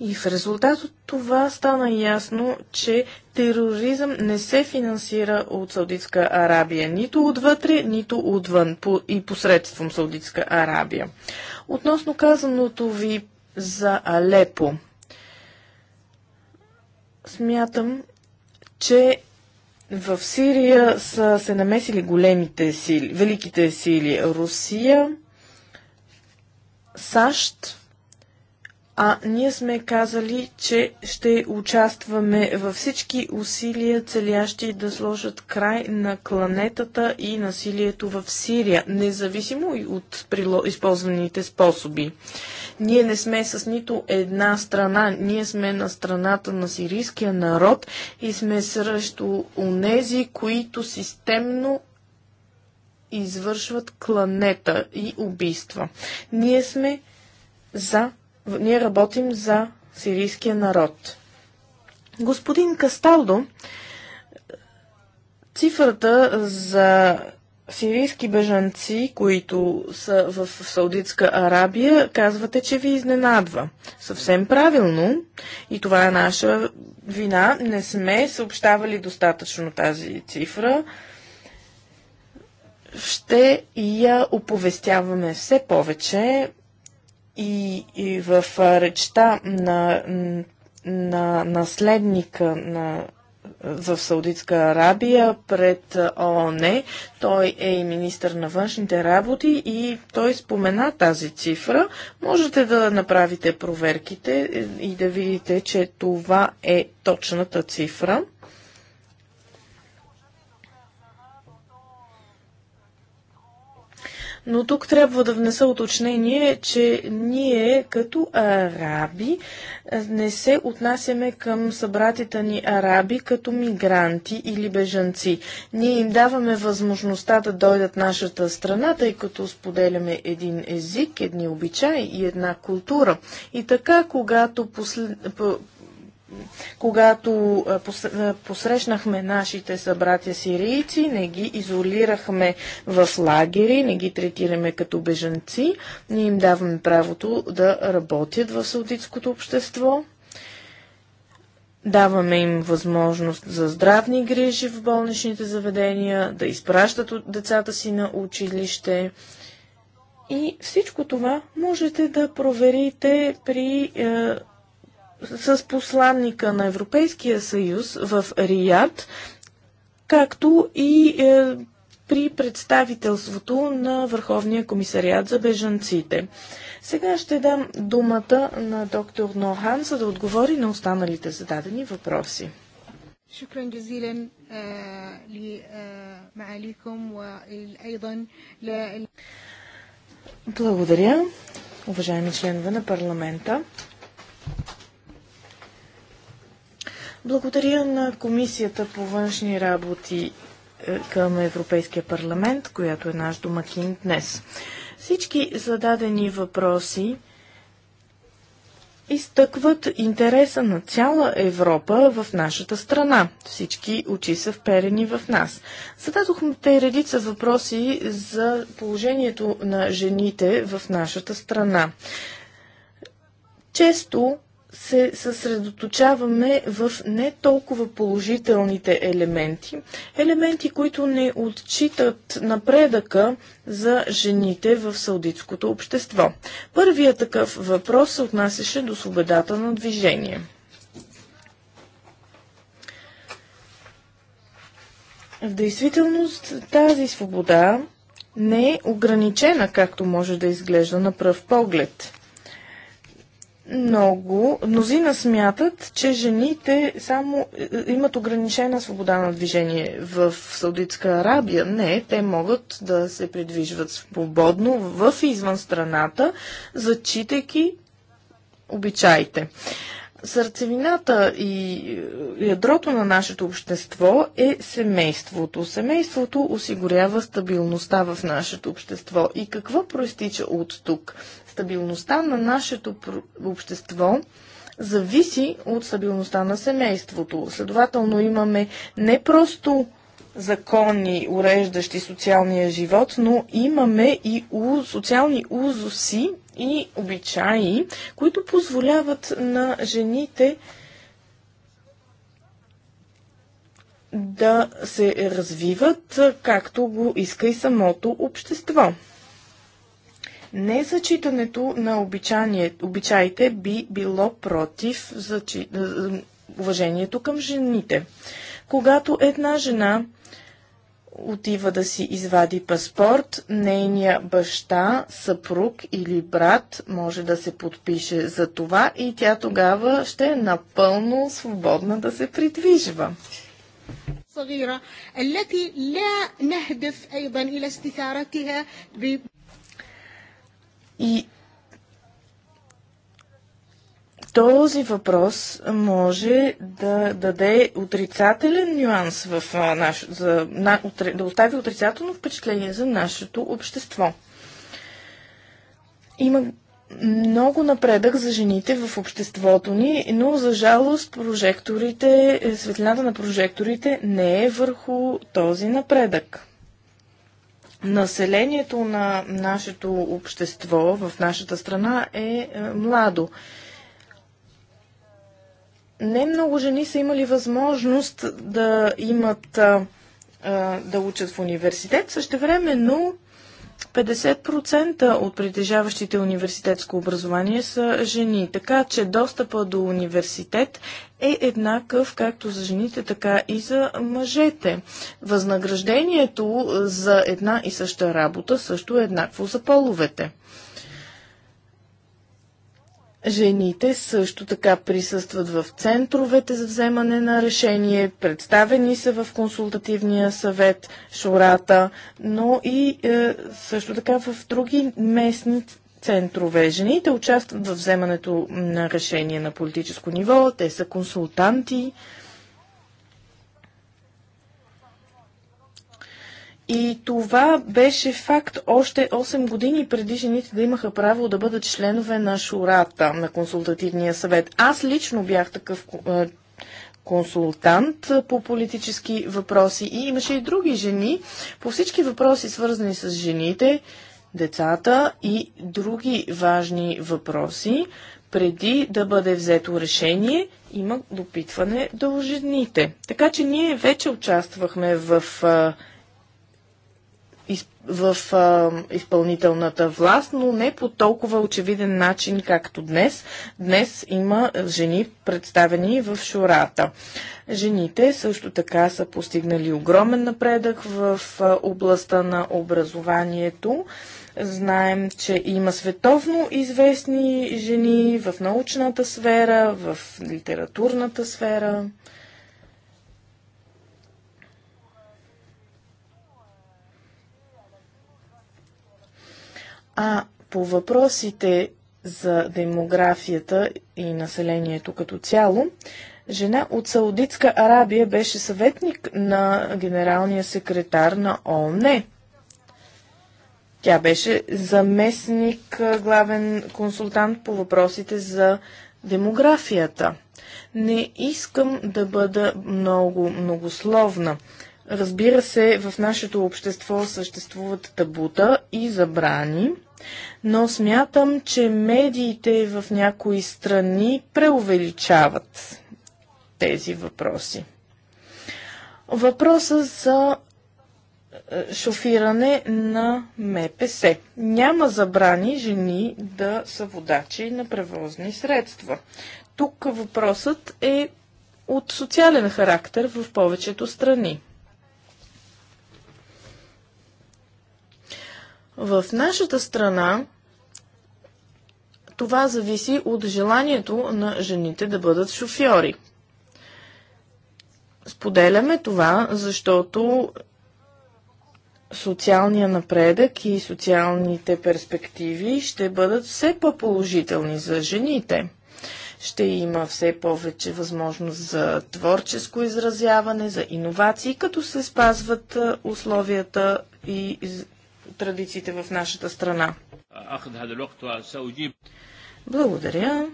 [SPEAKER 3] И в резултат от това стана ясно, че тероризъм не се финансира от Саудитска Арабия, нито отвътре, нито отвън по и посредством Саудитска Арабия. Относно казаното ви за Алепо, смятам, че в Сирия са се намесили големите сили, великите сили Русия, САЩ а ние сме казали, че ще участваме във всички усилия, целящи да сложат край на кланетата и насилието в Сирия, независимо и от използваните способи. Ние не сме с нито една страна, ние сме на страната на сирийския народ и сме срещу онези, които системно извършват кланета и убийства. Ние сме за ние работим за сирийския народ. Господин Касталдо, цифрата за сирийски бежанци, които са в Саудитска Арабия, казвате, че ви изненадва. Съвсем правилно и това е наша вина. Не сме съобщавали достатъчно тази цифра. Ще я оповестяваме все повече и, и в речта на, на наследника на в Саудитска Арабия пред ООН. Той е и министър на външните работи и той спомена тази цифра. Можете да направите проверките и да видите, че това е точната цифра. Но тук трябва да внеса уточнение, че ние като араби не се отнасяме към събратите ни араби като мигранти или бежанци. Ние им даваме възможността да дойдат нашата страна, тъй като споделяме един език, едни обичаи и една култура. И така, когато после когато посрещнахме нашите събратя сирийци, не ги изолирахме в лагери, не ги третираме като бежанци, не им даваме правото да работят в саудитското общество. Даваме им възможност за здравни грижи в болничните заведения, да изпращат децата си на училище. И всичко това можете да проверите при е, с посланника на Европейския съюз в Рият, както и е, при представителството на Върховния комисариат за бежанците. Сега ще дам думата на доктор Нохан, за да отговори на останалите зададени въпроси. Е, е, Благодаря, уважаеми членове на парламента. Благодаря на Комисията по външни работи е, към Европейския парламент, която е наш домакин днес. Всички зададени въпроси изтъкват интереса на цяла Европа в нашата страна. Всички очи са вперени в нас. Зададохме те редица въпроси за положението на жените в нашата страна. Често се съсредоточаваме в не толкова положителните елементи, елементи, които не отчитат напредъка за жените в саудитското общество. Първият такъв въпрос се отнасяше до свободата на движение. В действителност тази свобода не е ограничена, както може да изглежда на пръв поглед – много, мнозина смятат, че жените само е, е, имат ограничена свобода на движение в Саудитска Арабия. Не, те могат да се придвижват свободно в и извън страната, зачитайки обичаите. Сърцевината и е, ядрото на нашето общество е семейството. Семейството осигурява стабилността в нашето общество. И какво проистича от тук? стабилността на нашето общество зависи от стабилността на семейството. Следователно имаме не просто закони, уреждащи социалния живот, но имаме и социални узуси и обичаи, които позволяват на жените да се развиват, както го иска и самото общество. Незачитането на обичаите би било против зачи... Е, уважението към жените. Когато една жена отива да си извади паспорт, нейния баща, съпруг или брат може да се подпише за това и тя тогава ще е напълно свободна да се придвижва. صغيرة التي لا نهدف أيضا إلى استثارتها и този въпрос може да даде отрицателен нюанс в наш, за, на, отри, да остави отрицателно впечатление за нашето общество. Има много напредък за жените в обществото ни, но за жалост прожекторите, е, светлината на прожекторите не е върху този напредък. Населението на нашето общество в нашата страна е, е младо. Не много жени са имали възможност да имат да учат в университет. също времено. 50% от притежаващите университетско образование са жени, така че достъпа до университет е еднакъв както за жените, така и за мъжете. Възнаграждението за една и съща работа също е еднакво за половете. Жените също така присъстват в центровете за вземане на решение, представени са в консултативния съвет, шората, но и е, също така в други местни центрове. Жените участват в вземането на решение на политическо ниво, те са консултанти. И това беше факт още 8 години преди жените да имаха право да бъдат членове на шурата, на консултативния съвет. Аз лично бях такъв е, консултант по политически въпроси и имаше и други жени по всички въпроси, свързани с жените, децата и други важни въпроси. Преди да бъде взето решение, има допитване до жените. Така че ние вече участвахме в е, в а, изпълнителната власт, но не по толкова очевиден начин, както днес. Днес има жени представени в Шората. Жените също така са постигнали огромен напредък в а, областта на образованието. Знаем, че има световно известни жени в научната сфера, в литературната сфера. А по въпросите за демографията и населението като цяло, жена от Саудитска Арабия беше съветник на генералния секретар на ООН. Тя беше заместник главен консултант по въпросите за демографията. Не искам да бъда много многословна. Разбира се, в нашето общество съществуват табута и забрани – но смятам, че медиите в някои страни преувеличават тези въпроси. Въпросът за е, шофиране на МПС. Няма забрани жени да са водачи на превозни средства. Тук въпросът е от социален характер в повечето страни. В нашата страна това зависи от желанието на жените да бъдат шофьори. Споделяме това, защото социалния напредък и социалните перспективи ще бъдат все по-положителни за жените. Ще има все повече възможност за творческо изразяване, за иновации, като се спазват условията и традициите в нашата страна. Благодаря.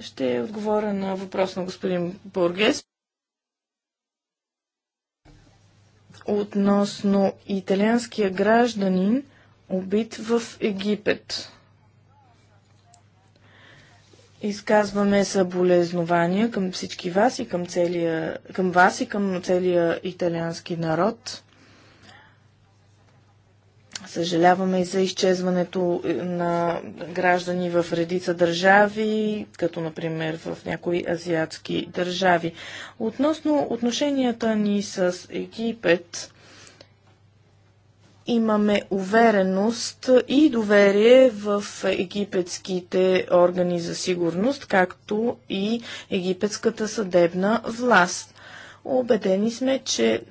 [SPEAKER 3] Ще отговоря на въпрос на господин Боргес. Относно италианския гражданин, убит в Египет. Изказваме съболезнования към всички вас и към, целия, към вас и към целия италиански народ. Съжаляваме и за изчезването на граждани в редица държави, като например в някои азиатски държави. Относно отношенията ни с Египет, имаме увереност и доверие в египетските органи за сигурност, както и египетската съдебна власт. Обедени сме, че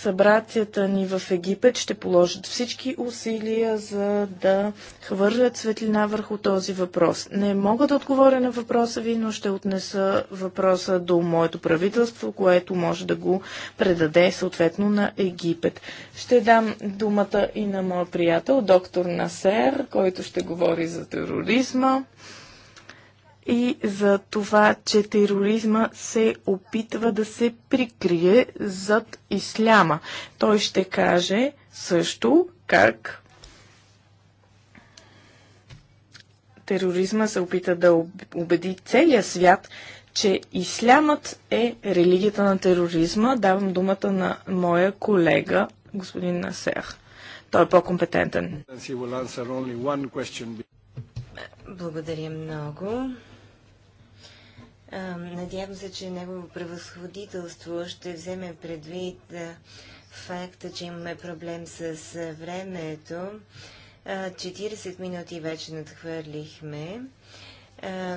[SPEAKER 3] събратята ни в Египет ще положат всички усилия за да хвърлят светлина върху този въпрос. Не мога да отговоря на въпроса ви, но ще отнеса въпроса до моето правителство, което може да го предаде съответно на Египет. Ще дам думата и на моя приятел, доктор Насер, който ще говори за тероризма и за това, че тероризма се опитва да се прикрие зад исляма. Той ще каже също как тероризма се опита да убеди целия свят, че ислямът е религията на тероризма. Давам думата на моя колега, господин Насех. Той е по-компетентен.
[SPEAKER 1] Благодаря
[SPEAKER 2] много. Надявам се, че негово превъзходителство ще вземе предвид факта, че имаме проблем с времето. 40 минути вече надхвърлихме.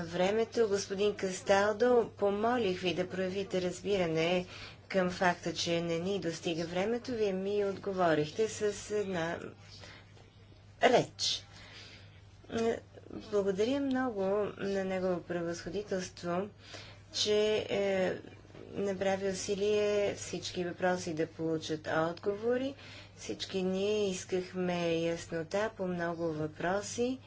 [SPEAKER 2] Времето, господин Касталдо, помолих ви да проявите разбиране към факта, че не ни достига времето. Вие ми отговорихте с една реч. Благодаря много на Негово превъзходителство, че е, направи усилие всички въпроси да получат отговори. Всички ние искахме яснота по много въпроси.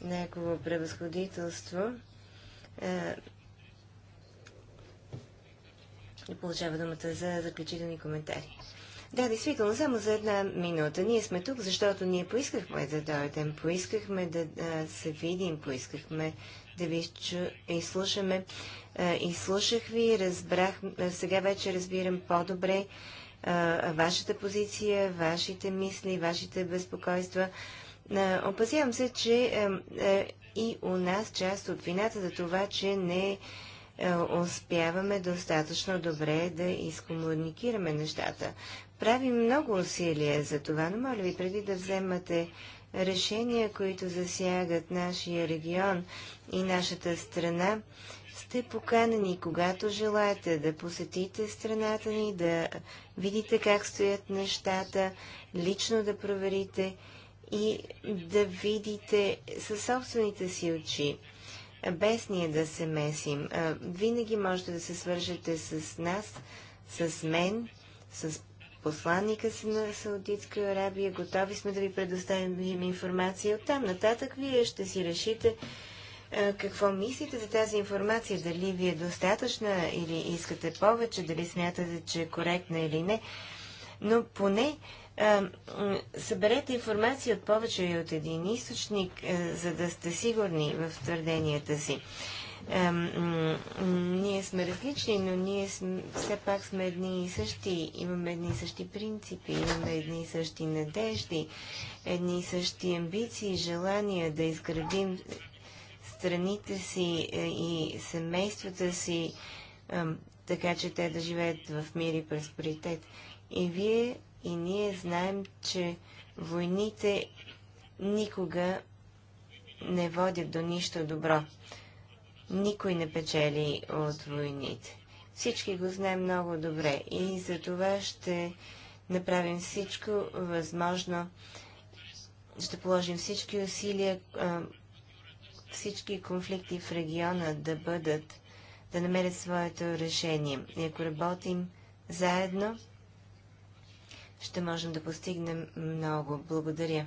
[SPEAKER 2] Негово превъзходителство е, получава думата за заключителни коментари. Да, действително, само за една минута. Ние сме тук, защото ние поискахме да дойдем, поискахме да, се видим, поискахме да ви чу... изслушаме. Изслушах ви, разбрах, сега вече разбирам по-добре вашата позиция, вашите мисли, вашите безпокойства. А, се, че а, а, и у нас част от вината за това, че не успяваме достатъчно добре да изкомуникираме нещата правим много усилия за това, но моля ви, преди да вземате решения, които засягат нашия регион и нашата страна, сте поканени, когато желаете да посетите страната ни, да видите как стоят нещата, лично да проверите и да видите със собствените си очи, без ние да се месим. Винаги можете да се свържете с нас, с мен, с посланника си на Саудитска Арабия. Готови сме да ви предоставим информация. от там. нататък вие ще си решите е, какво мислите за тази информация, дали ви е достатъчна или искате повече, дали смятате, че е коректна или не. Но поне е, съберете информация от повече и от един източник, е, за да сте сигурни в твърденията си ние сме различни, но ние сме, все пак сме едни и същи. Имаме едни и същи принципи, имаме едни и същи надежди, едни и същи амбиции, желания да изградим страните си е, и семействата си, така че те да живеят в мир и просперитет. И вие и ние знаем, че войните никога не водят до нищо добро. Никой не печели от войните. Всички го знаем много добре и за това ще направим всичко възможно, ще положим всички усилия, всички конфликти в региона да бъдат, да намерят своето решение. И ако работим заедно, ще можем да постигнем много. Благодаря.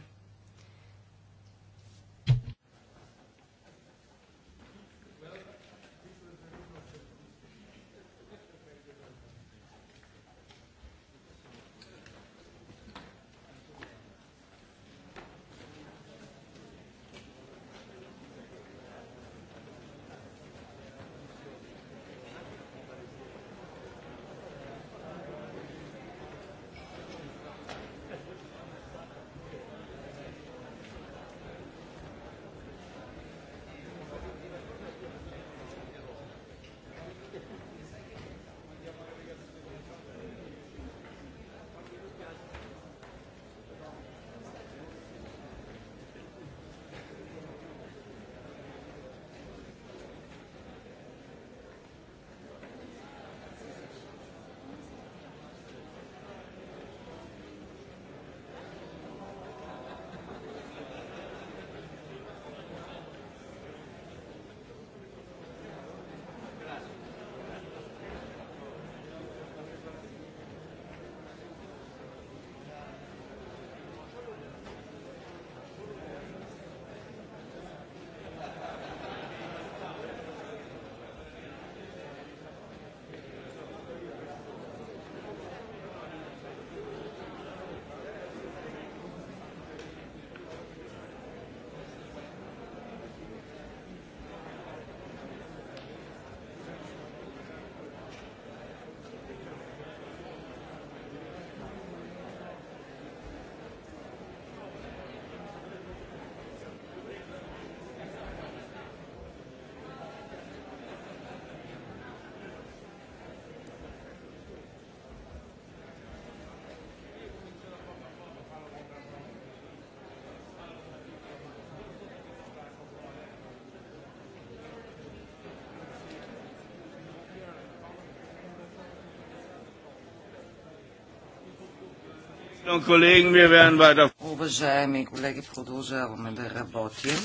[SPEAKER 4] Уважаеми колеги, продължаваме да работим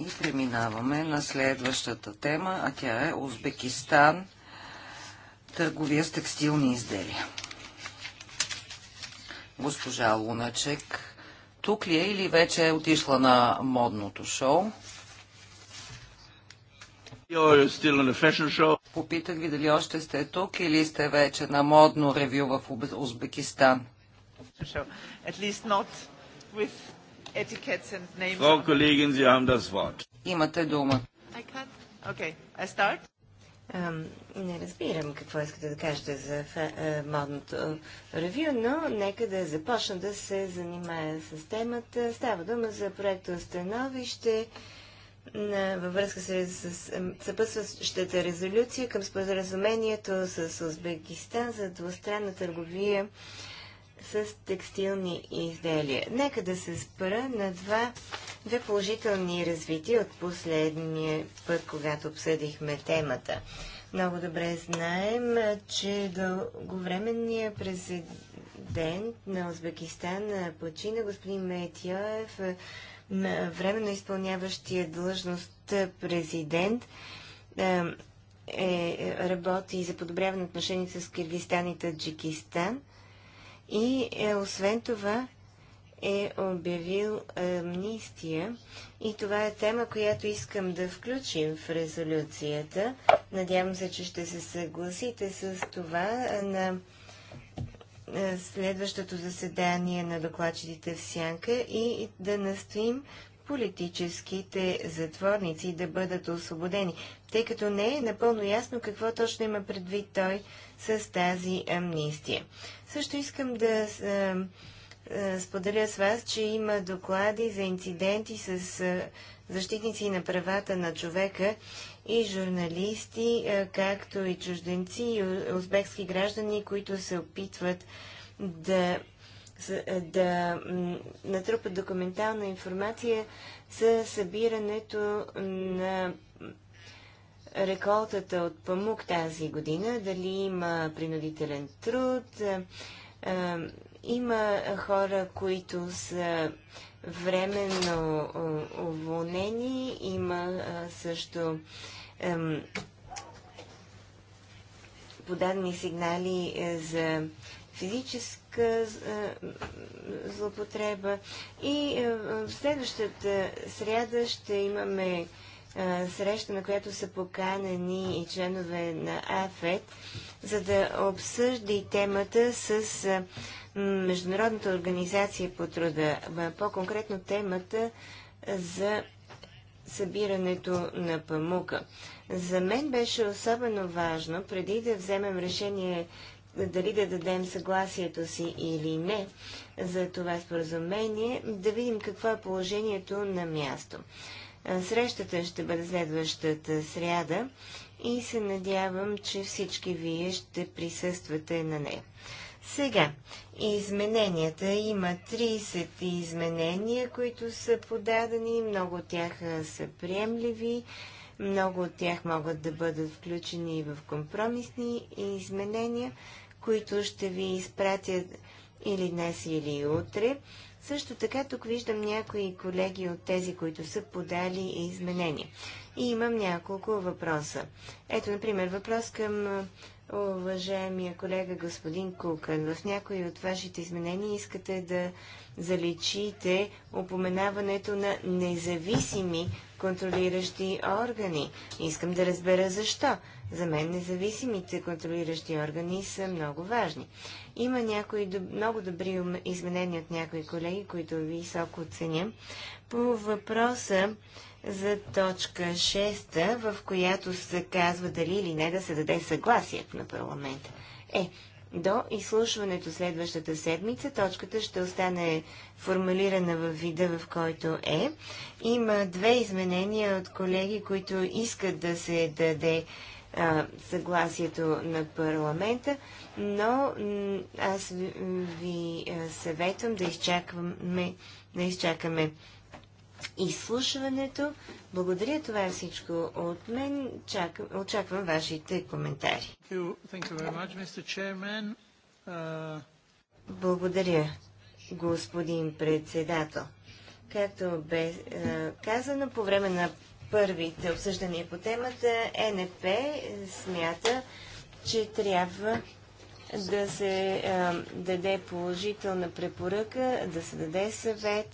[SPEAKER 4] и преминаваме на следващата тема, а тя е Узбекистан, търговия с текстилни изделия. Госпожа Луначек, тук ли е или вече е отишла на модното шоу? Попитах ви дали още сте тук или сте вече на модно ревю в Узбекистан
[SPEAKER 3] show. At least not with etiquettes and names. Frau
[SPEAKER 1] Kollegin, Sie haben das Wort. Имате дума.
[SPEAKER 3] I can't. Okay, I
[SPEAKER 2] start. не разбирам какво искате да кажете за е, модното ревю, но нека да започна да се занимая с темата. Става дума за проекто становище във връзка с, с съпътстващата резолюция към споразумението с Узбекистан за двустранна търговия с текстилни изделия. Нека да се спра на два, две положителни развития от последния път, когато обсъдихме темата. Много добре знаем, че дълговременният президент на Узбекистан почина господин Метьоев, временно изпълняващия длъжност президент, е, работи за подобряване на отношенията с Киргистан и Таджикистан и е, освен това е обявил амнистия и това е тема, която искам да включим в резолюцията. Надявам се, че ще се съгласите с това на е, следващото заседание на докладчиците в Сянка и да настоим политическите затворници да бъдат освободени, тъй като не е напълно ясно какво точно има предвид той с тази амнистия. Също искам да е, е, споделя с вас, че има доклади за инциденти с е, защитници на правата на човека и журналисти, както и чужденци и узбекски граждани, които се опитват да, да натрупат документална информация за събирането на реколтата от памук тази година, дали има принудителен труд, е, е, има хора, които са временно е, уволнени, има също подадени сигнали за физическа злопотреба. И в следващата сряда ще имаме среща, на която са поканени и членове на АФЕД, за да и темата с Международната организация по труда. По-конкретно темата за събирането на памука. За мен беше особено важно, преди да вземем решение дали да дадем съгласието си или не за това споразумение, да видим какво е положението на място. Срещата ще бъде следващата сряда и се надявам, че всички вие ще присъствате на нея. Сега, измененията. Има 30 изменения, които са подадени. Много от тях са приемливи. Много от тях могат да бъдат включени в компромисни изменения, които ще ви изпратят или днес, или утре. Също така тук виждам някои колеги от тези, които са подали изменения. И имам няколко въпроса. Ето, например, въпрос към уважаемия колега господин Кукан. В някои от вашите изменения искате да заличите упоменаването на независими контролиращи органи. Искам да разбера защо. За мен независимите контролиращи органи са много важни. Има някои доб... много добри изменения от някои колеги, които високо оценя. По въпроса за точка 6, в която се казва дали или не да се даде съгласието на парламента. Е, до изслушването следващата седмица точката ще остане формулирана във вида, в който е. Има две изменения от колеги, които искат да се даде а, съгласието на парламента, но аз ви, съветвам да изчакваме, да изчакаме изслушването. Благодаря, това е всичко от мен. Чакам, очаквам вашите коментари. Uh, Благодаря, господин председател. Както бе казано, по време на първите обсъждания по темата, НП смята, че трябва да се а, даде положителна препоръка, да се даде съвет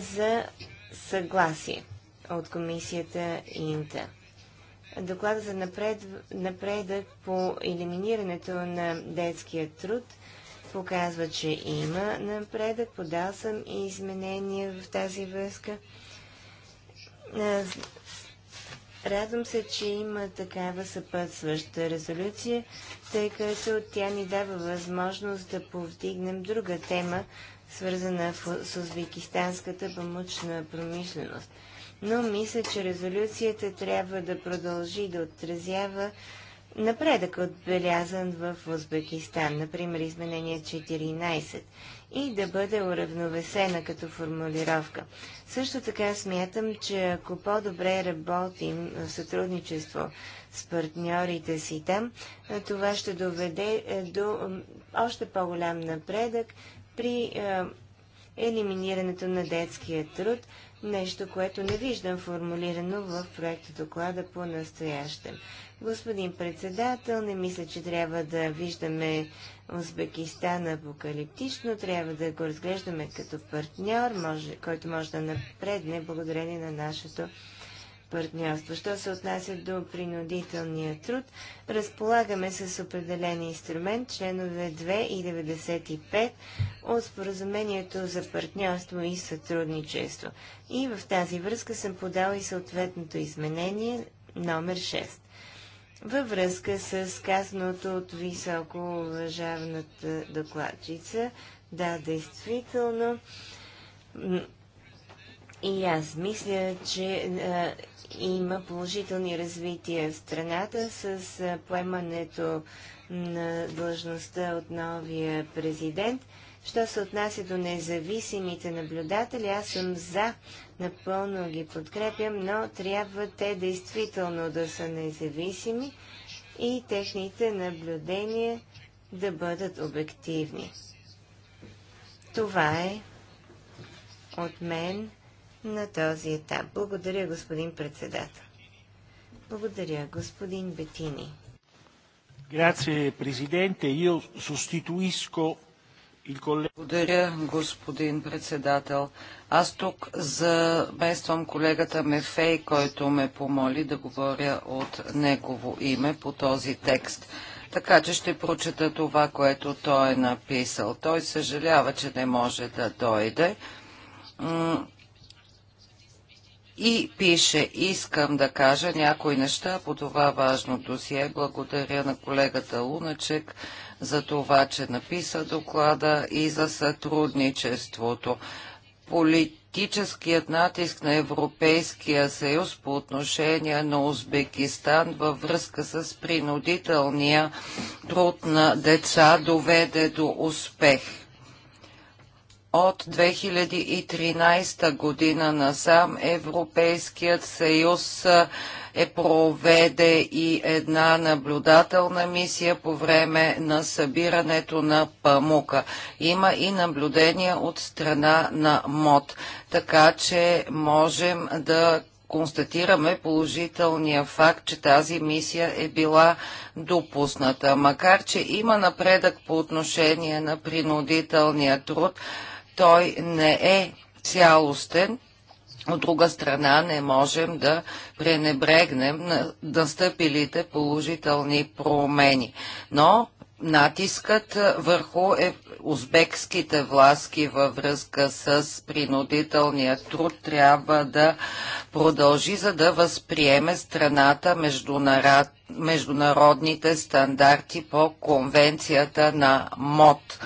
[SPEAKER 2] за съгласие от комисията Инта. Доклада за напред, напредък по елиминирането на детския труд показва, че има напредък. Подал съм и изменения в тази връзка. Е, радвам се, че има такава съпътстваща резолюция, тъй като тя ни дава възможност да повдигнем друга тема, свързана с узбекистанската памучна промишленост. Но мисля, че резолюцията трябва да продължи да отразява напредък отбелязан в Узбекистан, например изменение 14 и да бъде уравновесена като формулировка. Също така смятам, че ако по-добре работим в сътрудничество с партньорите си там, това ще доведе е, до още по-голям напредък при е, елиминирането на детския труд, нещо, което не виждам формулирано в проекта доклада по настоящем. Господин председател, не мисля, че трябва да виждаме Узбекистан апокалиптично, трябва да го разглеждаме като партньор, може, който може да напредне благодарение на нашето партньорство. Що се отнася до принудителния труд, разполагаме с определен инструмент, членове 2 и 95 от споразумението за партньорство и сътрудничество. И в тази връзка съм подал и съответното изменение номер 6 във връзка с казаното от високо уважаваната докладчица. Да, действително. И аз мисля, че а, има положителни развития в страната с а, поемането на длъжността от новия президент. Що се отнася до независимите наблюдатели, аз съм за, напълно ги подкрепям, но трябва те действително да са независими и техните наблюдения да бъдат обективни. Това е от мен на този етап. Благодаря, господин председател. Благодаря, господин Бетини.
[SPEAKER 1] Grazie Presidente, io
[SPEAKER 4] sostituisco благодаря, господин председател. Аз тук замествам колегата Мефей, който ме помоли да говоря от негово име по този текст. Така че ще прочета това, което той е написал. Той съжалява, че не може да дойде. И пише, искам да кажа някои неща по това важно досие. Благодаря на колегата Луначек за това, че написа доклада и за сътрудничеството. Политическият натиск на Европейския съюз по отношение на Узбекистан във връзка с принудителния труд на деца доведе до успех от 2013 година насам Европейският съюз е проведе и една наблюдателна мисия по време на събирането на памука. Има и наблюдения от страна на МОД, така че можем да констатираме положителния факт, че тази мисия е била допусната. Макар, че има напредък по отношение на принудителния труд, той не е цялостен от друга страна не можем да пренебрегнем настъпилите положителни промени. Но натискът върху е, узбекските власти във връзка с принудителния труд трябва да продължи, за да възприеме страната международ, международните стандарти по конвенцията на МОД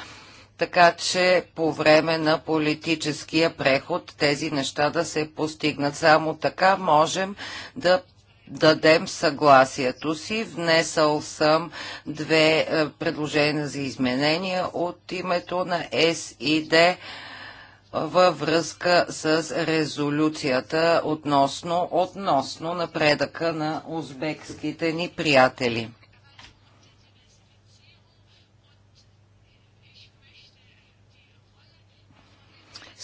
[SPEAKER 4] така че по време на политическия преход тези неща да се постигнат. Само така можем да дадем съгласието си. Внесъл съм две е, предложения за изменения от името на СИД във връзка с резолюцията относно, относно напредъка на узбекските ни приятели.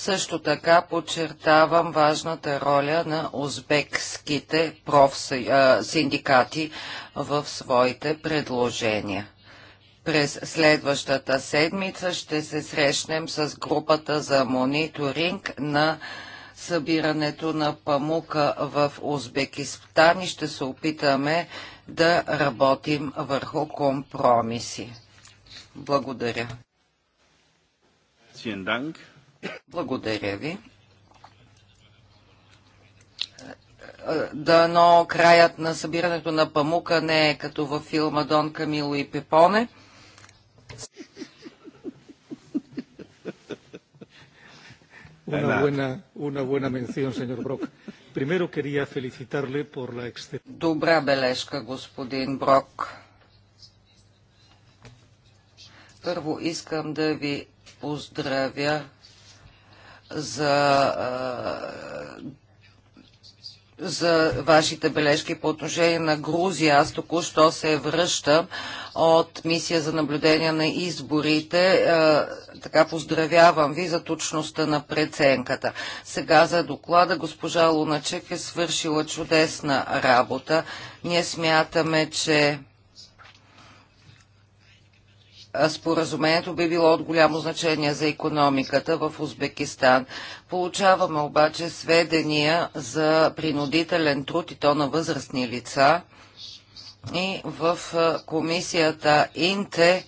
[SPEAKER 4] Също така подчертавам важната роля на узбекските профсъ... синдикати в своите предложения. През следващата седмица ще се срещнем с групата за мониторинг на събирането на памука в Узбекистан и ще се опитаме да работим върху компромиси. Благодаря. Благодаря ви. Дано краят на събирането на памука не е като във филма Дон Камило и Пепоне.
[SPEAKER 1] Una buena, una buena mención, señor Brock. Primero quería felicitarle por la
[SPEAKER 4] Добра бележка, господин Брок. Първо искам да ви поздравя за, за вашите бележки по отношение на Грузия. Аз току-що се връщам от мисия за наблюдение на изборите. Така поздравявам ви за точността на преценката. Сега за доклада госпожа Луначек е свършила чудесна работа. Ние смятаме, че споразумението би било от голямо значение за економиката в Узбекистан. Получаваме обаче сведения за принудителен труд и то на възрастни лица. И в комисията Инте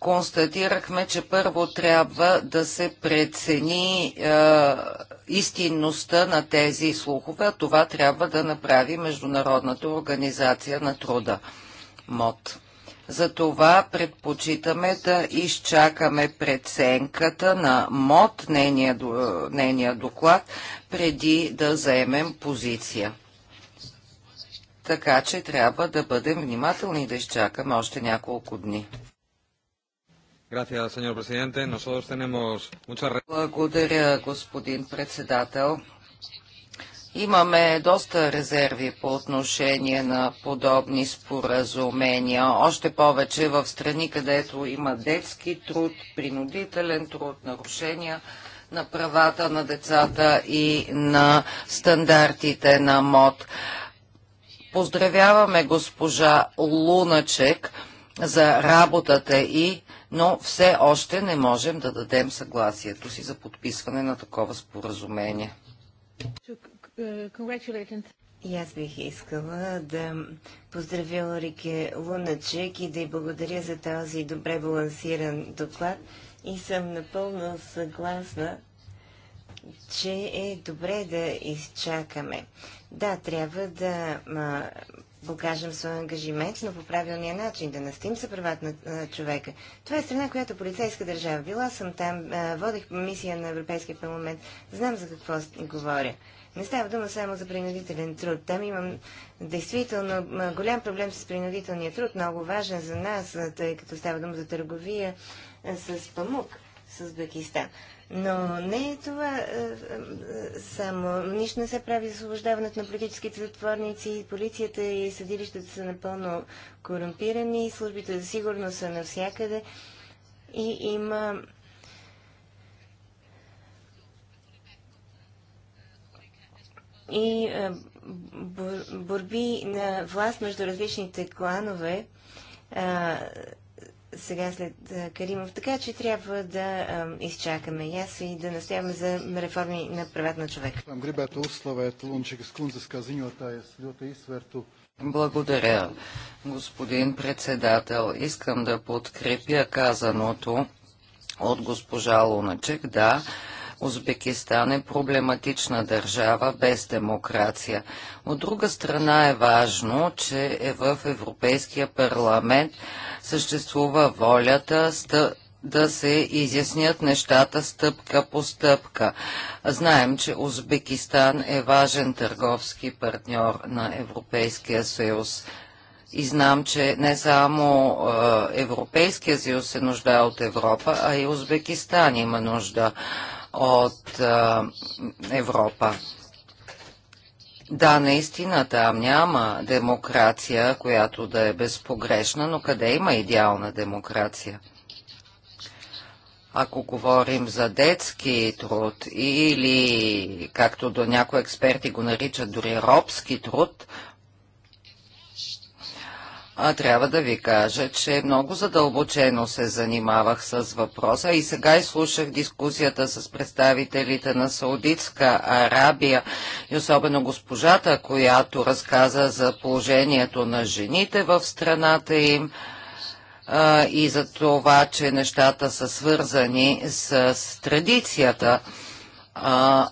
[SPEAKER 4] констатирахме, че първо трябва да се прецени е, истинността на тези слухове, а това трябва да направи Международната организация на труда МОД. Затова предпочитаме да изчакаме преценката на МОД, нейния, нейния доклад, преди да заемем позиция. Така че трябва да бъдем внимателни да изчакаме още няколко дни. Благодаря, господин председател. Имаме доста резерви по отношение на подобни споразумения, още повече в страни, където има детски труд, принудителен труд, нарушения на правата на децата и на стандартите на МОД. Поздравяваме госпожа Луначек за работата и, но все още не можем да дадем съгласието си за подписване на такова споразумение
[SPEAKER 2] и аз бих искала да поздравя Орике Луначек и да й благодаря за този добре балансиран доклад. И съм напълно съгласна, че е добре да изчакаме. Да, трябва да а, покажем своя ангажимент, но по правилния начин, да настим за правата на човека. Това е страна, която полицейска държава. Била съм там, а, водих мисия на Европейския парламент, знам за какво говоря. Не става дума само за принудителен труд. Там имам действително голям проблем с принудителния труд, много важен за нас, тъй като става дума за търговия с памук с Узбекистан. Но не е това само. Нищо не се прави за освобождаването на политическите затворници. Полицията и съдилищата са напълно корумпирани, службите за сигурност са навсякъде. И има и е, борби на власт между различните кланове е, сега след е, Каримов. Така че трябва да изчакаме яс аз и да настояваме за реформи на правата
[SPEAKER 4] на човека. Благодаря, господин председател. Искам да подкрепя казаното от госпожа Луначек. Да, Узбекистан е проблематична държава без демокрация. От друга страна е важно, че е в Европейския парламент съществува волята да се изяснят нещата стъпка по стъпка. Знаем, че Узбекистан е важен търговски партньор на Европейския съюз. И знам, че не само Европейския съюз се нуждае от Европа, а и Узбекистан има нужда от Европа. Да, наистина там няма демокрация, която да е безпогрешна, но къде има идеална демокрация? Ако говорим за детски труд или, както до някои експерти го наричат, дори робски труд – а, трябва да ви кажа, че много задълбочено се занимавах с въпроса и сега изслушах дискусията с представителите на Саудитска Арабия и особено госпожата, която разказа за положението на жените в страната им а, и за това, че нещата са свързани с традицията. А,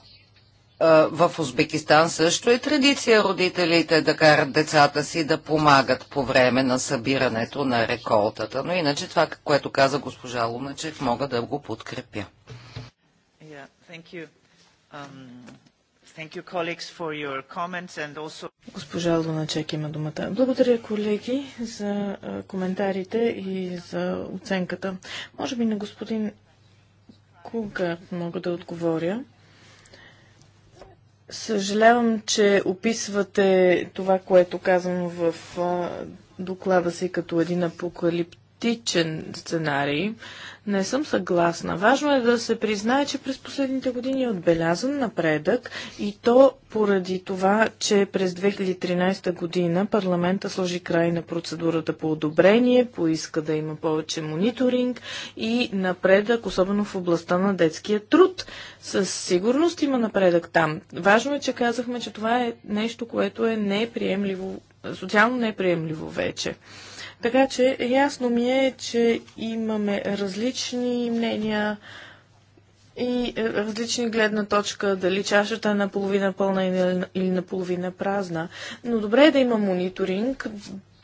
[SPEAKER 4] в Узбекистан също е традиция родителите да карат децата си да помагат по време на събирането на реколтата. Но иначе това, което каза госпожа Луначев, мога да го подкрепя.
[SPEAKER 3] Um, госпожа Луначек има думата. Благодаря, колеги, за коментарите и за оценката. Може би на господин Кугар мога да отговоря. Съжалявам, че описвате това, което казвам в доклада си като един апокалипт оптимистичен сценарий. Не съм съгласна. Важно е да се признае, че през последните години е отбелязан напредък и то поради това, че през 2013 година парламента сложи край на процедурата по одобрение, поиска да има повече мониторинг и напредък, особено в областта на детския труд. Със сигурност има напредък там. Важно е, че казахме, че това е нещо, което е неприемливо, социално неприемливо вече. Така че ясно ми е, че имаме различни мнения и е, различни гледна точка, дали чашата е наполовина пълна или наполовина празна. Но добре е да има мониторинг.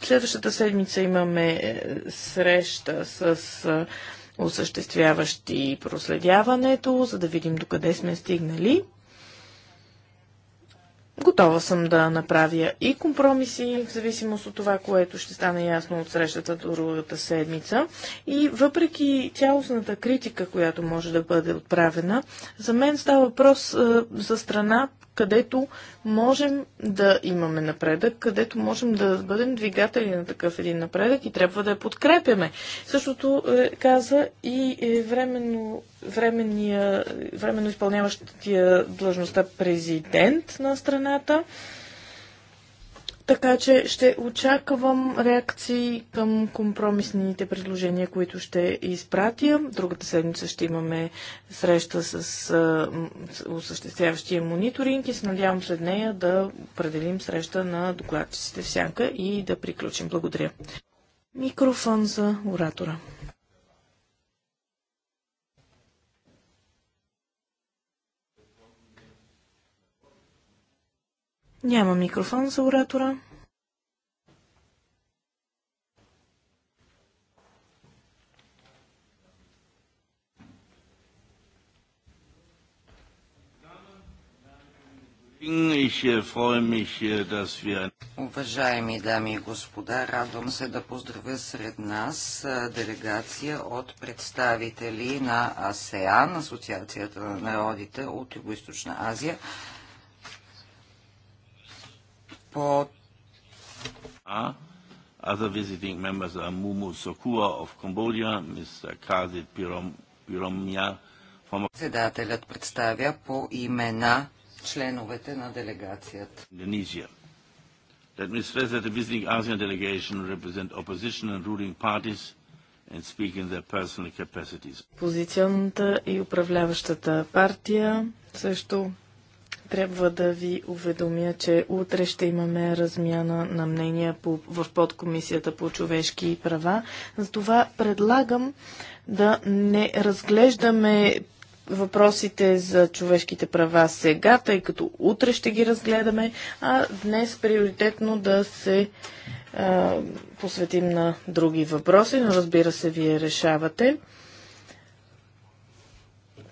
[SPEAKER 3] Следващата седмица имаме е, среща с е, осъществяващи проследяването, за да видим докъде сме стигнали. Готова съм да направя и компромиси, в зависимост от това, което ще стане ясно от срещата другата седмица. И въпреки цялостната критика, която може да бъде отправена, за мен става въпрос е, за страна, където можем да имаме напредък, където можем да бъдем двигатели на такъв един напредък и трябва да я подкрепяме. Същото е, каза и е временно, временно изпълняващия длъжността президент на страната. Така че ще очаквам реакции към компромисните предложения, които ще изпратя. Другата седмица ще имаме среща с, с осъществяващия мониторинг и се надявам след нея да определим среща на докладчиците в сянка и да приключим. Благодаря. Микрофон за оратора. Няма микрофон за оратора.
[SPEAKER 1] Äh, äh,
[SPEAKER 4] Уважаеми дами и господа, радвам се да поздравя сред нас делегация от представители на АСЕАН, Асоциацията на народите от Юго-Источна Азия,
[SPEAKER 1] по Other visiting members are Mumu Sokua of Cambodia, Mr. Kazit Piromia from...
[SPEAKER 4] Председателят представя по имена членовете на делегацията.
[SPEAKER 1] Indonesia. Let me stress that the visiting ASEAN delegation represent opposition and ruling parties and speak in their personal capacities.
[SPEAKER 3] Позиционната и управляващата партия също трябва да ви уведомя, че утре ще имаме размяна на мнения по, в подкомисията по човешки права. Затова предлагам да не разглеждаме въпросите за човешките права сега, тъй като утре ще ги разгледаме, а днес приоритетно да се а, посветим на други въпроси, но разбира се, вие решавате.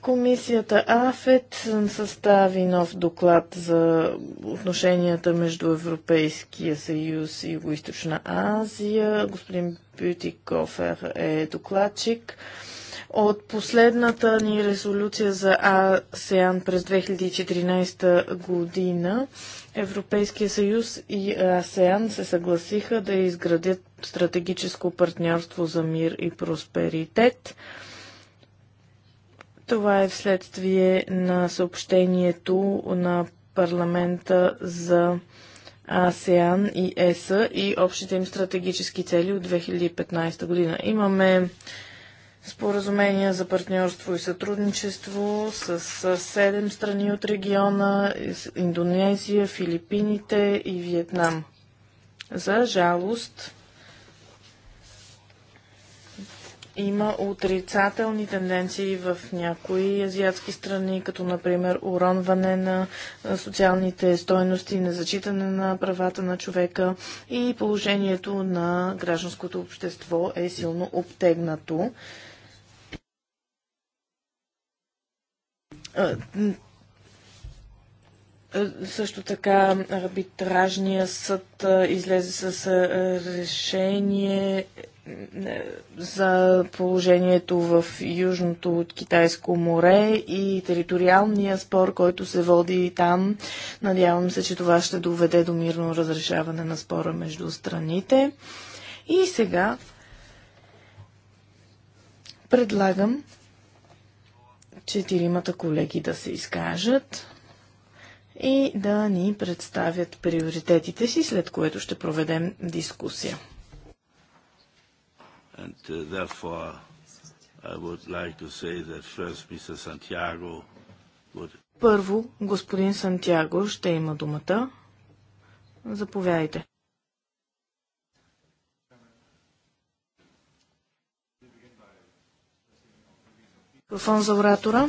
[SPEAKER 3] Комисията АФЕТ състави нов доклад за отношенията между Европейския съюз и Юго-Источна Азия. Господин Бютикофер е докладчик. От последната ни резолюция за АСЕАН през 2014 година Европейския съюз и АСЕАН се съгласиха да изградят стратегическо партньорство за мир и просперитет – това е вследствие на съобщението на парламента за АСЕАН и ЕСА и общите им стратегически цели от 2015 година. Имаме споразумения за партньорство и сътрудничество с седем страни от региона Индонезия, Филипините и Виетнам. За жалост, има отрицателни тенденции в някои азиатски страни, като например уронване на социалните стойности, незачитане на правата на човека и положението на гражданското общество е силно обтегнато. Също така арбитражния съд излезе с решение за положението в южното от Китайско море и териториалния спор, който се води там. Надявам се, че това ще доведе до мирно разрешаване на спора между страните. И сега предлагам четиримата колеги да се изкажат и да ни представят приоритетите си, след което ще проведем дискусия.
[SPEAKER 1] And uh, therefore, I would like to say that first Mr. Santiago would...
[SPEAKER 3] Първо, господин Сантьяго ще има думата. Заповядайте. Микрофон за оратора.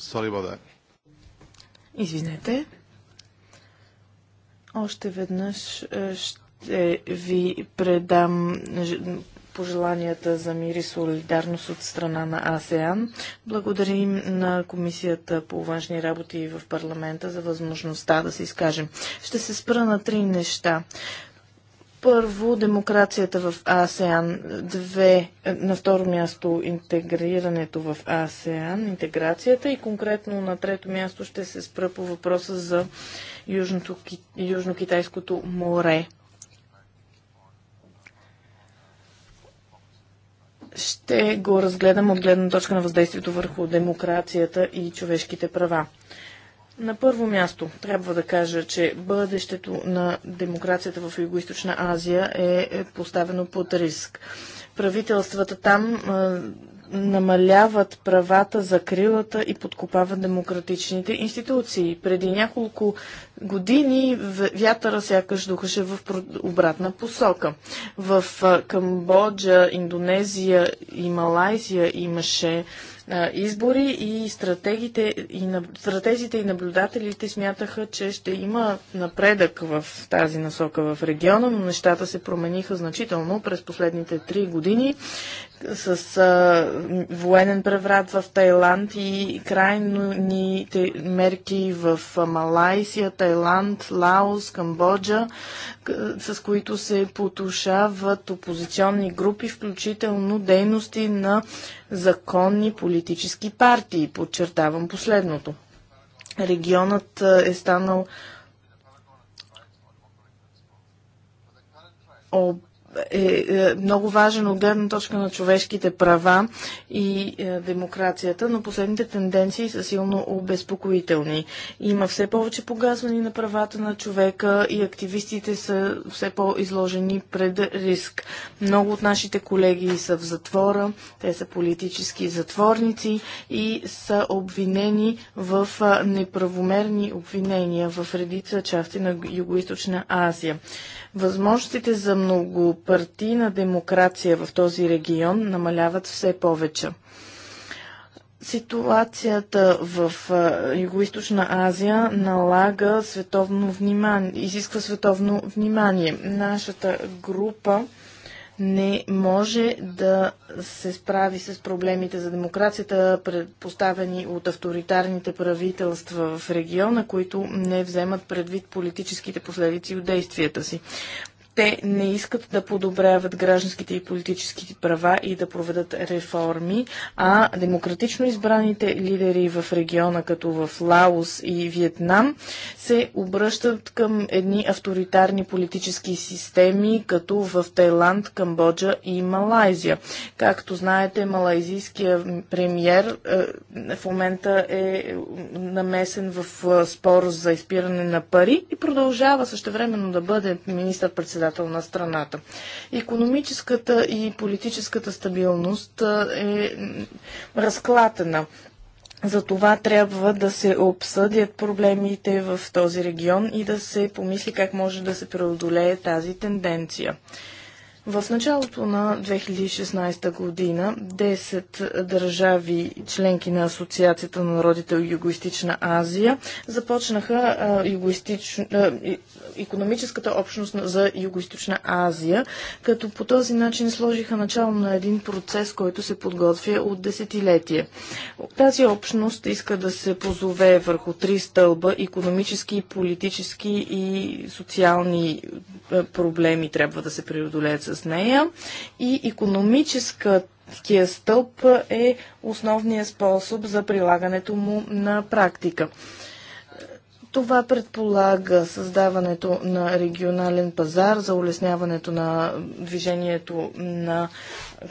[SPEAKER 3] Sorry about that. Извинете. Още веднъж е, ще ви предам пожеланията за мир и солидарност от страна на АСЕАН. Благодарим на Комисията по външни работи в парламента за възможността да се изкажем. Ще се спра на три неща. Първо, демокрацията в АСЕАН. Две, е, на второ място, интегрирането в АСЕАН, интеграцията и конкретно на трето място ще се спра по въпроса за Южното, Южно-Китайското море. Ще го разгледам от гледна точка на въздействието върху демокрацията и човешките права. На първо място трябва да кажа, че бъдещето на демокрацията в юго Азия е, е поставено под риск. Правителствата там е, намаляват правата, закрилата и подкопават демократичните институции. Преди няколко години вятъра сякаш духаше в обратна посока. В е, Камбоджа, Индонезия и Малайзия имаше избори и стратегите и, стратезите и наблюдателите смятаха, че ще има напредък в тази насока в региона, но нещата се промениха значително през последните три години с а, военен преврат в Тайланд и крайните мерки в Малайсия, Тайланд, Лаос, Камбоджа, с които се потушават опозиционни групи, включително дейности на законни политики политически партии. Подчертавам последното. Регионът е, е станал е, е много важен от гледна точка на човешките права и е, демокрацията, но последните тенденции са силно обезпокоителни. Има все повече погазване на правата на човека и активистите са все по-изложени пред риск. Много от нашите колеги са в затвора, те са политически затворници и са обвинени в неправомерни обвинения в редица части на Юго-Источна Азия. Възможностите за много партийна демокрация в този регион намаляват все повече. Ситуацията в Юго-Источна Азия налага световно внимание, изисква световно внимание. Нашата група не може да се справи с проблемите за демокрацията, предпоставени от авторитарните правителства в региона, които не вземат предвид политическите последици от действията си. Те не искат да подобряват гражданските и политически права и да проведат реформи, а демократично избраните лидери в региона, като в Лаос и Виетнам, се обръщат към едни авторитарни политически системи, като в Тайланд, Камбоджа и Малайзия. Както знаете, малайзийския премьер е, в момента е намесен в е, спор за изпиране на пари и продължава същевременно да бъде министър-председател председател на страната. Економическата и политическата стабилност е разклатена. За това трябва да се обсъдят проблемите в този регион и да се помисли как може да се преодолее тази тенденция. В началото на 2016 година 10 държави, членки на Асоциацията на народите в Югоистична Азия, започнаха югоистич... економическата общност за Югоистична Азия, като по този начин сложиха начало на един процес, който се подготвя от десетилетие. Тази общност иска да се позове върху три стълба – економически, политически и социални проблеми трябва да се преодолеят с нея и економическата Кия стълб е основният способ за прилагането му на практика. Това предполага създаването на регионален пазар за улесняването на движението на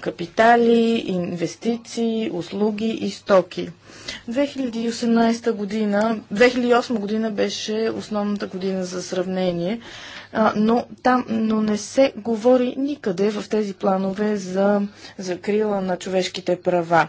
[SPEAKER 3] капитали, инвестиции, услуги и стоки. 2018 година, 2008 година беше основната година за сравнение а, но там но не се говори никъде в тези планове за закрила на човешките права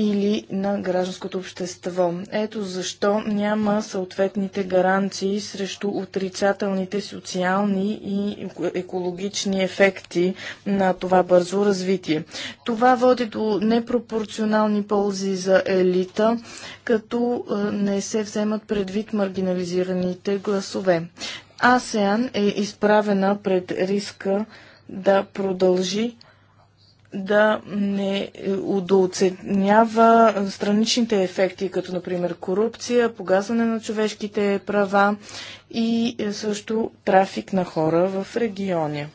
[SPEAKER 3] или на гражданското общество. Ето защо няма съответните гаранции срещу отрицателните социални и екологични ефекти на това бързо развитие. Това води до непропорционални ползи за елита, като е, не се вземат предвид маргинализираните гласове. АСЕАН е изправена пред риска да продължи да не удооценява страничните ефекти, като например корупция, погазване на човешките права и е, също трафик на хора в региони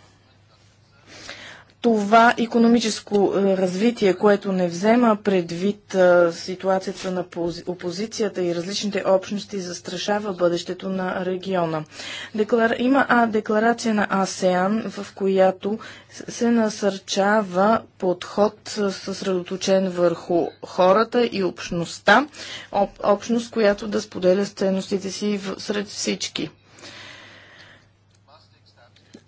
[SPEAKER 3] това економическо е, развитие, което не взема предвид е, ситуацията на опозицията и различните общности, застрашава бъдещето на региона. Има а, декларация на АСЕАН, в която се насърчава подход е, съсредоточен върху хората и общността, общност, която да споделя ценностите си сред всички.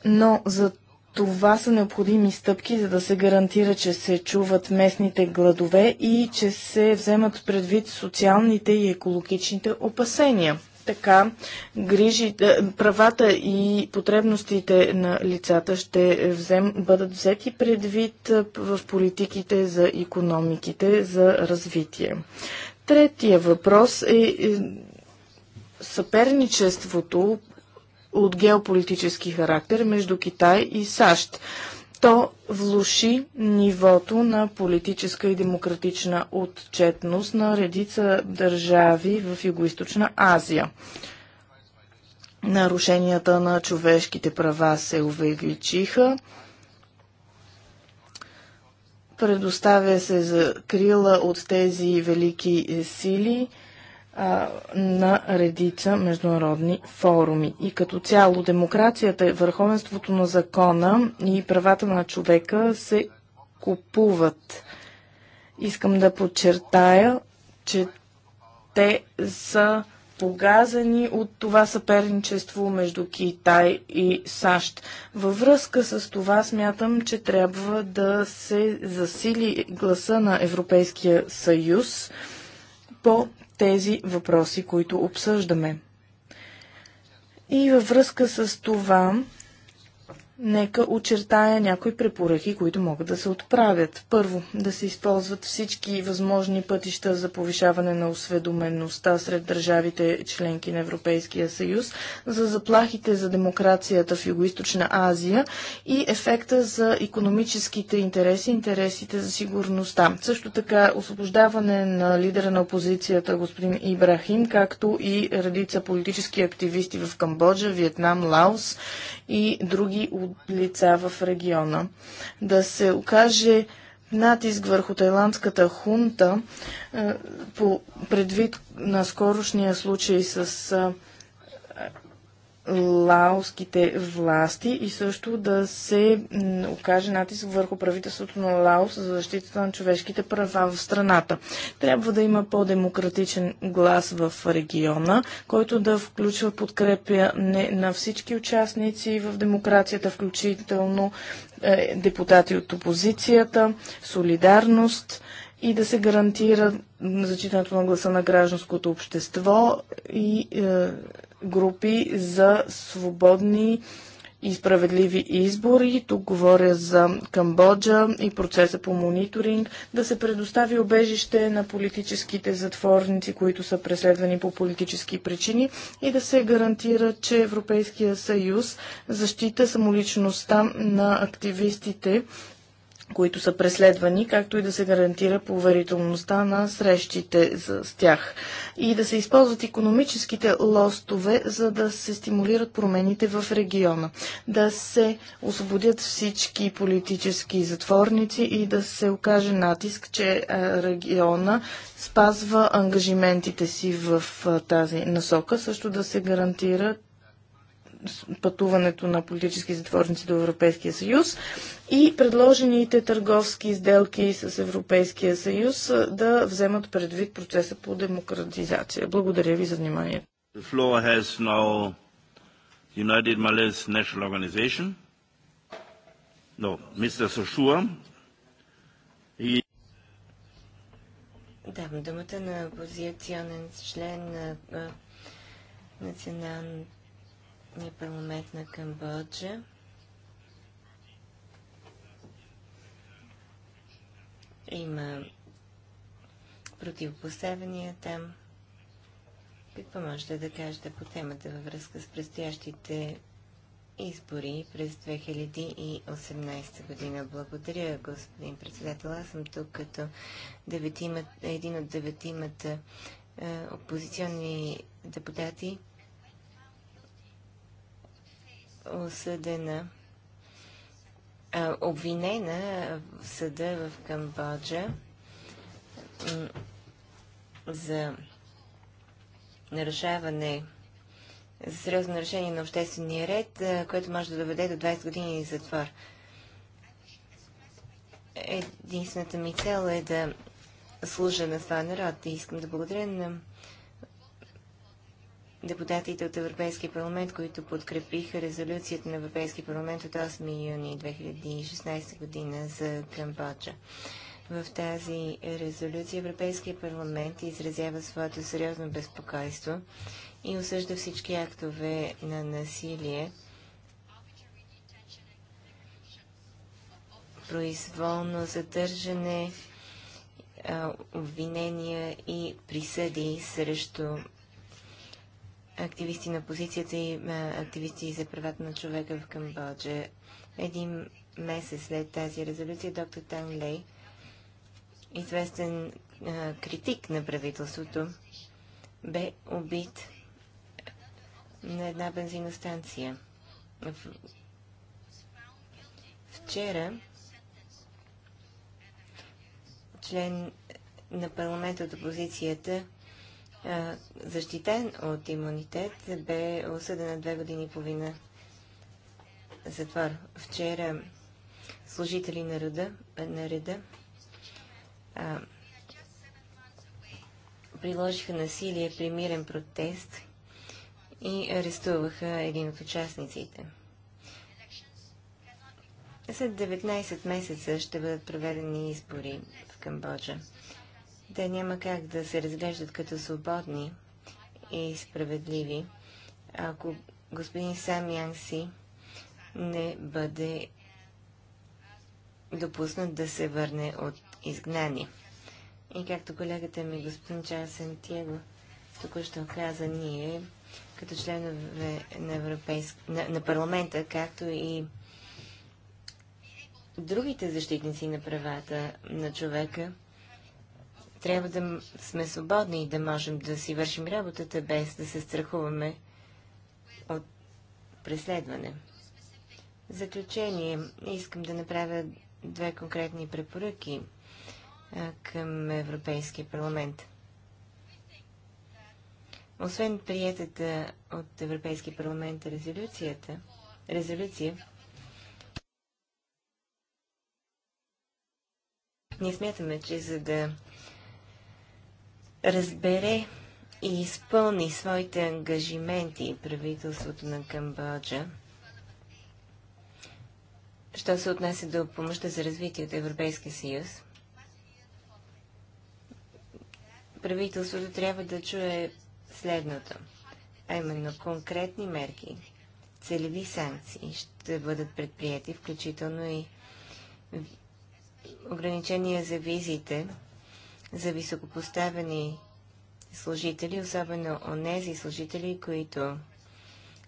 [SPEAKER 3] Но за това са необходими стъпки, за да се гарантира, че се чуват местните гладове и че се вземат предвид социалните и екологичните опасения. Така, грижи, е, правата и потребностите на лицата ще взем, бъдат взети предвид е, в политиките за економиките за развитие. Третия въпрос е, е съперничеството от геополитически характер между Китай и САЩ. То влуши нивото на политическа и демократична отчетност на редица държави в Юго-Источна Азия. Нарушенията на човешките права се увеличиха. Предоставя се закрила от тези велики сили – на редица международни форуми. И като цяло демокрацията, е върховенството на закона и правата на човека се купуват. Искам да подчертая, че те са погазани от това съперничество между Китай и САЩ. Във връзка с това смятам, че трябва да се засили гласа на Европейския съюз по тези въпроси, които обсъждаме. И във връзка с това нека очертая някои препоръки, които могат да се отправят. Първо, да се използват всички възможни пътища за повишаване на осведомеността сред държавите членки на Европейския съюз за заплахите за демокрацията в Югоизточна Азия и ефекта за економическите интереси, интересите за сигурността. Също така, освобождаване на лидера на опозицията господин Ибрахим, както и редица политически активисти в Камбоджа, Виетнам, Лаос и други лица в региона. Да се окаже натиск върху тайландската хунта е, по предвид на скорошния случай с е, лаоските власти и също да се окаже натиск върху правителството на Лаос за защитата на човешките права в страната. Трябва да има по-демократичен глас в региона, който да включва подкрепя не на всички участници в демокрацията, включително е, депутати от опозицията, солидарност и да се гарантира зачитането на гласа на гражданското общество и е, групи за свободни и справедливи избори. Тук говоря за Камбоджа и процеса по мониторинг, да се предостави обежище на политическите затворници, които са преследвани по политически причини и да се гарантира, че Европейския съюз защита самоличността на активистите които са преследвани, както и да се гарантира поверителността на срещите с тях. И да се използват економическите лостове, за да се стимулират промените в региона. Да се освободят всички политически затворници и да се окаже натиск, че е, региона спазва ангажиментите си в е, тази насока. Също да се гарантират пътуването на политически затворници до Европейския съюз и предложените търговски изделки с Европейския съюз да вземат предвид процеса по демократизация. Благодаря ви за вниманието.
[SPEAKER 1] United Malays National Organization. No, Mr. He...
[SPEAKER 2] Давам думата на опозиционен член на, на Националната ми парламент на Камбоджа. Има противопоставяния там. Какво можете да кажете по темата във връзка с предстоящите избори през 2018 година. Благодаря, господин председател. Аз съм тук като един от деветимата е, опозиционни депутати, осъдена, а, обвинена в съда в Камбоджа за нарушаване за сериозно нарушение на обществения ред, което може да доведе до 20 години затвор. Единствената ми цел е да служа на своя народ и искам да благодаря на депутатите от Европейския парламент, които подкрепиха резолюцията на Европейския парламент от 8 юни 2016 година за Камбоджа. В тази резолюция Европейския парламент изразява своето сериозно безпокойство и осъжда всички актове на насилие, произволно задържане, обвинения и присъди срещу активисти на позицията и активисти за правата на човека в Камбоджа. Един месец след тази резолюция доктор Тан Лей, известен а, критик на правителството, бе убит на една бензиностанция. В... Вчера член на парламента от опозицията е, защитен от имунитет, бе осъден на две години и половина затвор. Вчера служители на, рода, на реда а, приложиха насилие при мирен протест и арестуваха един от участниците. След 19 месеца ще бъдат проведени избори в Камбоджа те няма как да се разглеждат като свободни и справедливи, ако господин Сам Янси не бъде допуснат да се върне от изгнание. И както колегата ми, господин Чарлз Сантьего, току-що каза, ние, като членове на, Европейск... на, на парламента, както и другите защитници на правата на човека, трябва да сме свободни и да можем да си вършим работата без да се страхуваме от преследване. В заключение, искам да направя две конкретни препоръки към Европейския парламент. Освен приятата от Европейския парламент резолюцията, резолюция, ние смятаме, че за да разбере и изпълни своите ангажименти правителството на Камбоджа, що се отнася до помощта за развитие от Европейския съюз, правителството трябва да чуе следното, а именно конкретни мерки, целеви санкции ще бъдат предприяти, включително и ограничения за визите за високопоставени служители, особено онези служители, които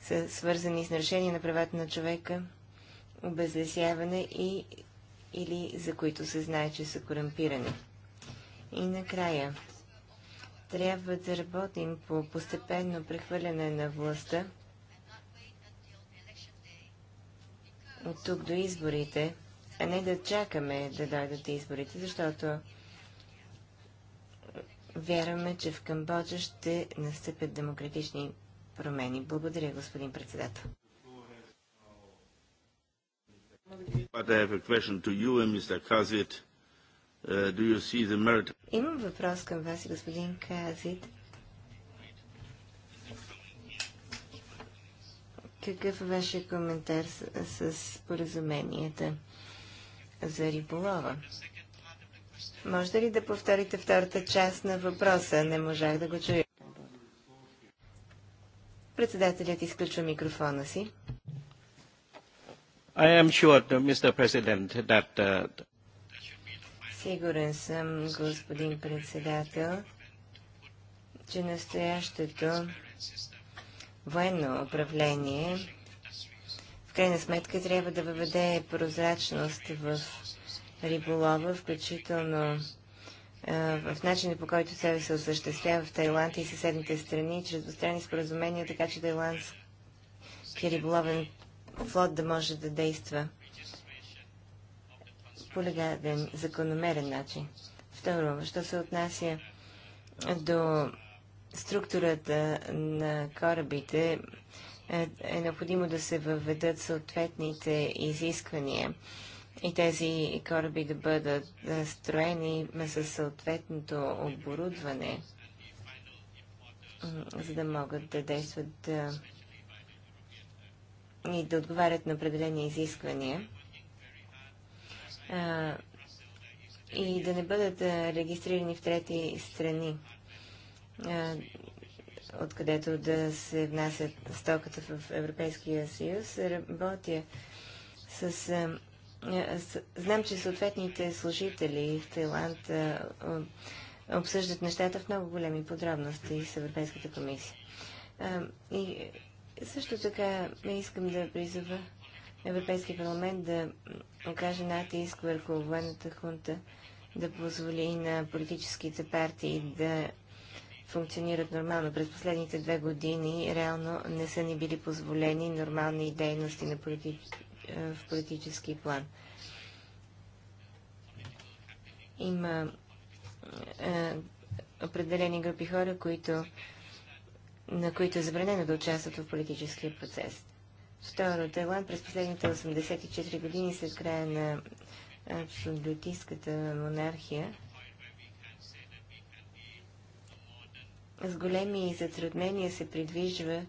[SPEAKER 2] са свързани с нарушение на правата на човека, обезлесяване и или за които се знае, че са корумпирани. И накрая, трябва да работим по постепенно прехвърляне на властта от тук до изборите, а не да чакаме да дойдат изборите, защото Вярваме, че в Камбоджа ще настъпят демократични промени. Благодаря, господин председател.
[SPEAKER 1] Uh,
[SPEAKER 2] Имам въпрос към вас, господин Казит. Какъв е вашия коментар с, с за риболова? Може ли да повторите втората част на въпроса? Не можах да го чуя. Председателят изключва микрофона си.
[SPEAKER 1] I am sure, uh, Mr. President, that... Uh...
[SPEAKER 2] Сигурен съм, господин председател, че настоящото военно управление в крайна сметка трябва да въведе прозрачност в риболова, включително в начина по който се се осъществява в Тайланд и съседните страни, чрез двустранни споразумения, така че тайландски риболовен флот да може да действа по легален, закономерен начин. Второ, що се отнася до структурата на корабите, е, е необходимо да се въведат съответните изисквания и тези кораби да бъдат е, строени със съответното оборудване, за да могат да действат и да отговарят на определени изисквания и да не бъдат е, регистрирани в трети страни, откъдето да се внасят стоката в Европейския съюз. Работя с е, е, знам, че съответните служители в Тайланд е, е, обсъждат нещата в много големи подробности с Европейската комисия. И също така искам да призова Европейския парламент да окаже натиск върху военната хунта, да позволи на политическите партии да функционират нормално. През последните две години реално не са ни били позволени нормални дейности на политическите е, в политически план. Има е, определени групи хора, които, на които е забранено да участват в политическия процес. Второ, Тайланд през последните 84 години след края на е, абсолютистската монархия с големи затруднения се придвижва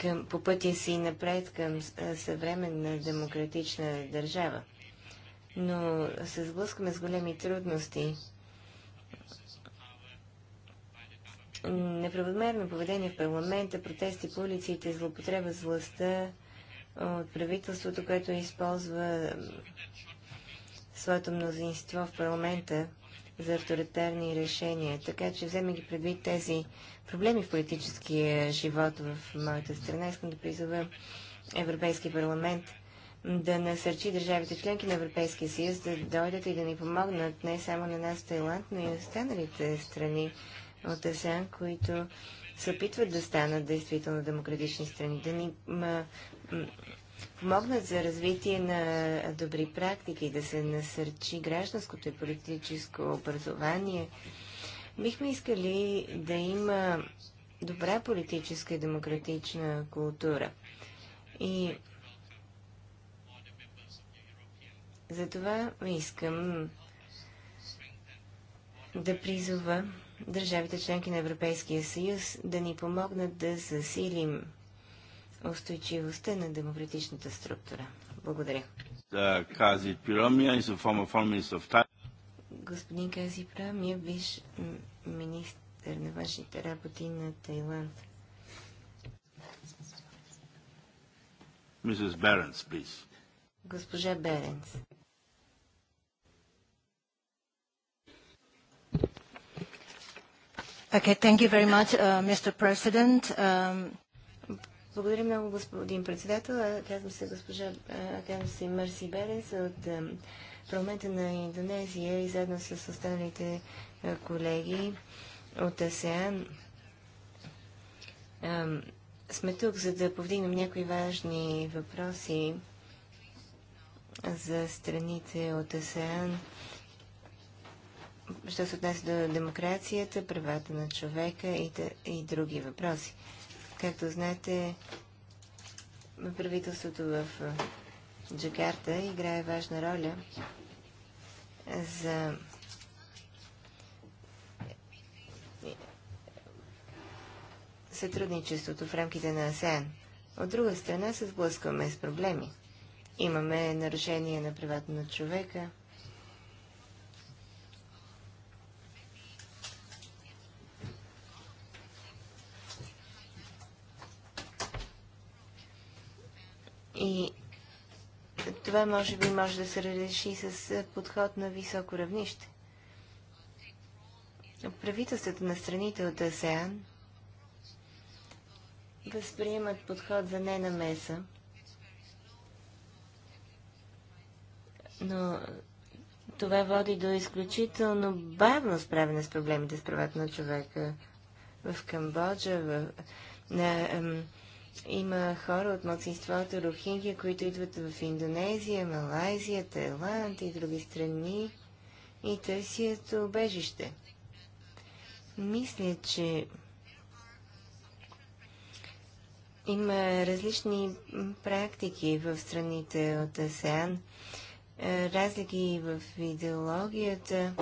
[SPEAKER 2] към, по пътя си напред към съвременна демократична държава. Но се сблъскаме с големи трудности. Неправомерно поведение в парламента, протести по улиците, злоупотреба с властта от правителството, което използва своето мнозинство в парламента за авторитарни решения. Така че, вземайки предвид тези проблеми в политическия живот в моята страна. Искам да призова Европейски парламент да насърчи държавите членки на Европейския съюз да дойдат и да ни помогнат не само на нас в Тайланд, но и останалите страни от АСЕАН, които се опитват да станат действително демократични страни, да ни помогнат за развитие на добри практики, да се насърчи гражданското и политическо образование, Бихме искали да има добра политическа и демократична култура. И затова искам да призова държавите членки на Европейския съюз да ни помогнат да засилим устойчивостта на демократичната структура. Благодаря господин Кази Прамия, виж министър на външните работи на Тайланд.
[SPEAKER 1] Mrs. Беренс, please.
[SPEAKER 2] Госпожа Беренс.
[SPEAKER 4] Okay, thank you very much, uh, Mr. President. Um...
[SPEAKER 2] Благодаря много, господин председател. Казвам се госпожа, казвам се Мерси Беренс от парламента на Индонезия и заедно с останалите колеги от АСЕАН сме тук, за да повдигнем някои важни въпроси за страните от АСЕАН, що се отнася до демокрацията, правата на човека и, да, и други въпроси. Както знаете, правителството в Джакарта играе важна роля за сътрудничеството в рамките на АСЕАН. От друга страна се сблъскваме с проблеми. Имаме нарушение на правата на човека. И това може би може да се разреши с е, подход на високо равнище. Правителството на страните от АСЕАН възприемат подход за ненамеса, но това води до изключително бавно справяне с проблемите с правата на човека в Камбоджа, в, на, има хора от младсинството Рохингия, които идват в Индонезия, Малайзия, Тайланд и други страни и търсят убежище. Мисля, че има различни практики в страните от АСЕАН, е, разлики в идеологията.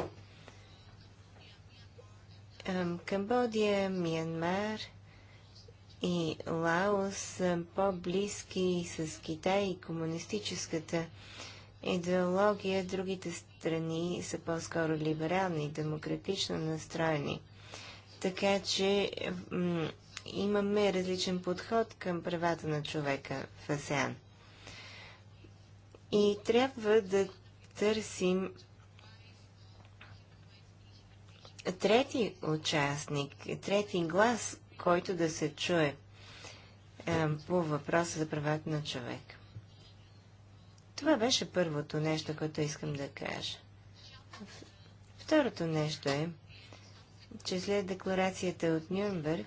[SPEAKER 2] Камбодия, Миянмар – и Лаос по-близки с Китай и комунистическата идеология, другите страни са по-скоро либерални и демократично настроени. Така че имаме различен подход към правата на човека в АСЕАН. И трябва да търсим трети участник, трети глас, който да се чуе е, по въпроса за правата на човек. Това беше първото нещо, което искам да кажа. Второто нещо е, че след декларацията от Нюрнберг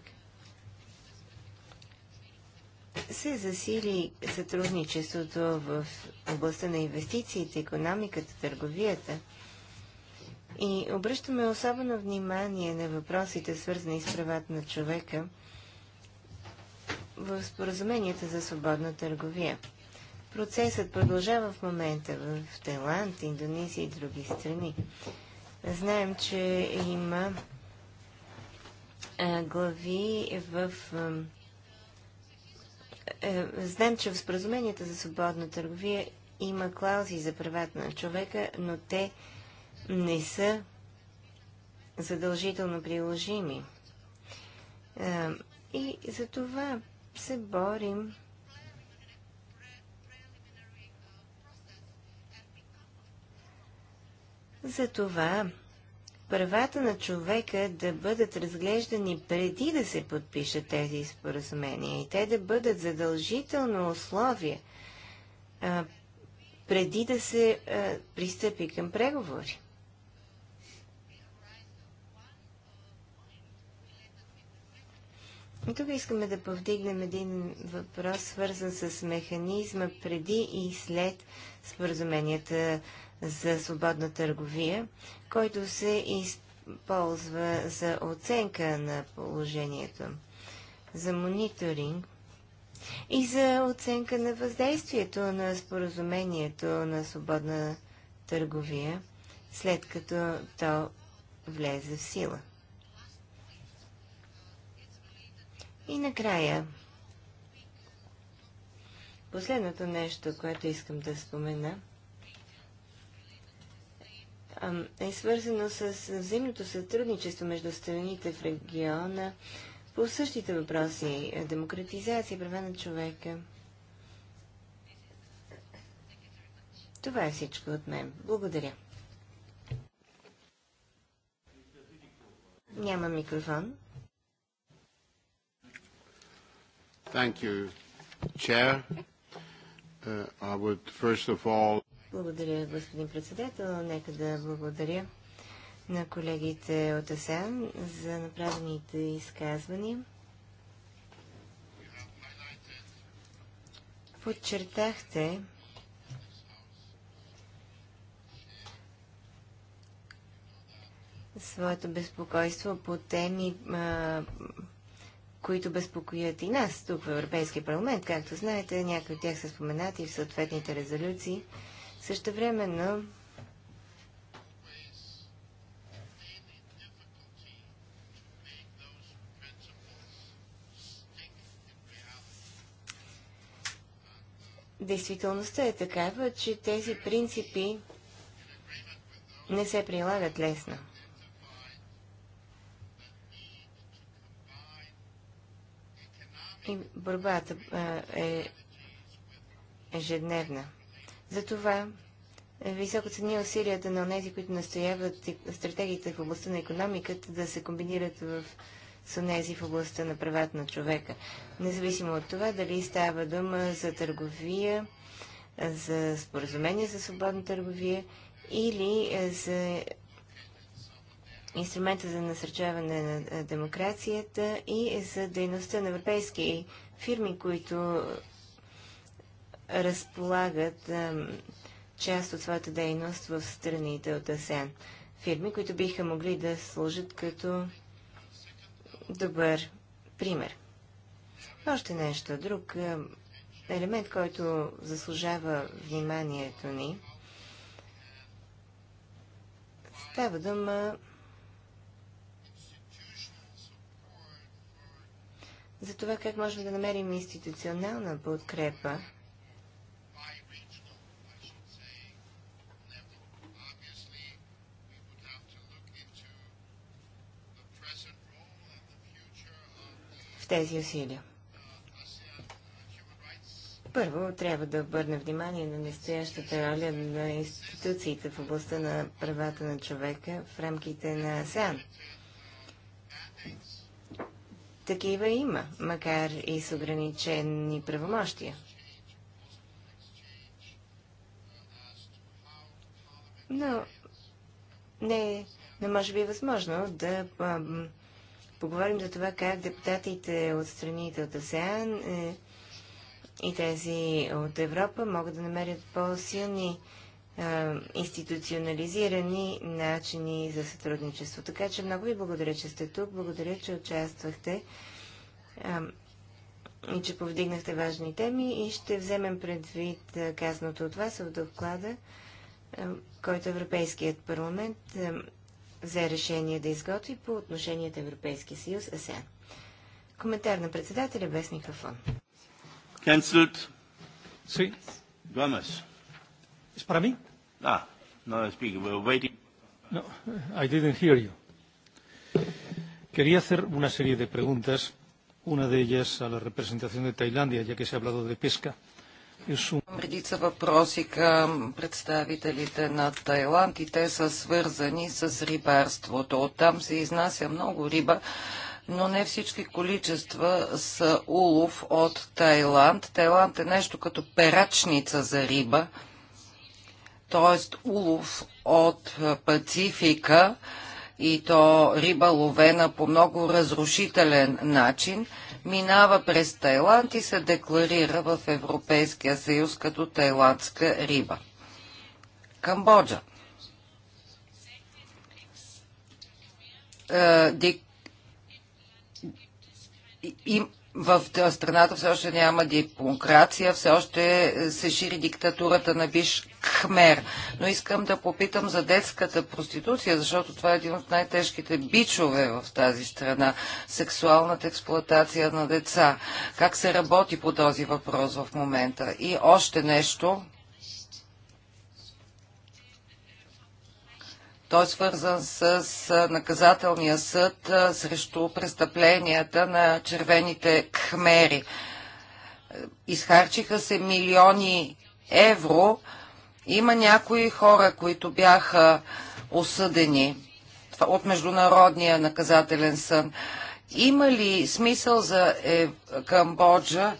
[SPEAKER 2] се засили сътрудничеството в областта на инвестициите, економиката, търговията – и обръщаме особено внимание на въпросите, свързани с правата на човека в споразуменията за свободна търговия. Процесът продължава в момента в Тайланд, Индонезия и други страни. Знаем, че има глави в. Е, знаем, че в споразуменията за свободна търговия има клаузи за правата на човека, но те не са задължително приложими. И за това се борим за това правата на човека да бъдат разглеждани преди да се подпишат тези споразумения и те да бъдат задължително условие преди да се пристъпи към преговори. Тук искаме да повдигнем един въпрос, свързан с механизма преди и след споразуменията за свободна търговия, който се използва за оценка на положението, за мониторинг и за оценка на въздействието на споразумението на свободна търговия, след като то влезе в сила. И накрая, последното нещо, което искам да спомена, е свързано с взаимното сътрудничество между страните в региона по същите въпроси – демократизация, права на човека. Това е всичко от мен. Благодаря. Няма микрофон.
[SPEAKER 1] Thank you, Chair. Uh, I would first of
[SPEAKER 3] all...
[SPEAKER 2] Благодаря, господин председател. Нека да благодаря на колегите от АСАН за направените изказвания. Подчертахте, своето безпокойство по теми, които безпокоят и нас тук в Европейския парламент. Както знаете, някои от тях са споменати в съответните резолюции. Също времено Действителността е такава, че тези принципи не се прилагат лесно. и борбата е ежедневна. Затова високо цени усилията на тези, които настояват стратегиите в областта на економиката да се комбинират в с онези в областта на правата на човека. Независимо от това, дали става дума за търговия, за споразумение за свободна търговия или е, за инструмента за насърчаване на демокрацията и за дейността на европейски фирми, които разполагат част от своята дейност в страните от АСЕАН. Фирми, които биха могли да служат като добър пример. Още нещо. Друг елемент, който заслужава вниманието ни, става дума за това как можем да намерим институционална подкрепа в тези усилия. Първо, трябва да обърна внимание на настоящата роля на институциите в областта на правата на човека в рамките на АСЕАН. Такива има, макар и с ограничени правомощия. Но не, не може би е възможно да а, поговорим за това как депутатите от страните от АСЕАН е, и тези от Европа могат да намерят по-силни институционализирани начини за сътрудничество. Така че много ви благодаря, че сте тук. Благодаря, че участвахте и че повдигнахте важни теми и ще вземем предвид казаното от вас в доклада, който Европейският парламент взе решение да изготви по отношението Европейския съюз АСЕАН. Коментар на председателя без
[SPEAKER 1] микрофон. Cancelled. Sí. It's para mí? Ah, no speak. We're waiting. No, I didn't hear you. Quería hacer una serie de preguntas, una de ellas a la representación de Tailandia, ya que se ha hablado de pesca.
[SPEAKER 4] Редица въпроси към представителите на Тайланд и те са свързани с рибарството. Оттам се изнася много риба, но не всички количества са улов от Тайланд. Тайланд е нещо като перачница за риба т.е. улов от Пацифика и то риба ловена по много разрушителен начин, минава през Тайланд и се декларира в Европейския съюз като тайландска риба. Камбоджа. Е, в страната все още няма демокрация, все още се шири диктатурата на Виш кхмер. Но искам да попитам за детската проституция, защото това е един от най-тежките бичове в тази страна. Сексуалната експлоатация на деца. Как се работи по този въпрос в момента? И още нещо. Той е свързан с наказателния съд срещу престъпленията на червените кхмери. Изхарчиха се милиони евро, има някои хора, които бяха осъдени от Международния наказателен съд. Има ли смисъл за е, Камбоджа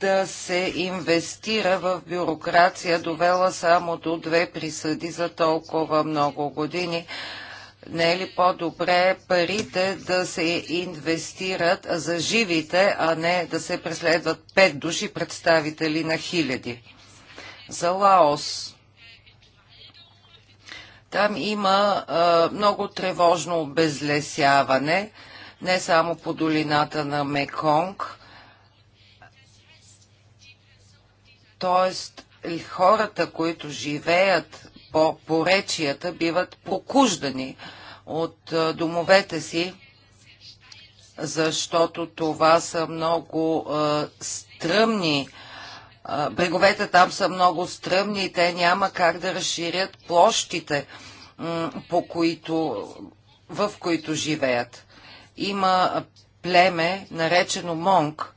[SPEAKER 4] да се инвестира в бюрокрация, довела само до две присъди за толкова много години? Не е ли по-добре парите да се инвестират за живите, а не да се преследват пет души представители на хиляди? За Лаос там има а, много тревожно обезлесяване, не само по долината на Меконг. Тоест, хората, които живеят по поречията, биват прокуждани от домовете си, защото това са много а, стръмни а, Бреговете там са много стръмни и те няма как да разширят площите, по които, в които живеят. Има племе, наречено Монг,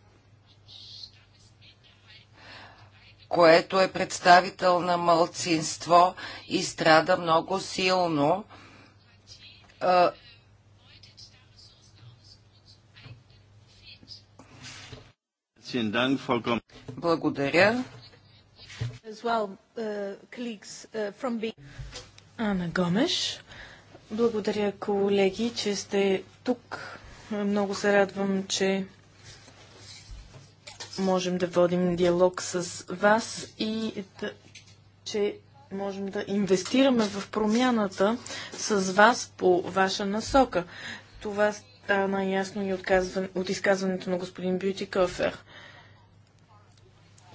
[SPEAKER 4] което е представител на мълцинство и страда много силно.
[SPEAKER 1] Vielen благодаря.
[SPEAKER 3] Uh, uh, Ана Гомеш. Благодаря, колеги, че сте тук. Много се радвам, че можем да водим диалог с вас и да, че можем да инвестираме в промяната с вас по ваша насока. Това стана ясно и от, от изказването на господин Бюти Кофер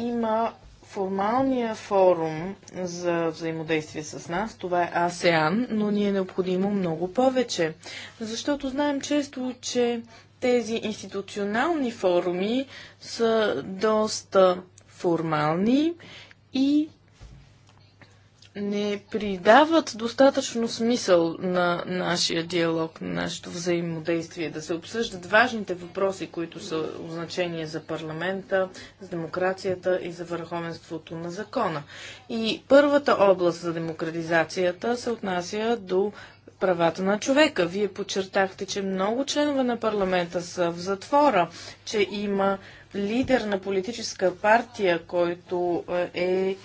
[SPEAKER 3] има формалния форум за взаимодействие с нас, това е АСЕАН, но ни е необходимо много повече, защото знаем често, че тези институционални форуми са доста формални и не придават достатъчно смисъл на нашия диалог, на нашето взаимодействие, да се обсъждат важните въпроси, които са значение за парламента, за демокрацията и за върховенството на закона. И първата област за демократизацията се отнася до правата на човека. Вие подчертахте, че много членове на парламента са в затвора, че има лидер на политическа партия, който е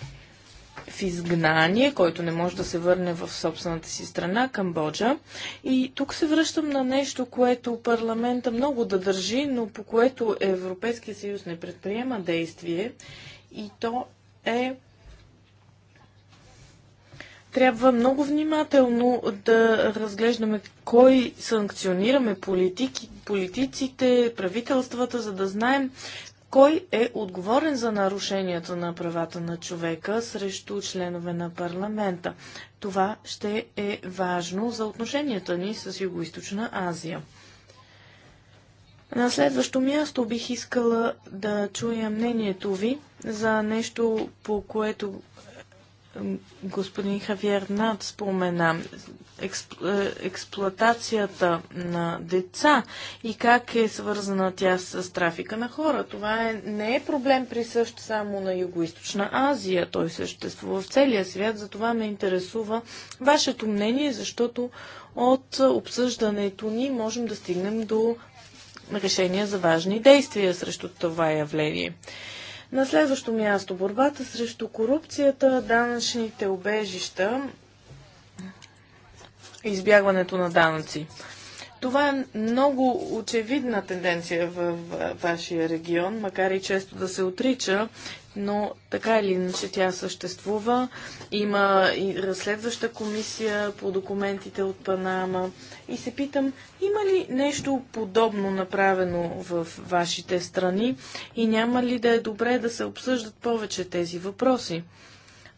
[SPEAKER 3] в изгнание, който не може да се върне в собствената си страна, Камбоджа. И тук се връщам на нещо, което парламента много да държи, но по което Европейския съюз не предприема действие. И то е трябва много внимателно да разглеждаме кой санкционираме политики, политиците, правителствата, за да знаем кой е отговорен за нарушенията на правата на човека срещу членове на парламента. Това ще е важно за отношенията ни с юго Азия. На следващо място бих искала да чуя мнението ви за нещо, по което господин Хавиер Над спомена е, експлуатацията на деца и как е свързана тя с трафика на хора. Това е, не е проблем присъщ само на Юго-Источна Азия. Той съществува в целия свят. Затова ме интересува вашето мнение, защото от обсъждането ни можем да стигнем до решения за важни действия срещу това явление. На следващо място, борбата срещу корупцията, данъчните обежища, избягването на данъци. Това е много очевидна тенденция в вашия регион, макар и често да се отрича но така или иначе тя съществува. Има и разследваща комисия по документите от Панама. И се питам, има ли нещо подобно направено в вашите страни и няма ли да е добре да се обсъждат повече тези въпроси?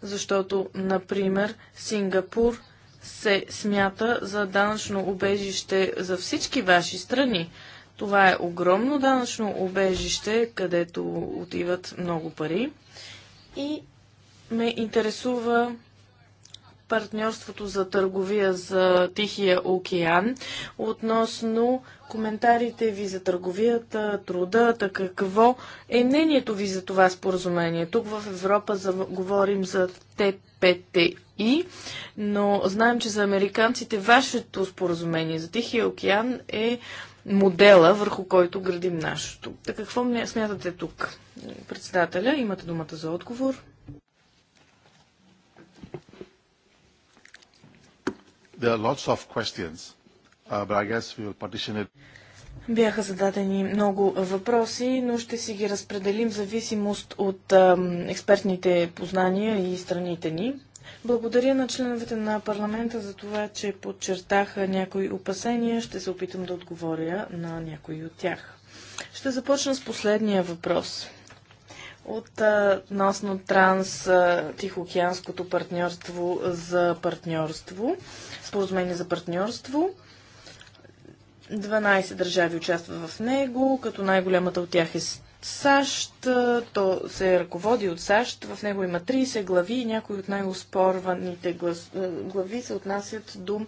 [SPEAKER 3] Защото, например, Сингапур се смята за данъчно убежище за всички ваши страни. Това е огромно данъчно обежище, където отиват много пари. И ме интересува партньорството за търговия за Тихия океан относно коментарите ви за търговията, труда, какво е мнението ви за това споразумение. Тук в Европа за, говорим за ТПТИ, но знаем, че за американците вашето споразумение за Тихия океан е модела, върху който градим нашето. Така какво смятате тук? Председателя, имате думата за отговор.
[SPEAKER 1] There are lots of questions, uh, but I guess partition it.
[SPEAKER 3] Бяха зададени много въпроси, но ще си ги разпределим в зависимост от експертните познания и страните ни. Благодаря на членовете на парламента за това, че подчертаха някои опасения. Ще се опитам да отговоря на някои от тях. Ще започна с последния въпрос относно транс-тихоокеанското партньорство за партньорство, споразумение за партньорство. 12 държави участват в него, като най-голямата от тях е САЩ, то се ръководи от САЩ, в него има 30 глави и някои от най-оспорваните глави се отнасят до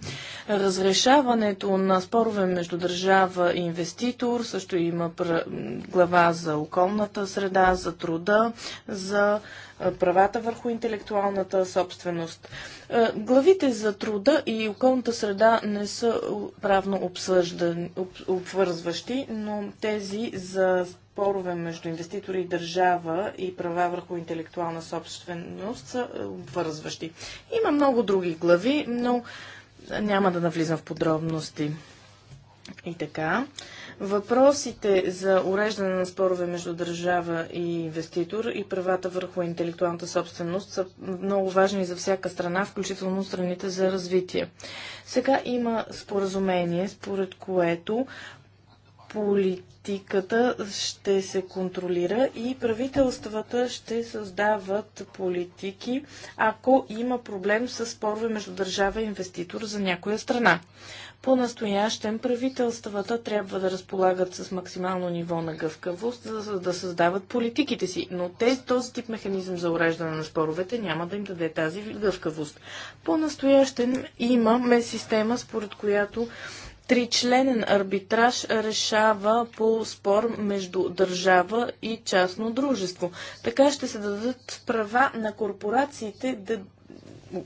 [SPEAKER 3] разрешаването на спорове между държава и инвеститор, също има глава за околната среда, за труда, за правата върху интелектуалната собственост. Главите за труда и околната среда не са правно обсъждани, обвързващи, но тези за спорове между инвеститори и държава и права върху интелектуална собственост са е, обвързващи. Има много други глави, но няма да навлизам в подробности. И така. Въпросите за уреждане на спорове между държава и инвеститор и правата върху интелектуалната собственост са много важни за всяка страна, включително страните за развитие. Сега има споразумение, според което политиката ще се контролира и правителствата ще създават политики, ако има проблем с спорове между държава и инвеститор за някоя страна. По-настоящем правителствата трябва да разполагат с максимално ниво на гъвкавост, за да създават политиките си, но тези, този тип механизъм за уреждане на споровете няма да им даде тази гъвкавост. по настоящен имаме система, според която тричленен арбитраж решава по спор между държава и частно дружество. Така ще се дадат права на корпорациите да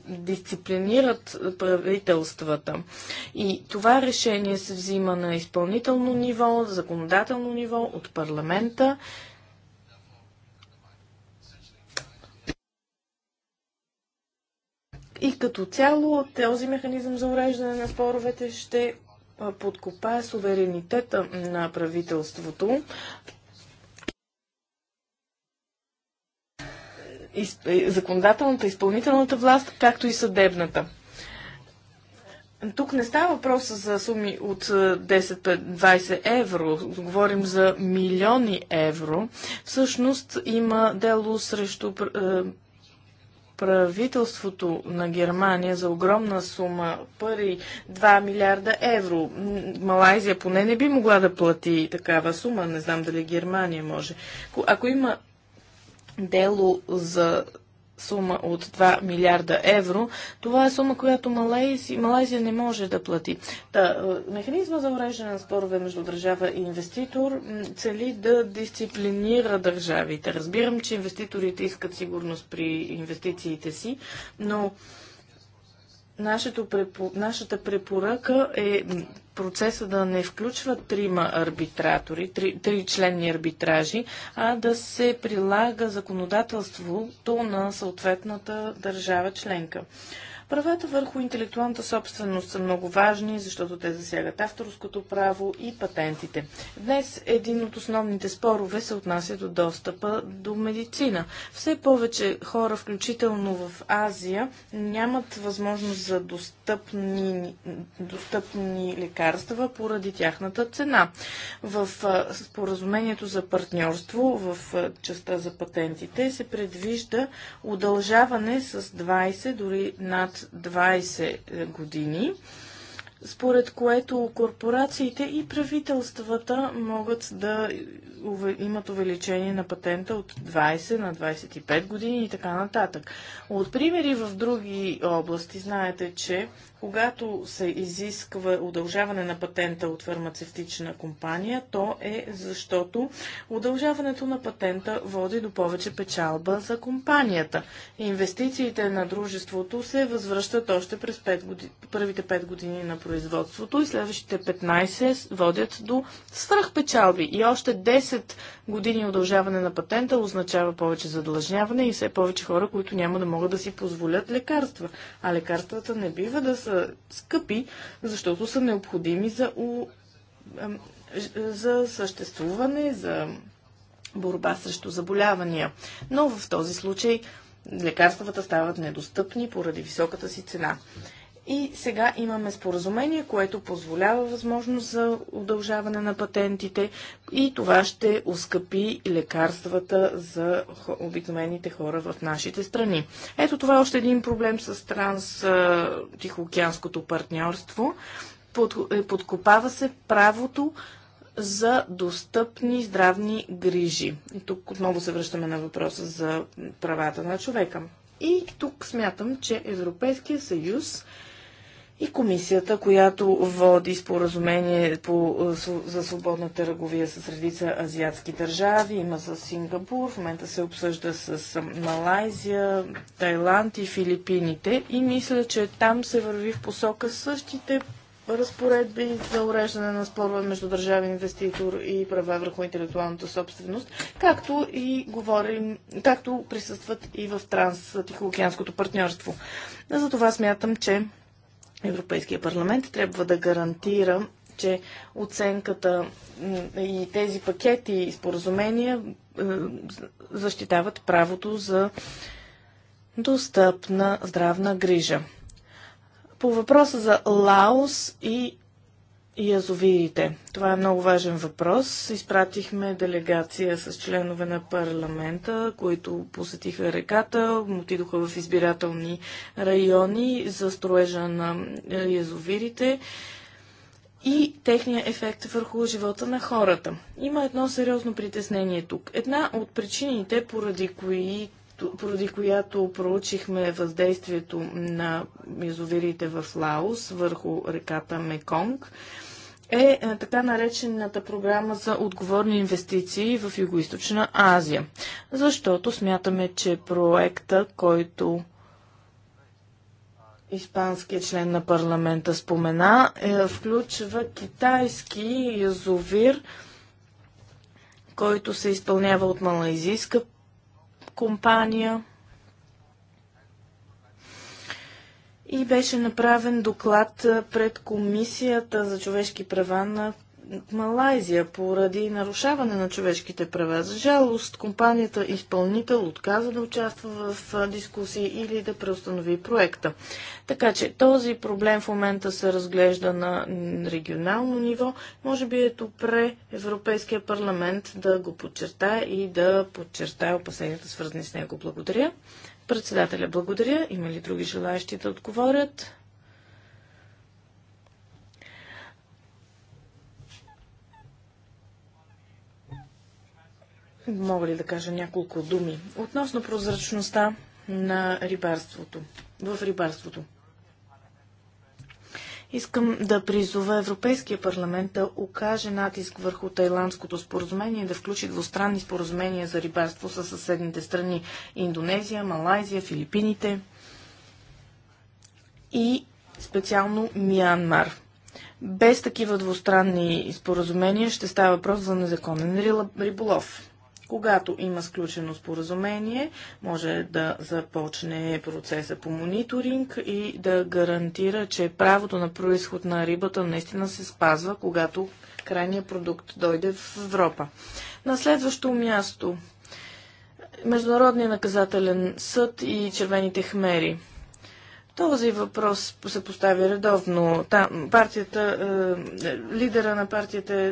[SPEAKER 3] дисциплинират правителствата. И това решение се взима на изпълнително ниво, законодателно ниво, от парламента. И като цяло този механизъм за уреждане на споровете ще подкопае суверенитета на правителството. Е, законодателната, изпълнителната власт, както и съдебната. Тук не става въпрос за суми от 10-20 е, евро, говорим за милиони евро. Всъщност има дело срещу е, правителството на Германия за огромна сума пари 2 милиарда евро. Малайзия поне не би могла да плати такава сума, не знам дали Германия може. Ако има дело за сума от 2 милиарда евро. Това е сума, която Малайзия, Малайзия не може да плати. Та, е, механизма за уреждане на спорове между държава и инвеститор цели да дисциплинира държавите. Разбирам, че инвеститорите искат сигурност при инвестициите си, но Нашето препо... Нашата препоръка е процеса да не включва трима арбитратори, три, три членни арбитражи, а да се прилага законодателството на съответната държава членка. Правата върху интелектуалната собственост са много важни, защото те засягат авторското право и патентите. Днес един от основните спорове се отнася до достъпа до медицина. Все повече хора, включително в Азия, нямат възможност за достъпни, достъпни лекарства поради тяхната цена. В споразумението за партньорство в частта за патентите се предвижда удължаване с 20, дори над над 20 е, години, според което корпорациите и правителствата могат да имат увеличение на патента от 20 на 25 години и така нататък. От примери в други области знаете, че когато се изисква удължаване на патента от фармацевтична компания, то е защото удължаването на патента води до повече печалба за компанията. Инвестициите на дружеството се възвръщат още през 5 години, първите 5 години на производството и следващите 15 водят до свръхпечалби. И още 10 години удължаване на патента означава повече задлъжняване и все повече хора, които няма да могат да си позволят лекарства. А лекарствата не бива да са е, скъпи, защото са необходими за, у, за съществуване, за борба срещу заболявания. Но в този случай лекарствата стават недостъпни поради високата си цена. И сега имаме споразумение, което позволява възможност за удължаване на патентите и това ще ускъпи лекарствата за обикновените хора в нашите страни. Ето това е още един проблем с транс-тихоокеанското партньорство. Под, е, подкопава се правото за достъпни здравни грижи. И тук отново се връщаме на въпроса за правата на човека. И тук смятам, че Европейския съюз и комисията, която води споразумение по, е, за свободна търговия с редица азиатски държави. Има с Сингапур, в момента се обсъжда с е, Малайзия, Тайланд и Филипините. И мисля, че там се върви в посока същите разпоредби за уреждане на спорва между държавен инвеститор и права върху интелектуалната собственост, както и говорим, както присъстват и в транс-тихоокеанското партньорство. За това смятам, че Европейския парламент трябва да гарантира, че оценката и тези пакети и споразумения е, защитават правото за достъпна здравна грижа. По въпроса за Лаос и язовирите. Това е много важен въпрос. Изпратихме делегация с членове на парламента, които посетиха реката, отидоха в избирателни райони за строежа на е, язовирите и техния ефект е върху живота на хората. Има едно сериозно притеснение тук. Една от причините, поради които поради която проучихме въздействието на язовирите в Лаос върху реката Меконг, е, е така наречената програма за отговорни инвестиции в Юго-Источна Азия. Защото смятаме, че проекта, който испанският член на парламента спомена, е, включва китайски язовир, който се изпълнява от малайзийска компания и беше направен доклад пред Комисията за човешки права на Малайзия поради нарушаване на човешките права. За жалост, компанията изпълнител отказа да участва в дискусии или да преустанови проекта. Така че този проблем в момента се разглежда на регионално ниво. Може би е пре Европейския парламент да го подчертае и да подчертае опасенията свързани с него. Благодаря. Председателя, благодаря. Има ли други желаящи да отговорят? Мога ли да кажа няколко думи относно прозрачността на рибарството, в рибарството? Искам да призова Европейския парламент да окаже натиск върху тайландското споразумение и да включи двустранни споразумения за рибарство с съседните страни Индонезия, Малайзия, Филипините и специално Мианмар. Без такива двустранни споразумения ще става въпрос за незаконен риболов. Когато има сключено споразумение, може да започне процеса по мониторинг и да гарантира, че правото на происход на рибата наистина се спазва, когато крайният продукт дойде в Европа. На следващо място Международния наказателен съд и червените хмери. Този въпрос се поставя редовно. Там, партията, е, лидера на партията е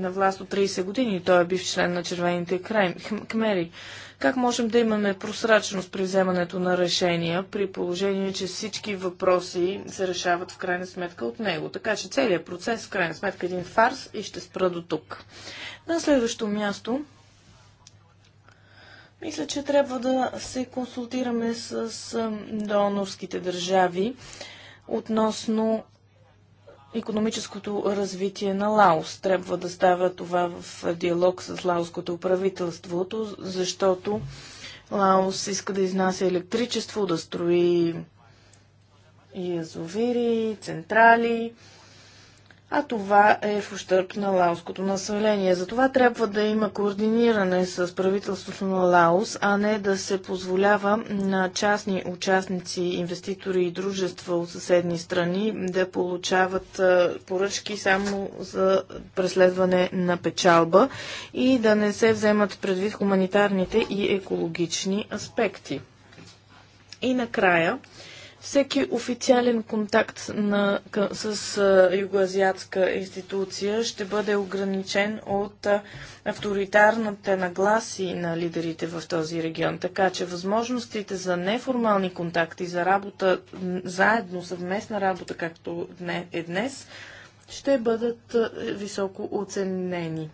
[SPEAKER 3] на власт от 30 години. Той е бив член на червените край, кмери. Как можем да имаме просрачност при вземането на решения, при положение, че всички въпроси се решават в крайна сметка от него? Така че целият процес в крайна сметка е един фарс и ще спра до тук. На следващо място мисля, че трябва да се консултираме с донорските държави относно економическото развитие на Лаос. Трябва да става това в диалог с лаоското правителство, защото Лаос иска да изнася електричество, да строи язовири, централи а това е в ущърп на лаоското население. Затова трябва да има координиране с правителството на Лаос, а не да се позволява на частни участници, инвеститори и дружества от съседни страни да получават поръчки само за преследване на печалба и да не се вземат предвид хуманитарните и екологични аспекти. И накрая, всеки официален контакт на, с югоазиатска институция ще бъде ограничен от авторитарната нагласи на лидерите в този регион. Така че възможностите за неформални контакти, за работа заедно, съвместна работа, както е днес, ще бъдат високо оценени.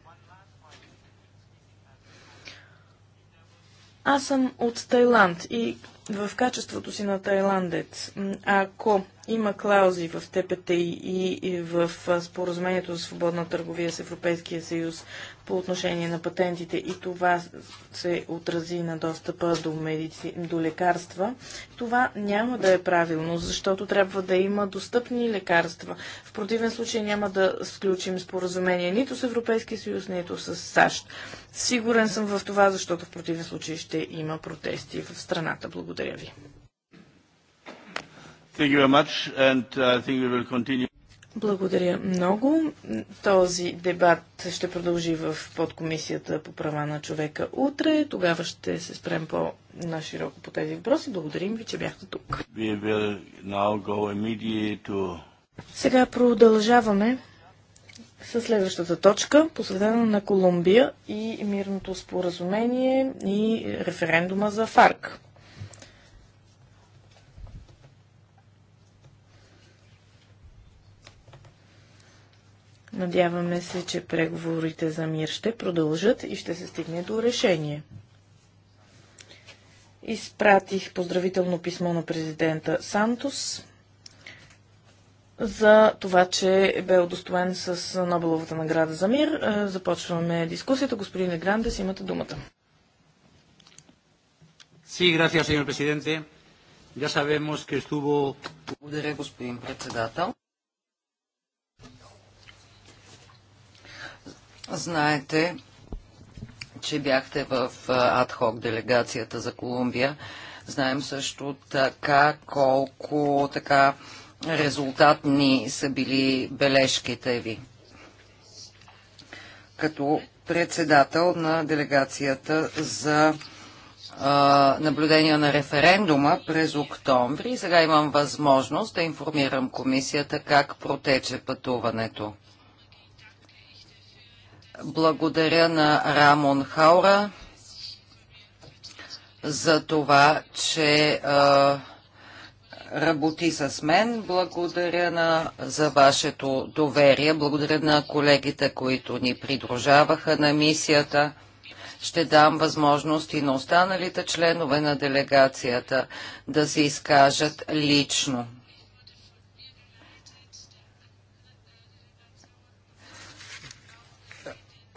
[SPEAKER 3] Аз съм от Тайланд и в качеството си на тайландец. Ако има клаузи в и, и в споразумението за свободна търговия с Европейския съюз по отношение на патентите и това се отрази на достъпа до, медици... до лекарства. Това няма да е правилно, защото трябва да има достъпни лекарства. В противен случай няма да сключим споразумение нито с Европейския съюз, нито с САЩ. Сигурен съм в това, защото в противен случай ще има протести в страната. Благодаря ви.
[SPEAKER 1] Uh,
[SPEAKER 3] Благодаря много. Този дебат ще продължи в подкомисията по права на човека утре. Тогава ще се спрем по-нашироко по тези въпроси. Благодарим ви, че бяхте тук. Сега продължаваме с следващата точка, посветена на Колумбия и мирното споразумение и референдума за ФАРК. Надяваме се, че преговорите за мир ще продължат и ще се стигне до решение. Изпратих поздравително писмо на президента Сантос за това, че бе удостоен с Нобеловата награда за мир. Е, започваме дискусията. Господин Грандес, имате думата.
[SPEAKER 1] Sí, gracias, señor presidente. Ya sabemos que
[SPEAKER 4] estuvo... Благодаря, господин председател. Знаете, че бяхте в адхок делегацията за Колумбия. Знаем също така колко така резултатни са били бележките ви. Като председател на делегацията за а, наблюдение на референдума през октомври. Сега имам възможност да информирам комисията как протече пътуването. Благодаря на Рамон Хаура за това, че а, работи с мен. Благодаря на, за вашето доверие. Благодаря на колегите, които ни придружаваха на мисията. Ще дам възможност и на останалите членове на делегацията да се изкажат лично.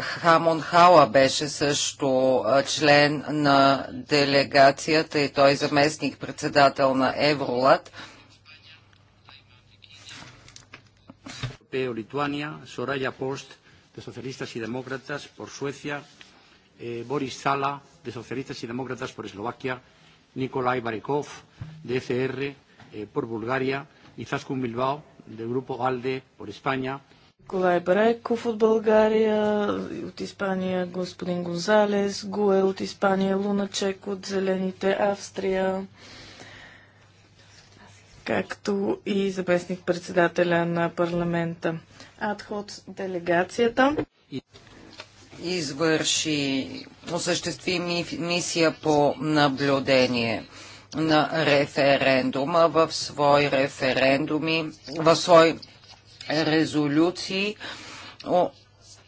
[SPEAKER 4] Хамон Хала беше също член на делегацията и той заместник председател на Евролат.
[SPEAKER 1] Lituania, Soraya Post, de Socialistas y Demócratas por Suecia, eh, Boris Zala, de Socialistas y Demócratas por Eslovaquia, Nikolai Barikov, de ECR eh,
[SPEAKER 3] por Bulgaria, Izaskun Bilbao, del Grupo ALDE por España, Николай Брайков от България, от Испания господин Гонзалес, Гуе от Испания, Луначек от Зелените, Австрия, както и заместник председателя на парламента. Адход делегацията.
[SPEAKER 4] Извърши, осъществи мисия по наблюдение на референдума в свои референдуми, в свой резолюции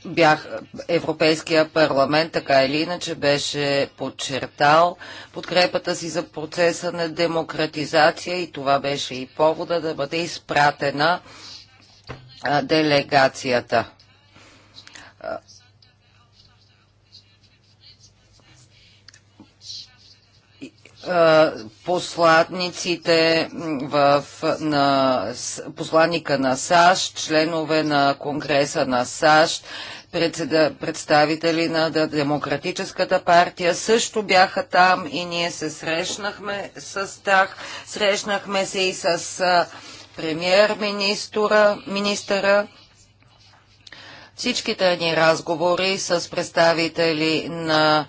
[SPEAKER 4] бях Европейския парламент, така или иначе беше подчертал подкрепата си за процеса на демократизация и това беше и повода да бъде изпратена а, делегацията. посланниците в, на, посланника на САЩ, членове на Конгреса на САЩ, представители на Демократическата партия също бяха там и ние се срещнахме с тях. Срещнахме се и с премьер-министъра. Министъра. Всичките ни разговори с представители на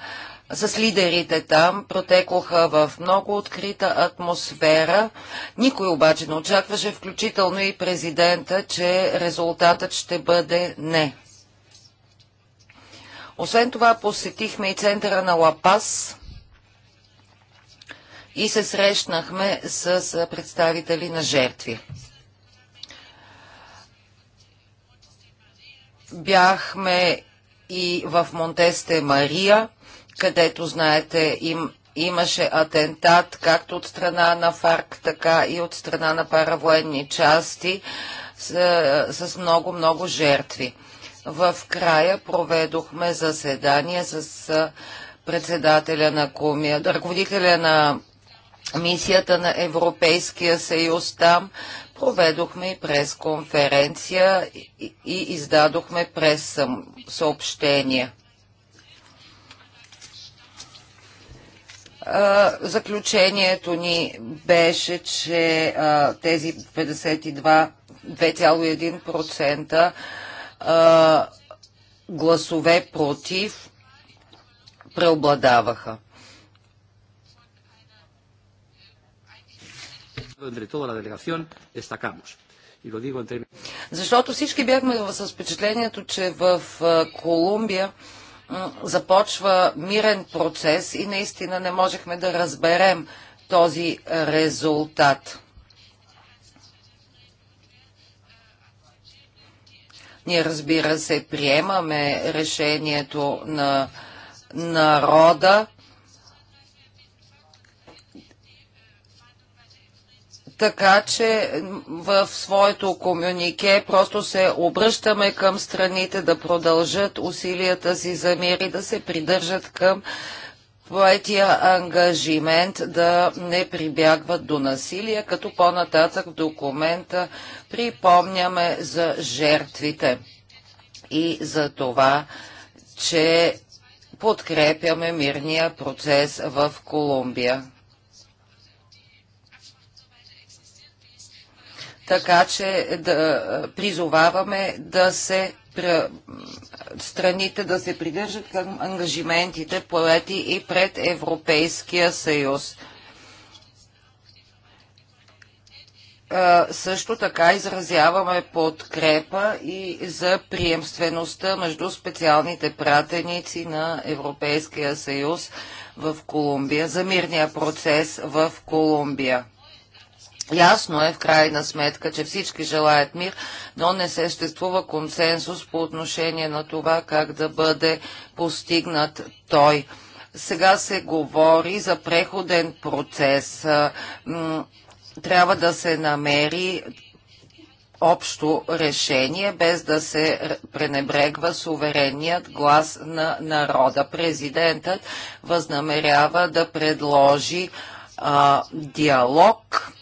[SPEAKER 4] с лидерите там протекоха в много открита атмосфера. Никой обаче не очакваше, включително и президента, че резултатът ще бъде не. Освен това посетихме и центъра на Лапас и се срещнахме с представители на жертви. Бяхме и в Монтесте Мария където, знаете, им, имаше атентат както от страна на ФАРК, така и от страна на паравоенни части с много-много жертви. В края проведохме заседание с председателя на комия, ръководителя на мисията на Европейския съюз там. Проведохме и пресконференция и, и издадохме прес съобщения. заключението ни беше, че тези 52 2,1% гласове против преобладаваха. Защото всички бяхме с впечатлението, че в Колумбия започва мирен процес и наистина не можехме да разберем този резултат. Ние, разбира се, приемаме решението на народа, Така че в своето комюнике просто се обръщаме към страните да продължат усилията си за мир и да се придържат към поетия ангажимент да не прибягват до насилие, като по-нататък в документа припомняме за жертвите и за това, че подкрепяме мирния процес в Колумбия. така че да призоваваме да се страните да се придържат към ангажиментите поети и пред Европейския съюз. също така изразяваме подкрепа и за приемствеността между специалните пратеници на Европейския съюз в Колумбия, за мирния процес в Колумбия. Ясно е в крайна сметка, че всички желаят мир, но не съществува консенсус по отношение на това как да бъде постигнат той. Сега се говори за преходен процес. Трябва да се намери общо решение, без да се пренебрегва суверенният глас на народа. Президентът възнамерява да предложи а, диалог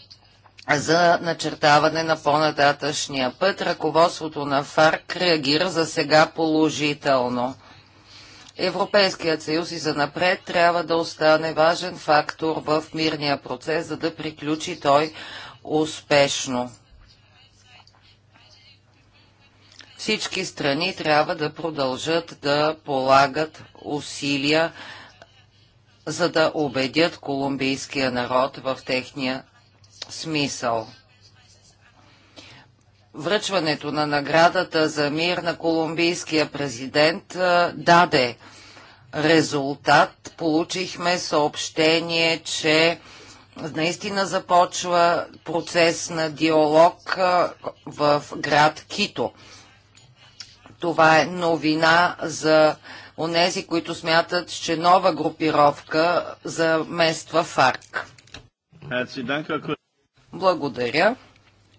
[SPEAKER 4] за начертаване на по-нататъчния път. Ръководството на ФАРК реагира за сега положително. Европейският съюз и за напред трябва да остане важен фактор в мирния процес, за да приключи той успешно. Всички страни трябва да продължат да полагат усилия, за да убедят колумбийския народ в техния смисъл. Връчването на наградата за мир на колумбийския президент даде резултат. Получихме съобщение, че наистина започва процес на диалог в град Кито. Това е новина за онези, които смятат, че нова групировка замества ФАРК.
[SPEAKER 1] Благодаря.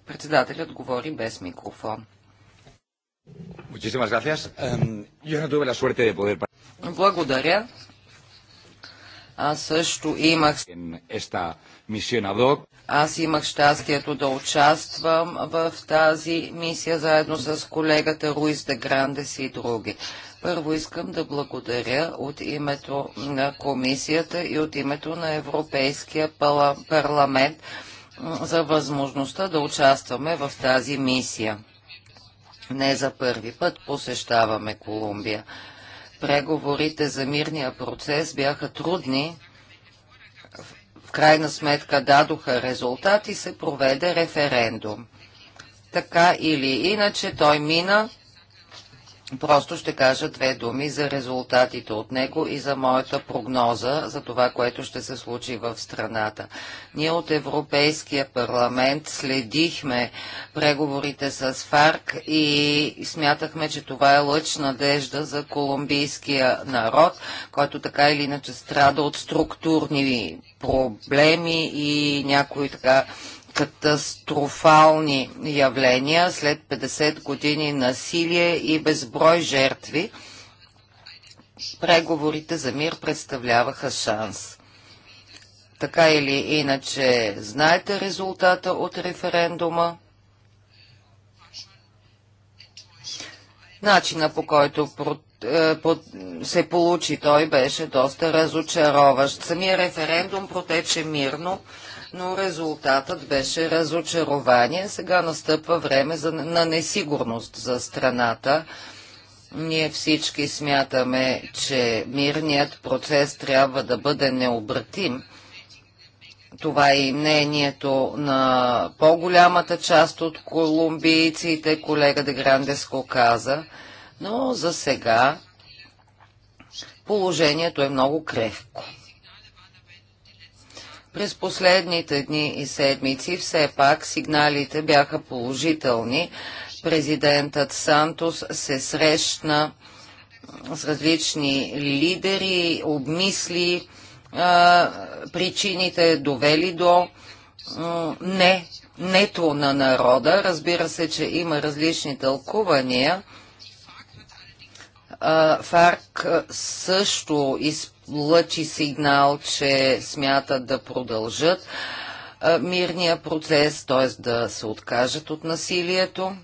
[SPEAKER 4] Председателят говори без микрофон. Благодаря. Аз също имах... Аз имах щастието да участвам в тази мисия заедно с колегата Руис де Грандес и други. Първо искам да благодаря от името на комисията и от името на Европейския парламент за възможността да участваме в тази мисия. Не за първи път посещаваме Колумбия. Преговорите за мирния процес бяха трудни. В крайна сметка дадоха резултат и се проведе референдум. Така или иначе той мина Просто ще кажа две думи за резултатите от него и за моята прогноза за това, което ще се случи в страната. Ние от Европейския парламент следихме преговорите с ФАРК и смятахме, че това е лъч надежда за колумбийския народ, който така или иначе страда от структурни проблеми и някои така катастрофални явления след 50 години насилие и безброй жертви, преговорите за мир представляваха шанс. Така или иначе, знаете резултата от референдума? Начина по който е, се получи той беше доста разочароващ. Самия референдум протече мирно но резултатът беше разочарование. Сега настъпва време за, на несигурност за страната. Ние всички смятаме, че мирният процес трябва да бъде необратим. Това е и мнението на по-голямата част от колумбийците, колега де Грандеско каза, но за сега положението е много крехко. През последните дни и седмици все пак сигналите бяха положителни. Президентът Сантос се срещна с различни лидери, обмисли а, причините, довели до а, не, нето на народа. Разбира се, че има различни тълкувания. ФАРК също изпълнява лъчи сигнал, че смятат да продължат мирния процес, т.е. да се откажат от насилието.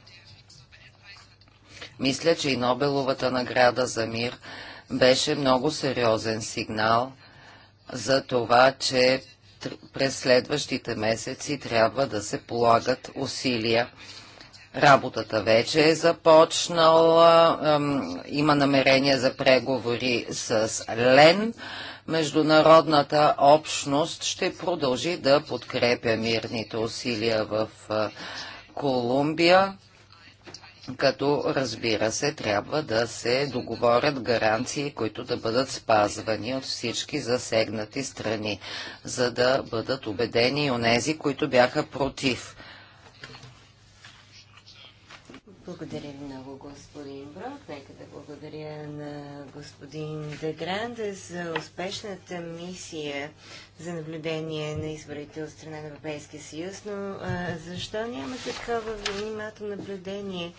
[SPEAKER 4] Мисля, че и Нобеловата награда за мир беше много сериозен сигнал за това, че през следващите месеци трябва да се полагат усилия Работата вече е започнала, има намерение за преговори с Лен. Международната общност ще продължи да подкрепя мирните усилия в Колумбия като разбира се трябва да се договорят гаранции, които да бъдат спазвани от всички засегнати страни, за да бъдат убедени и онези, които бяха против.
[SPEAKER 2] Благодаря много, господин Брок. Нека да благодаря на господин Дегранде за успешната мисия за наблюдение на изборите от страна на Европейския съюз, но а, защо няма такова внимателно наблюдение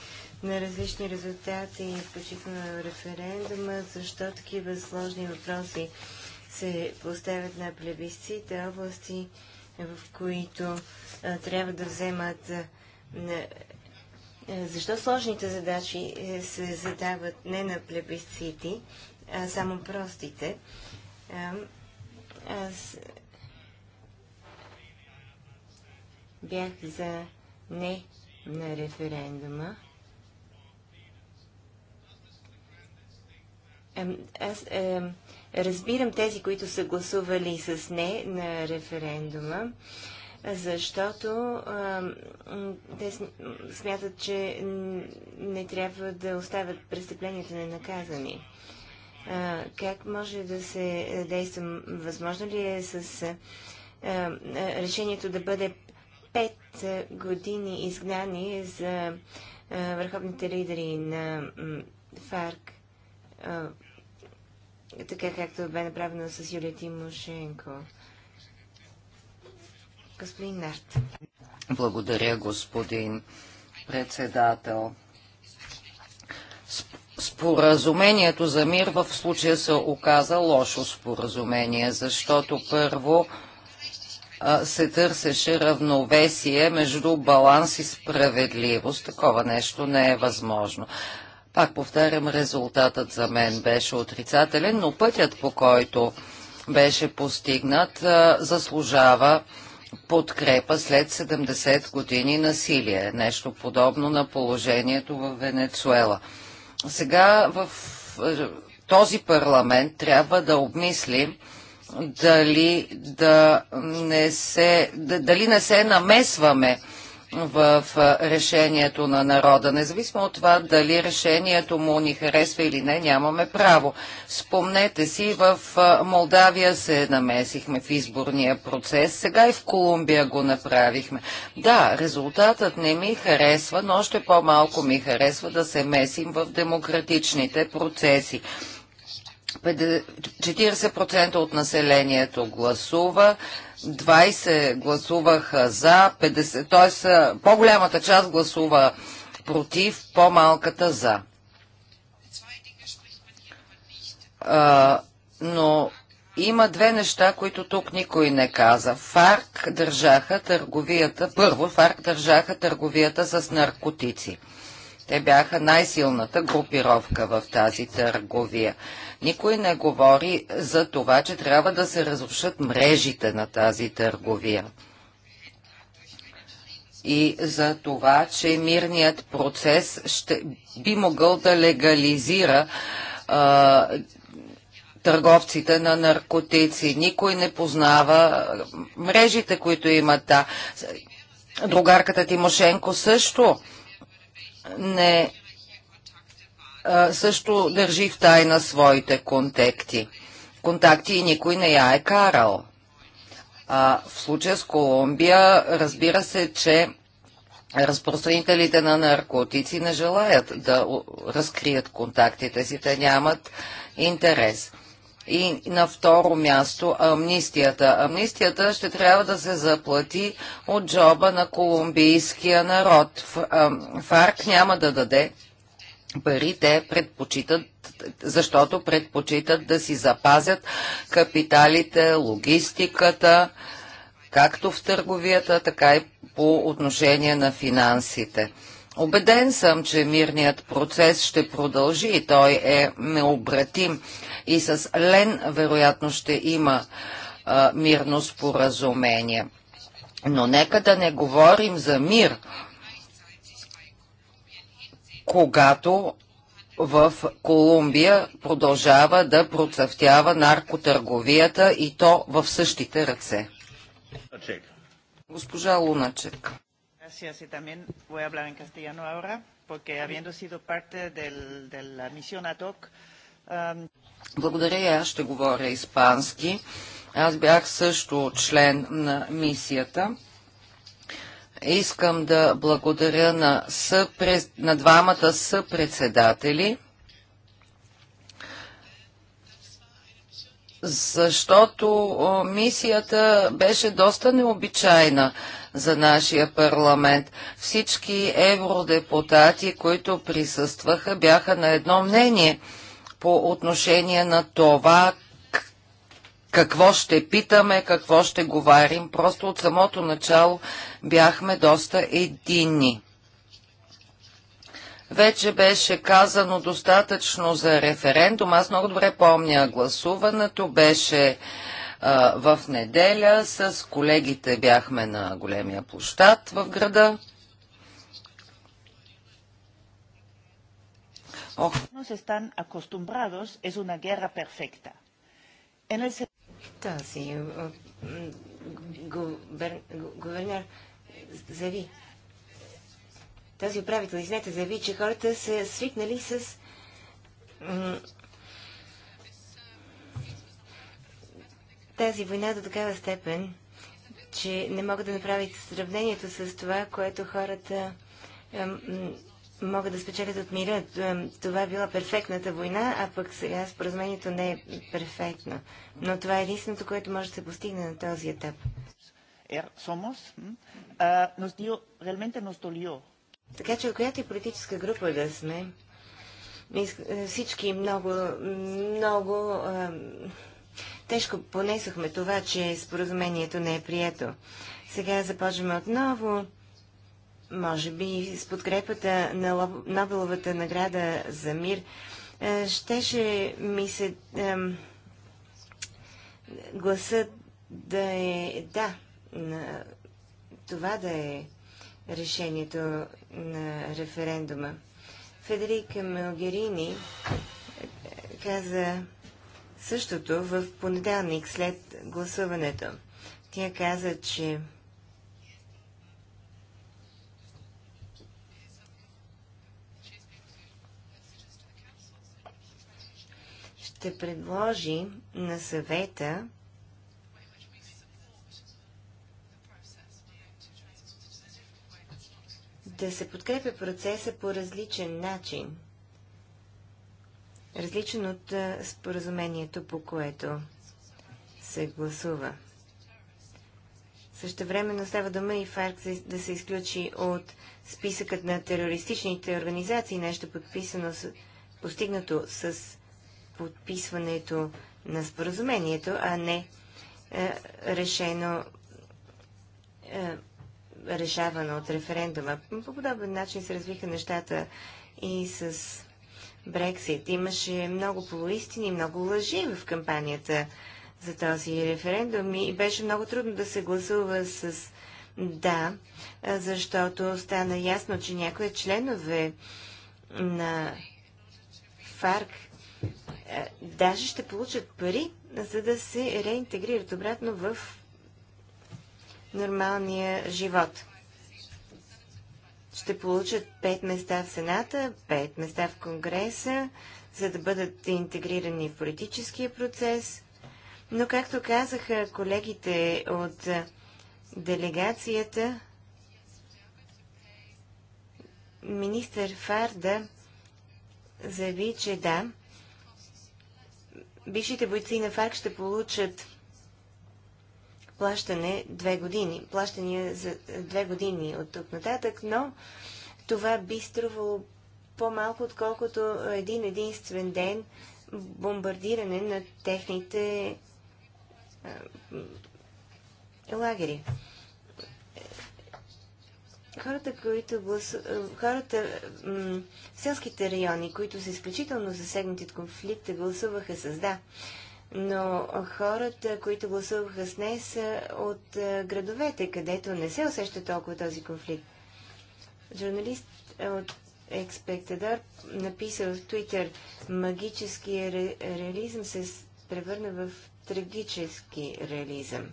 [SPEAKER 2] на различни резултати, включително референдума, защо такива сложни въпроси се поставят на плебисците, области, в които а, трябва да вземат а, е, защо сложните задачи е, се задават не на плебисцити, а само простите? Аз бях за не на референдума. Аз е, разбирам тези, които са гласували с не на референдума. Е, защото а, те смятат, че не трябва да оставят престъпленията ненаказани. А, как може да се действа? Възможно ли е с а, решението да бъде 5 години изгнани за върховните лидери на ФАРК, така както бе направено с Юлия Тимошенко? Господин Нарт.
[SPEAKER 4] Благодаря, господин председател. Споразумението за мир в случая се оказа лошо споразумение, защото първо се търсеше равновесие между баланс и справедливост. Такова нещо не е възможно. Пак повтарям, резултатът за мен беше отрицателен, но пътят по който беше постигнат заслужава подкрепа след 70 години насилие. Нещо подобно на положението в Венецуела. Сега в е, този парламент трябва да обмислим дали, да не се, дали не се намесваме в решението на народа. Независимо от това дали решението му ни харесва или не, нямаме право. Спомнете си, в Молдавия се намесихме в изборния процес, сега и в Колумбия го направихме. Да, резултатът не ми харесва, но още по-малко ми харесва да се месим в демократичните процеси. 40% от населението гласува, 20 гласуваха за, 50, т.е. по-голямата част гласува против, по-малката за. А, но има две неща, които тук никой не каза. ФАРК държаха търговията, първо ФАРК държаха търговията с наркотици. Те бяха най-силната групировка в тази търговия. Никой не говори за това, че трябва да се разрушат мрежите на тази търговия и за това, че мирният процес ще, би могъл да легализира а, търговците на наркотици. Никой не познава мрежите, които имат. Да. Другарката Тимошенко също не също държи в тайна своите контакти. Контакти и никой не я е карал. А, в случая с Колумбия, разбира се, че разпространителите на наркотици не желаят да разкрият контактите си, те нямат интерес. И на второ място амнистията. Амнистията ще трябва да се заплати от джоба на колумбийския народ. Фарк няма да даде пари те предпочитат, защото предпочитат да си запазят капиталите, логистиката, както в търговията, така и по отношение на финансите. Обеден съм, че мирният процес ще продължи и той е необратим и с Лен вероятно ще има а, мирно споразумение. Но нека да не говорим за мир, когато в Колумбия продължава да процъфтява наркотърговията и то в същите ръце. Госпожа Луначек.
[SPEAKER 3] Um, Благодаря и аз ще говоря испански.
[SPEAKER 4] Аз бях също член на мисията. Искам да благодаря на, съпред... на двамата съпредседатели, защото мисията беше доста необичайна за нашия парламент. Всички евродепутати, които присъстваха, бяха на едно мнение по отношение на това какво ще питаме, какво ще говорим. Просто от самото начало бяхме доста единни. Вече беше казано достатъчно за референдум. Аз много добре помня гласуването. Беше а, в неделя. С колегите бяхме на големия площад в града.
[SPEAKER 3] Ох. Están acostumbrados, es una guerra perfecta. Този
[SPEAKER 2] губер... гувернер заяви, този управител, извинете, зави, че хората са свикнали с тази война до такава степен, че не могат да направят сравнението с това, което хората могат да спечелят от мира. Това е била перфектната война, а пък сега споразумението не е перфектно. Но това е единственото, което може да се постигне на този етап. Така че която и политическа група да сме, е, всички много, много тежко понесохме това, че споразумението не е прието. Сега започваме отново може би с подкрепата на Нобеловата награда за мир, е, щеше ми се ем, гласът да е да, на, това да е решението на референдума. Федерика Мелгерини е, каза същото в понеделник след гласуването. Тя каза, че ще предложи на съвета да се подкрепя процеса по различен начин, различен от споразумението, по което се гласува. Също времено става дума и ФАРК да се изключи от списъкът на терористичните организации, нещо подписано, постигнато с подписването на споразумението, а не е, решено е, решавано от референдума. По подобен начин се развиха нещата и с Брексит. Имаше много полуистини, много лъжи в кампанията за този референдум и беше много трудно да се гласува с да, е, защото стана ясно, че някои членове на ФАРК е, даже ще получат пари, за да се реинтегрират обратно в нормалния живот. Ще получат пет места в Сената, пет места в Конгреса, за да бъдат интегрирани в политическия процес. Но, както казаха колегите от делегацията, министър Фарда заяви, че да, бившите бойци на ФАРК ще получат плащане две години, плащания за е, две години от тук нататък, но това би струвало по-малко, отколкото един единствен ден бомбардиране на техните е, лагери хората, които глас... Е, хората в селските райони, които са изключително засегнати от конфликта, гласуваха с да. Но хората, които гласуваха с не, са от е, градовете, където не се усеща толкова този конфликт. Журналист от Експектадар написал в Твитър «Магическия ре... реализъм се превърна в трагически реализъм».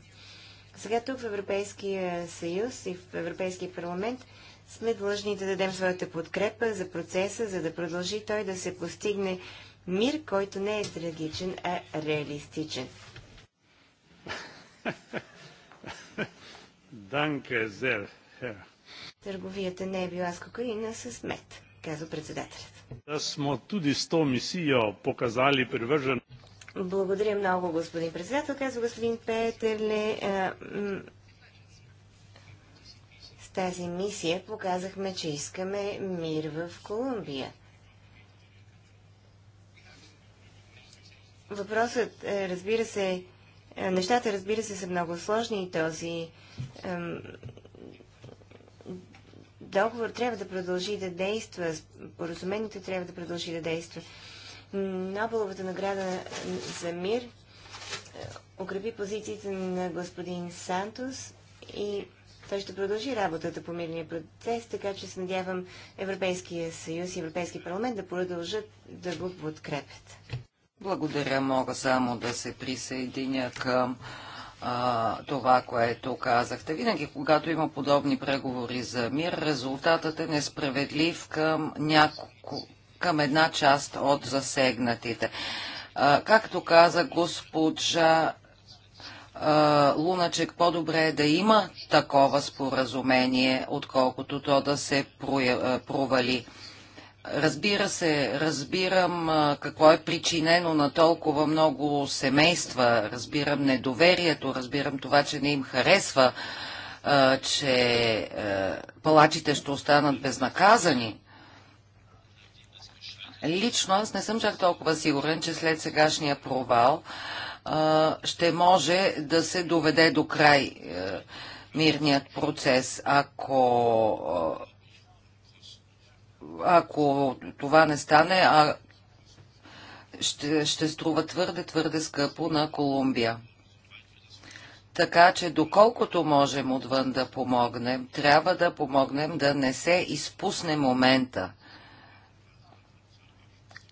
[SPEAKER 2] Сега тук в Европейския съюз и в Европейския парламент сме длъжни да дадем своята подкрепа за процеса, за да продължи той да се постигне мир, който не е трагичен, а реалистичен.
[SPEAKER 1] Данке, зер.
[SPEAKER 2] Търговията не е била с кокаина, а с мед, казва председателят.
[SPEAKER 1] Да сме туди 100 мисия показали привържен.
[SPEAKER 2] Благодаря много, господин председател. Казва господин Петърле. Е, с тази мисия показахме, че искаме мир в Колумбия. Въпросът, е, разбира се, е, нещата, разбира се, са много сложни и този ем, договор трябва да продължи да действа, споразумението трябва да продължи да действа. Нобеловата награда за мир е, укрепи позициите на господин Сантос и той ще продължи работата по мирния процес, така че се надявам Европейския съюз и Европейски парламент да продължат да го
[SPEAKER 4] подкрепят. Благодаря. Мога само да се присъединя към а, това, което казахте. Винаги, когато има подобни преговори за мир, резултатът е несправедлив към няколко към една част от засегнатите. Както каза госпожа Луначек, по-добре е да има такова споразумение, отколкото то да се провали. Разбира се, разбирам какво е причинено на толкова много семейства, разбирам недоверието, разбирам това, че не им харесва, че палачите ще останат безнаказани. Лично аз не съм чак толкова сигурен, че след сегашния провал а, ще може да се доведе до край а, е, мирният процес, ако, а, ако това не стане, а ще, ще струва твърде, твърде скъпо на Колумбия. Така че доколкото можем отвън да помогнем, трябва да помогнем да не се изпусне момента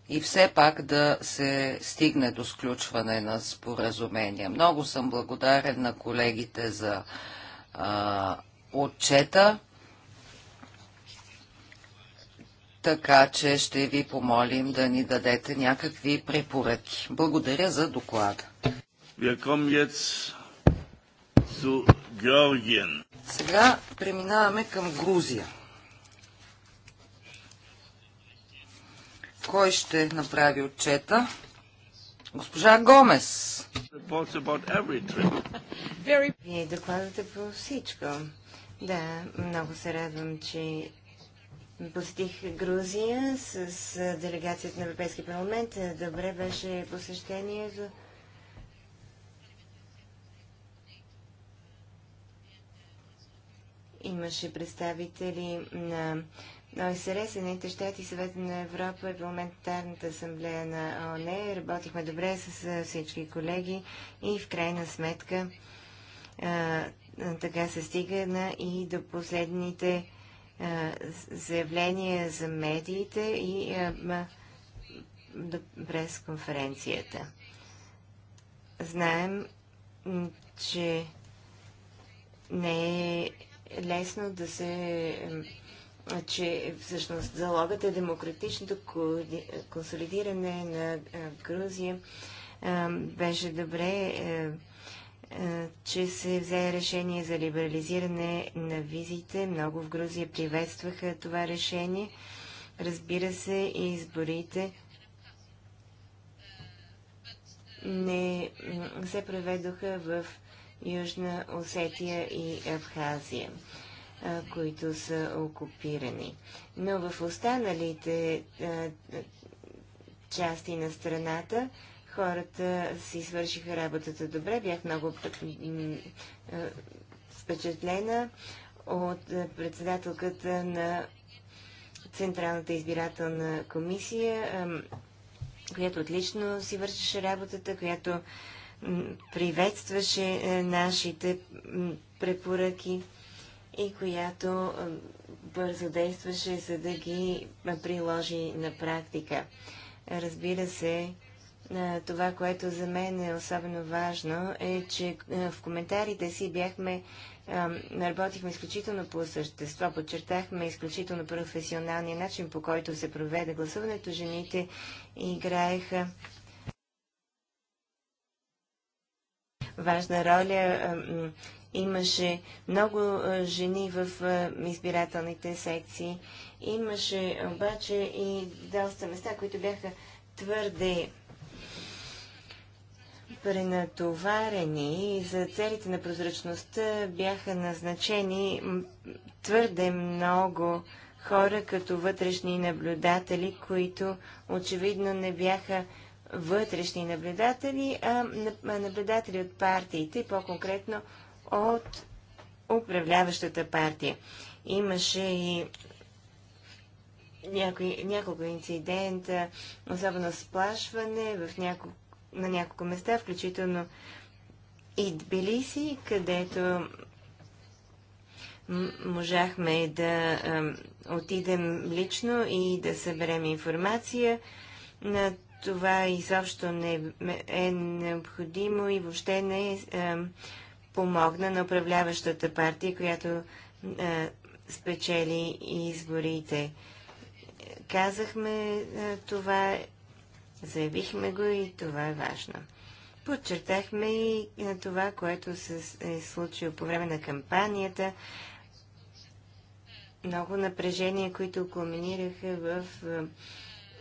[SPEAKER 4] и все пак да се стигне до сключване на споразумения. Много съм благодарен на колегите за а, отчета, така че ще ви помолим да ни дадете някакви препоръки. Благодаря за доклада. Сега преминаваме към Грузия. Кой ще направи отчета? Госпожа Гомес. Вие докладвате по всичко.
[SPEAKER 2] Да, много се радвам, че посетих Грузия с делегацията на Европейския парламент. Добре беше посещението. Имаше представители на ОСР, Съединените щати, Съвета на Европа и Парламентарната асамблея на ООН. Работихме добре с всички колеги и в крайна сметка а, така се стига на и до последните а, заявления за медиите и а, до пресконференцията. Знаем, че не е лесно да се че всъщност залогът е демократичното консолидиране на Грузия. Беше добре, че се взе решение за либерализиране на визите. Много в Грузия приветстваха това решение. Разбира се, и изборите не се проведоха в Южна Осетия и Абхазия които са окупирани. Но в останалите части на страната хората си свършиха работата добре. Бях много впечатлена от председателката на Централната избирателна комисия, която отлично си вършеше работата, която приветстваше нашите препоръки и която бързо действаше, за да ги приложи на практика. Разбира се, това, което за мен е особено важно, е, че в коментарите си бяхме, работихме изключително по същество, подчертахме изключително професионалния начин, по който се проведе гласуването. Жените играеха важна роля имаше много жени в избирателните секции. Имаше обаче и доста места, които бяха твърде пренатоварени и за целите на прозрачността бяха назначени твърде много хора като вътрешни наблюдатели, които очевидно не бяха вътрешни наблюдатели, а наблюдатели от партиите, по-конкретно от управляващата партия. Имаше и някои, няколко инцидента, особено сплашване в няколко, на няколко места, включително и Тбилиси, където можахме да а, отидем лично и да съберем информация. На това изобщо не е необходимо и въобще не е а, помогна на управляващата партия, която а, е, спечели изборите. Казахме а, е, това, заявихме го и това е важно. Подчертахме и на е, това, което се е случило по време на кампанията. Много напрежения, които кулминираха в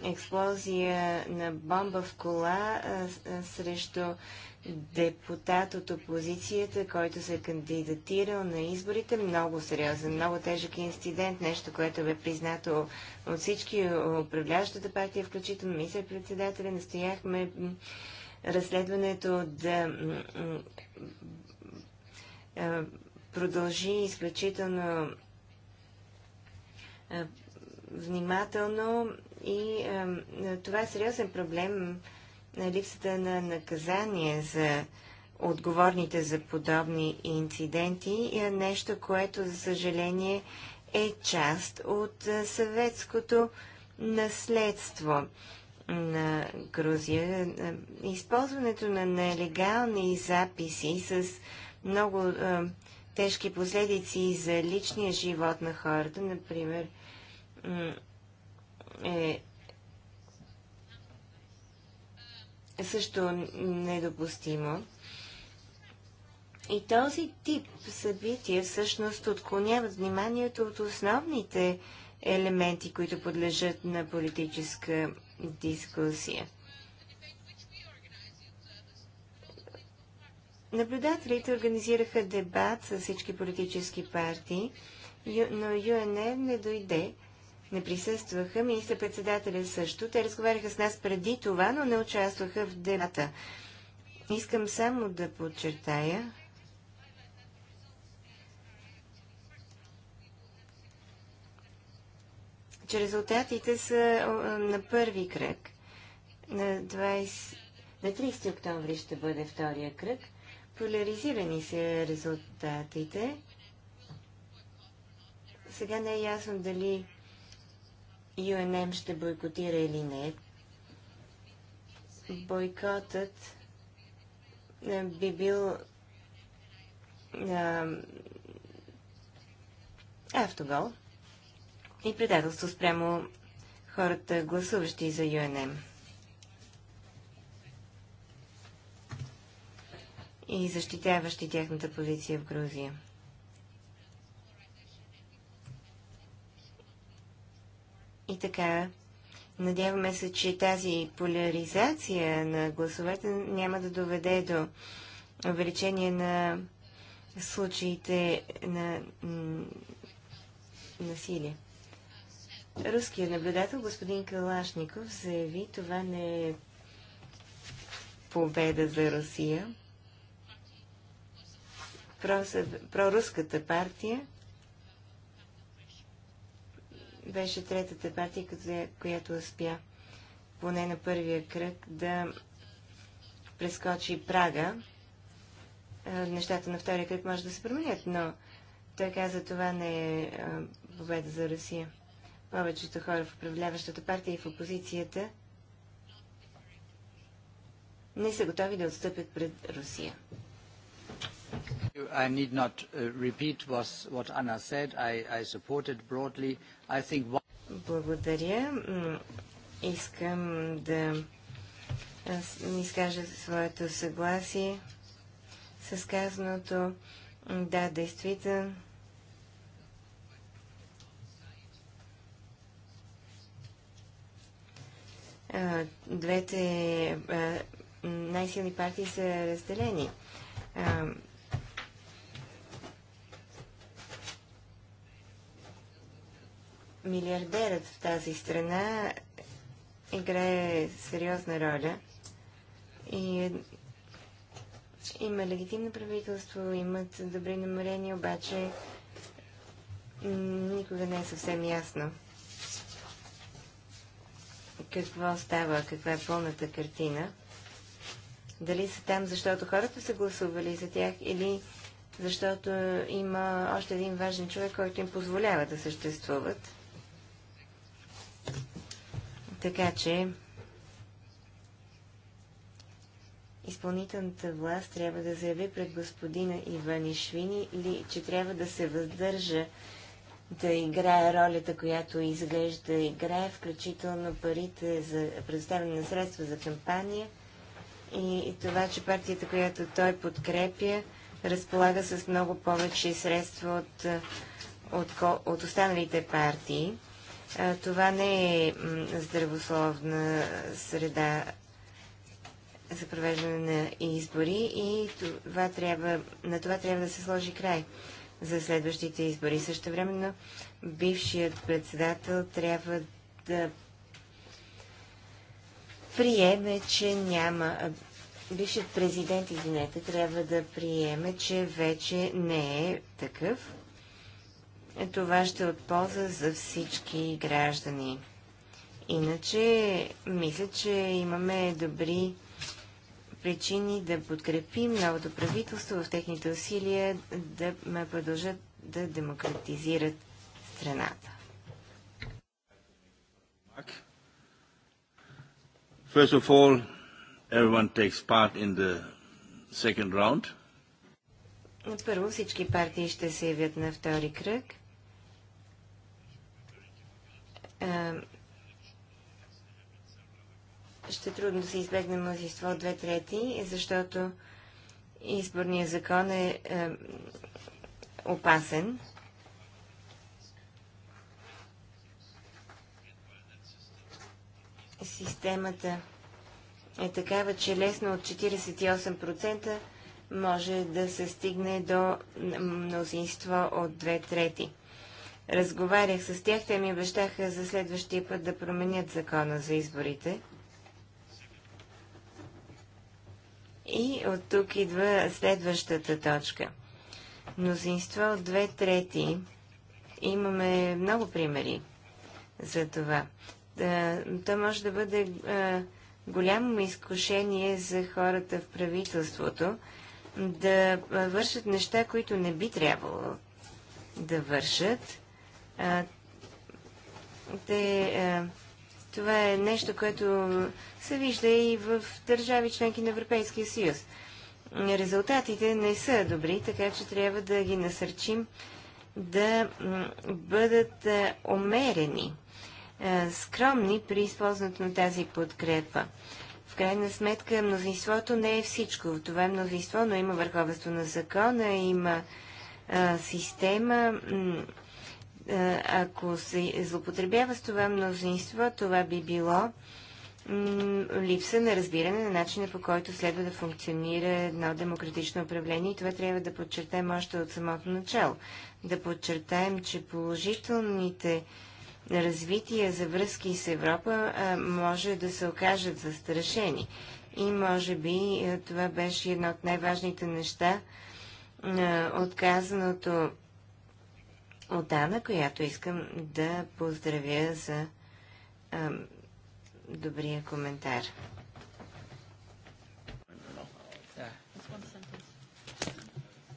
[SPEAKER 2] експлозия на бомба в кола а, а, срещу депутат от опозицията, който се е кандидатирал на изборите. Много сериозен, много тежък инцидент, нещо, което бе признато от всички управляващата партия, включително министър-председателя. Настояхме разследването да продължи изключително внимателно и това е сериозен проблем на липсата на наказание за отговорните за подобни инциденти е нещо, което, за съжаление, е част от съветското наследство на Грузия. Използването на нелегални записи с много е, тежки последици за личния живот на хората, например, е е също недопустимо. И този тип събития всъщност отклоняват вниманието от основните елементи, които подлежат на политическа дискусия. Наблюдателите организираха дебат с всички политически партии, но ЮНР не дойде не присъстваха. Министър-председателя също. Те разговаряха с нас преди това, но не участваха в дебата. Искам само да подчертая, че резултатите са на първи кръг. На, 20, на 30 октомври ще бъде втория кръг. Поляризирани са резултатите. Сега не е ясно дали UNM ще бойкотира или не, бойкотът би бил автогол и предателство спрямо хората, гласуващи за ЮНМ. и защитяващи тяхната позиция в Грузия. И така, надяваме се, че тази поляризация на гласовете няма да доведе до увеличение на случаите на насилие. Руският наблюдател господин Калашников заяви, това не е победа за Русия. Проруската партия беше третата партия, която успя поне на първия кръг да прескочи прага. Е, нещата на втория кръг може да се променят, но той каза, това не е, е победа за Русия. Повечето хора в управляващата партия и в опозицията
[SPEAKER 4] не са готови да отстъпят пред Русия. I need not uh, repeat what Anna said. I support it broadly. I think... Благодаря. Искам да
[SPEAKER 2] изкажа своето съгласие с казаното. Да, действително. Двете най-силни партии са разделени милиардерът в тази страна играе сериозна роля и е- има легитимно правителство, имат добри намерения, обаче никога не е съвсем ясно какво става, каква е пълната картина. Дали са там, защото хората са гласували за тях или защото има още един важен човек, който им позволява да съществуват. Така че изпълнителната власт трябва да заяви пред господина Иванишвини ли, че трябва да се въздържа да играе ролята, която изглежда играе, включително парите за предоставяне на средства за кампания и, и това, че партията, която той подкрепя, разполага с много повече средства от, от, от останалите партии това не е здравословна среда за провеждане на избори и това трябва, на това трябва да се сложи край за следващите избори. Също времено бившият председател трябва да приеме, че няма... Бившият президент, извинете, трябва да приеме, че вече не е такъв е, това ще е от полза за всички граждани. Иначе, мисля, че имаме добри причини да подкрепим новото правителство в техните усилия да ме продължат да демократизират
[SPEAKER 1] страната. First of all, everyone takes part in the second round.
[SPEAKER 2] Първо всички партии ще се явят на втори кръг. Е, ще е трудно се избегне мнозинство от две трети, защото изборният закон е, е опасен. Системата е такава, че лесно от 48% може да се стигне до мнозинство от две трети разговарях с тях, те ми обещаха за следващия път да променят закона за изборите. И от тук идва следващата точка. Мнозинство от две трети. Имаме много примери за това. То може да бъде а, голямо изкушение за хората в правителството да вършат неща, които не би трябвало да вършат те, а, това е нещо, което се вижда и в държави членки на Европейския съюз. Резултатите не са добри, така че трябва да ги насърчим да бъдат умерени, скромни при използването на тази подкрепа. В крайна сметка, мнозинството не е всичко. Това е мнозинство, но има върховенство на закона, има система, е, ако се злоупотребява с това мнозинство, това би било липса на разбиране на начина по който следва да функционира едно демократично управление и това трябва да подчертаем още от самото начало. Да подчертаем, че положителните развития за връзки с Европа е, може да се окажат застрашени. И може би е, това беше едно от най-важните неща отказаното от отдавна, която искам да поздравя за а, добрия коментар.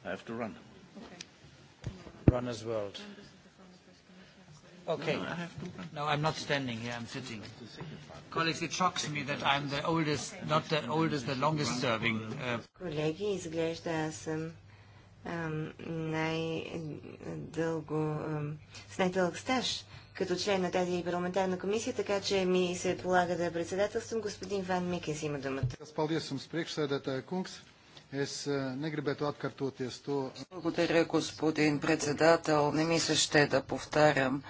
[SPEAKER 1] I have to run. Okay. Runner's world. Okay. No, I'm not standing here. I'm sitting. Colleagues, it shocks me that I'm the
[SPEAKER 4] oldest, not the oldest, the longest serving. Uh...
[SPEAKER 2] Колеги, изглежда аз съм най-дълго, с най-дълъг стаж като член на тази парламентарна комисия, така че ми се полага да председателствам. Господин Ван
[SPEAKER 4] Микес има думата. Благодаря, господин председател. Не ми се ще да повтарям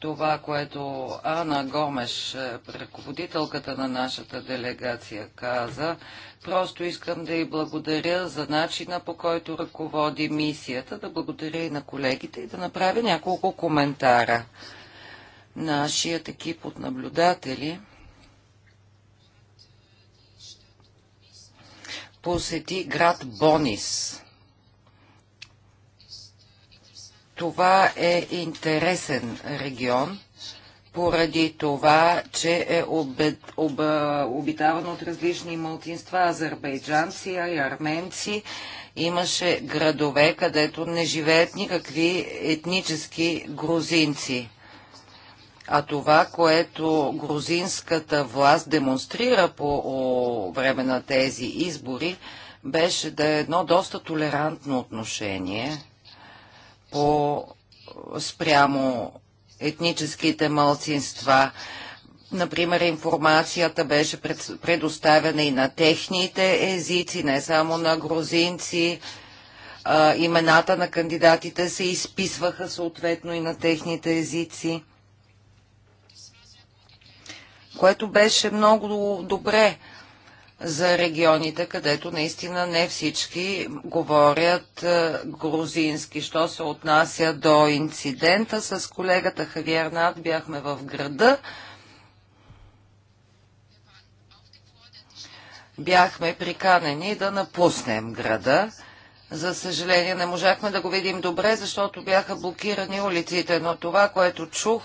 [SPEAKER 4] това, което Ана Гомеш, е, ръководителката на нашата делегация, каза. Просто искам да й благодаря за начина по който ръководи мисията, да благодаря и на колегите и да направя няколко коментара. Нашият екип от наблюдатели посети град Бонис Това е интересен регион, поради това, че е обед, об, обитаван от различни малцинства, азербайджанци, и арменци. Имаше градове, където не живеят никакви етнически грузинци. А това, което грузинската власт демонстрира по време на тези избори, беше да е едно доста толерантно отношение – по спрямо етническите малцинства. Например, информацията беше предоставена и на техните езици, не само на грузинци. А, имената на кандидатите се изписваха съответно и на техните езици, което беше много добре за регионите, където наистина не всички говорят е, грузински. Що се отнася до инцидента с колегата Хавиер Над, бяхме в града. Бяхме приканени да напуснем града. За съжаление не можахме да го видим добре, защото бяха блокирани улиците, но това, което чух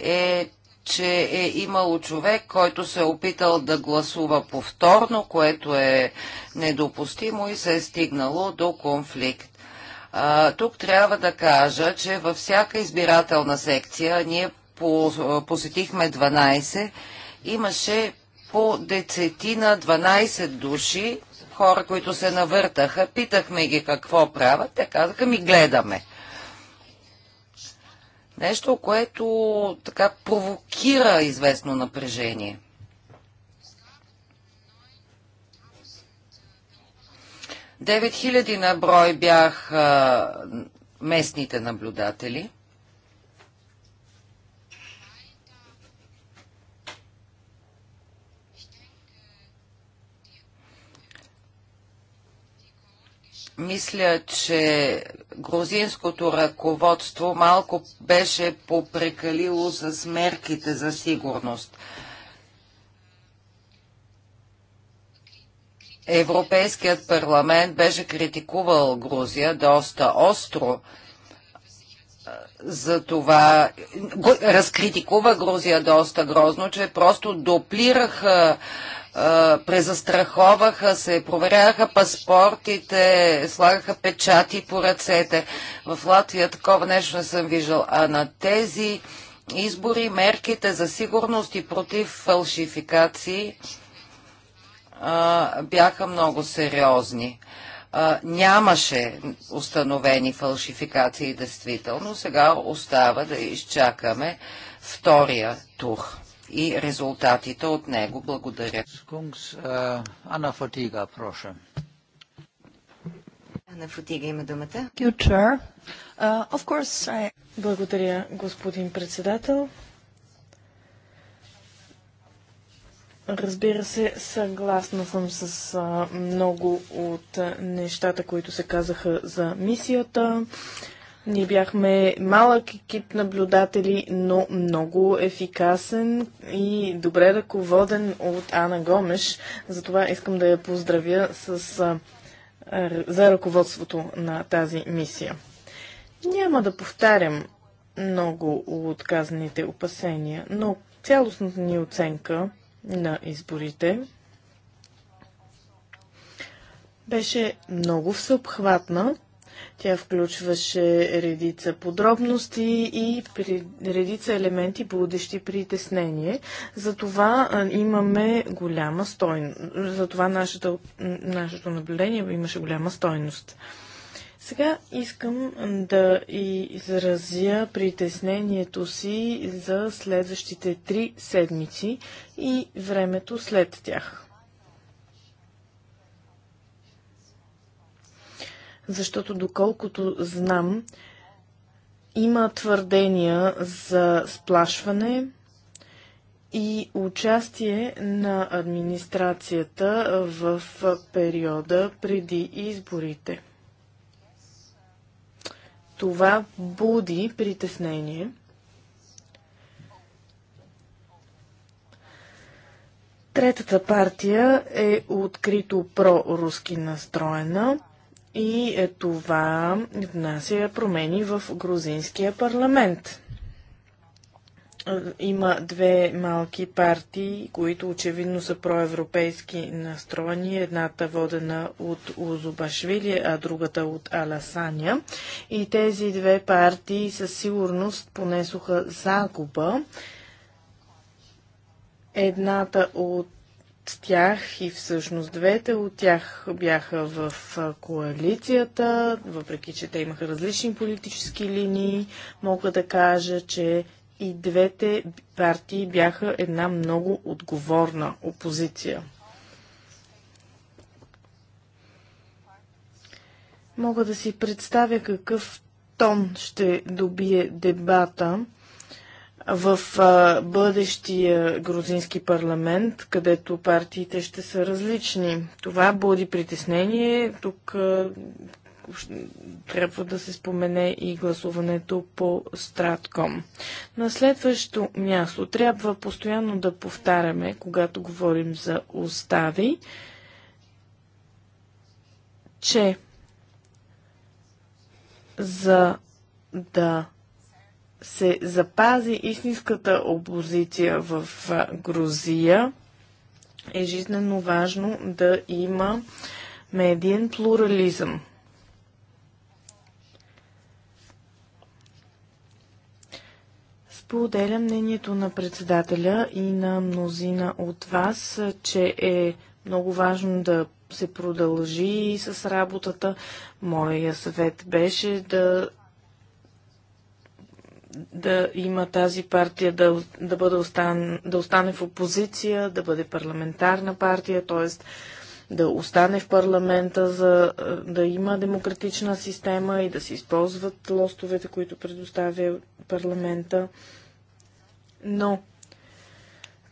[SPEAKER 4] е, че е имало човек, който се е опитал да гласува повторно, което е недопустимо и се е стигнало до конфликт. А, тук трябва да кажа, че във всяка избирателна секция, ние посетихме 12, имаше по децетина 12 души, хора, които се навъртаха, питахме ги какво правят, те казаха ми гледаме. Нещо, което така провокира известно напрежение. Девет хиляди на брой бяха местните наблюдатели – Мисля, че грузинското ръководство малко беше попрекалило с мерките за сигурност. Европейският парламент беше критикувал Грузия доста остро за това. Разкритикува Грузия доста грозно, че просто доплираха презастраховаха се, проверяха паспортите, слагаха печати по ръцете. В Латвия такова нещо не съм виждал. А на тези избори мерките за сигурност и против фалшификации а, бяха много сериозни. А, нямаше установени фалшификации действително. Сега остава да изчакаме втория тур и резултатите от него. Благодаря. Ана Фатига, проша.
[SPEAKER 3] Ана Фатига има думата. Э, Благодаря, господин председател. Разбира се, съгласна съм с а, много от нещата, които се казаха за мисията. А, ние бяхме малък екип наблюдатели, но много ефикасен и добре ръководен от Ана Гомеш. Затова искам да я поздравя с, за ръководството на тази мисия. Няма да повтарям много от казаните опасения, но цялостната ни оценка на изборите беше много всеобхватна тя включваше редица подробности и редица елементи, будещи притеснение. Затова имаме голяма стойност. Затова нашето, нашето наблюдение имаше голяма стойност. Сега искам да изразя притеснението си за следващите три седмици и времето след тях. защото доколкото знам, има твърдения за сплашване и участие на администрацията в периода преди изборите. Това буди притеснение. Третата партия е открито проруски настроена и е, това внася промени в грузинския парламент. Е, има две малки партии, които очевидно са проевропейски настроени. Едната водена от Узубашвили, а другата от Аласаня. И тези две партии със сигурност понесоха загуба. Едната от тях и всъщност двете от тях бяха в коалицията, въпреки че те имаха различни политически линии, мога да кажа, че и двете партии бяха една много отговорна опозиция. Мога да си представя какъв тон ще добие дебата в а, бъдещия грузински парламент, където партиите ще са различни. Това буди притеснение. Тук а, трябва да се спомене и гласуването по Стратком. На следващо място трябва постоянно да повтаряме, когато говорим за устави, че за да се запази истинската опозиция в Грузия, е жизненно важно да има медиен плурализъм. Споделя мнението на председателя и на мнозина от вас, че е много важно да се продължи с работата. Моя съвет беше да да има тази партия да, да, бъде остан, да остане в опозиция, да бъде парламентарна партия, т.е. да остане в парламента, за да има демократична система и да се използват лостовете, които предоставя парламента. Но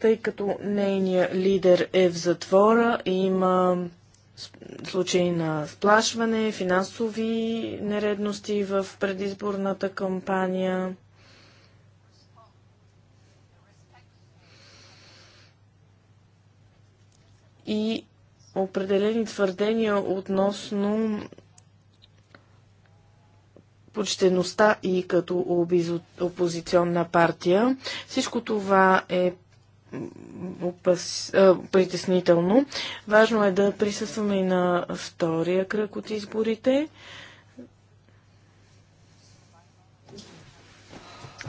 [SPEAKER 3] тъй като нейният лидер е в затвора, има случаи на сплашване, финансови нередности в предизборната кампания. и определени твърдения относно почтеността и като опозиционна партия. Всичко това е опас... притеснително. Важно е да присъстваме и на втория кръг от изборите.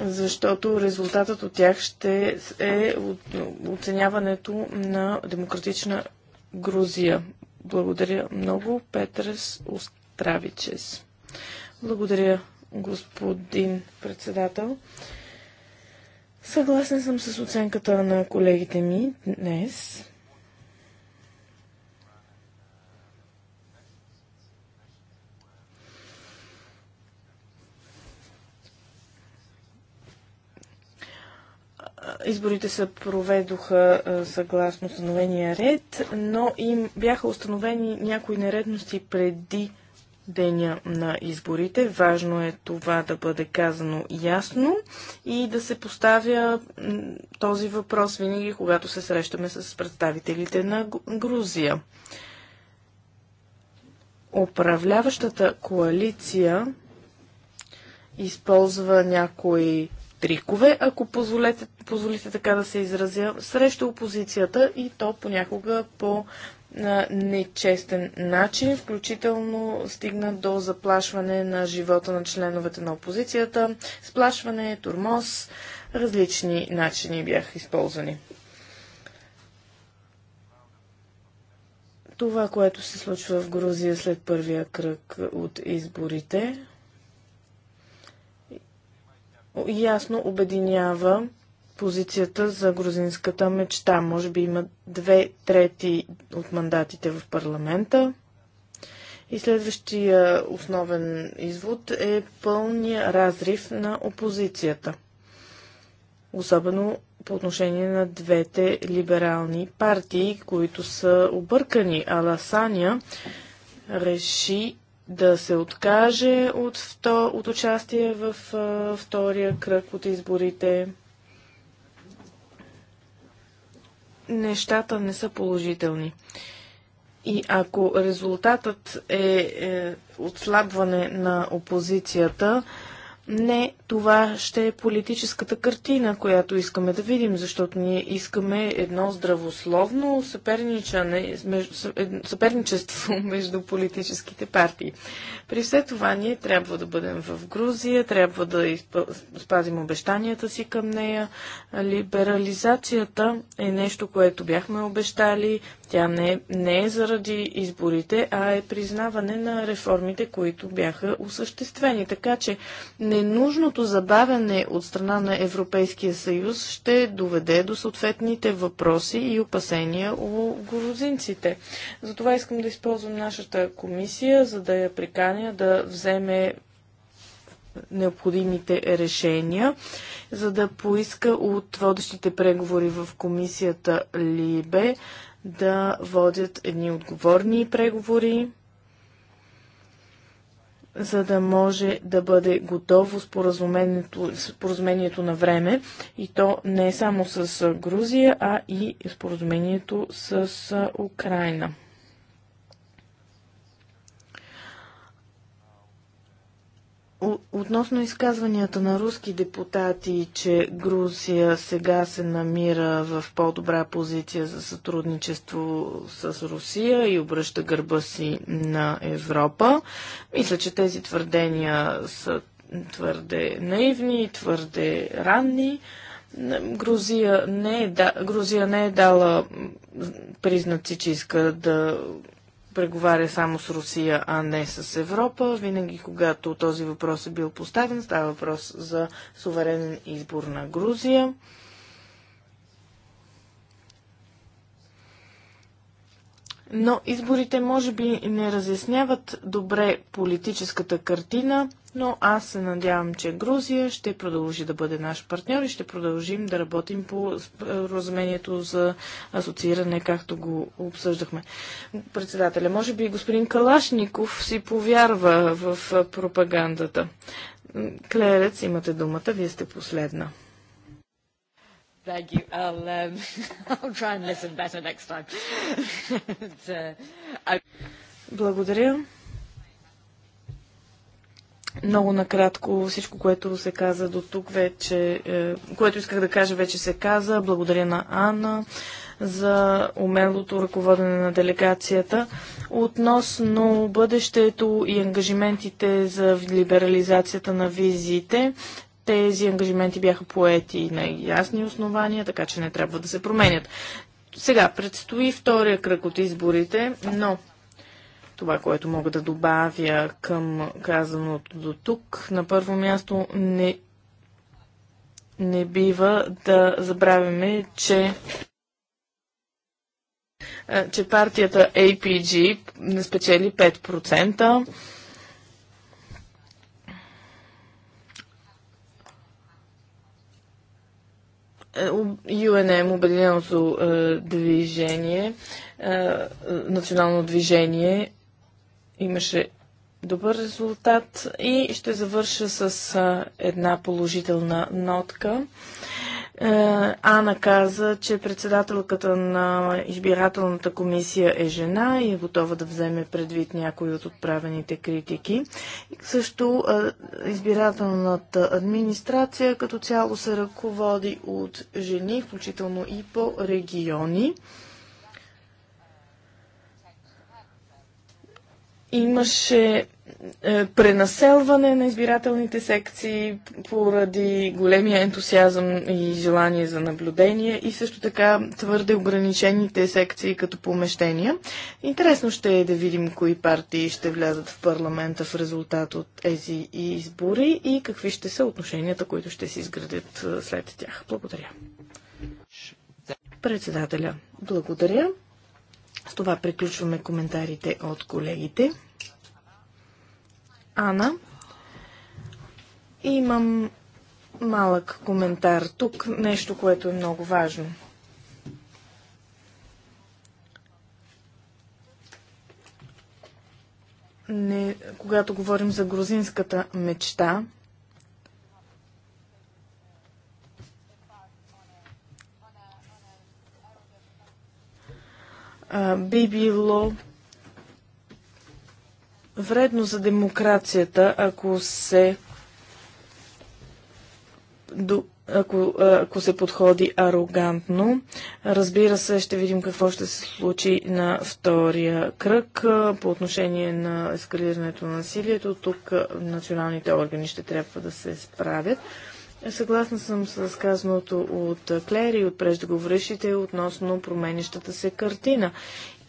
[SPEAKER 3] защото резултатът от тях ще е оценяването на демократична Грузия. Благодаря много, Петрес Остравичес. Благодаря, господин председател. Съгласен съм с оценката на колегите ми днес. Изборите се проведоха съгласно установения ред, но им бяха установени някои нередности преди деня на изборите. Важно е това да бъде казано ясно и да се поставя този въпрос винаги, когато се срещаме с представителите на Грузия. Управляващата коалиция използва някои трикове, ако позволете, позволите така да се изразя, срещу опозицията и то понякога по на нечестен начин, включително стигна до заплашване на живота на членовете на опозицията, сплашване, турмоз, различни начини бяха използвани. Това, което се случва в Грузия след първия кръг от изборите, ясно обединява позицията за грузинската мечта. Може би има две трети от мандатите в парламента. И следващия основен извод е пълния разрив на опозицията. Особено по отношение на двете либерални партии, които са объркани. Аласания реши да се откаже от, то, от участие в а, втория кръг от изборите. Нещата не са положителни. И ако резултатът е, е отслабване на опозицията, не това ще е политическата картина, която искаме да видим, защото ние искаме едно здравословно съперничество между политическите партии. При все това ние трябва да бъдем в Грузия, трябва да спазим обещанията си към нея. Либерализацията е нещо, което бяхме обещали, тя не, не е заради изборите, а е признаване на реформите, които бяха осъществени. Така че ненужното забавяне от страна на Европейския съюз ще доведе до съответните въпроси и опасения у грузинците. Затова искам да използвам нашата комисия, за да я приканя да вземе необходимите решения, за да поиска от водещите преговори в комисията Либе да водят едни отговорни преговори, за да може да бъде готово споразумението, споразумението на време и то не само с Грузия, а и споразумението с Украина. Относно изказванията на руски депутати, че Грузия сега се намира в по-добра позиция за сътрудничество с Русия и обръща гърба си на Европа, мисля, че тези твърдения са твърде наивни, твърде ранни. Грузия не е, да, Грузия не е дала признаци, че иска да преговаря само с Русия, а не с Европа. Винаги, когато този въпрос е бил поставен, става въпрос за суверенен избор на Грузия. Но изборите може би не разясняват добре политическата картина но аз се надявам, че Грузия ще продължи да бъде наш партньор и ще продължим да работим по разумението за асоцииране, както го обсъждахме. Председателя, може би господин Калашников си повярва в пропагандата. Клерец, имате думата, вие сте последна. Thank you. I'll, um, I'll try and listen better next time. But, uh, I... Благодаря. Много накратко всичко, което се каза до тук вече, е, което исках да кажа, вече се каза. Благодаря на Анна за умелото ръководене на делегацията. Относно бъдещето и ангажиментите за либерализацията на визите, тези ангажименти бяха поети на ясни основания, така че не трябва да се променят. Сега предстои втория кръг от изборите, но това, което мога да добавя към казаното до тук, на първо място не, не бива да забравяме, че е, че партията APG не спечели 5%. Е, UNM, Обединеното е, движение, национално движение, имаше добър резултат и ще завърша с а, една положителна нотка. Е, Ана каза, че председателката на избирателната комисия е жена и е готова да вземе предвид някои от отправените критики. също избирателната администрация като цяло се ръководи от жени, включително и по региони. имаше е, пренаселване на избирателните секции поради големия ентусиазъм и желание за наблюдение и също така твърде ограничените секции като помещения. Интересно ще е да видим кои партии ще влязат в парламента в резултат от тези избори и какви ще са отношенията, които ще се изградят е, след тях. Благодаря. Председателя, благодаря. С това приключваме коментарите от колегите. Ана, имам малък коментар тук, нещо, което е много важно. Не, когато говорим за грузинската мечта, би било вредно за демокрацията, ако се ако, ако се подходи арогантно. Разбира се, ще видим какво ще се случи на втория кръг по отношение на ескалирането на насилието. Тук националните органи ще трябва да се справят. Съгласна съм с казаното от Клери и от преждеговорившите относно променещата се картина.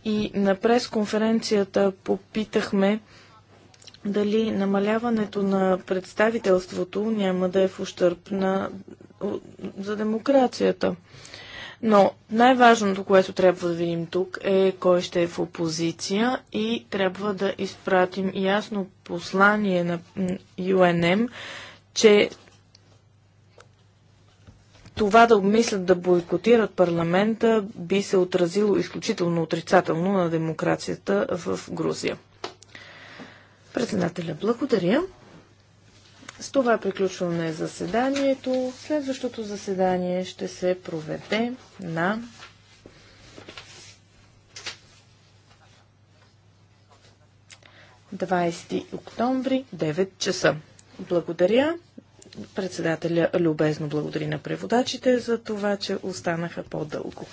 [SPEAKER 3] И на пресконференцията попитахме дали намаляването на представителството няма да е в ущърп на, за демокрацията. Но най-важното, което трябва да видим тук е кой ще е в опозиция и трябва да изпратим ясно послание на ЮНМ, че това да обмислят да бойкотират парламента би се отразило изключително отрицателно на демокрацията в Грузия. Председателя, благодаря. С това приключваме заседанието. Следващото заседание ще се проведе на 20 октомври, 9 часа. Благодаря. Председателя любезно благодари на преводачите за това, че останаха по-дълго.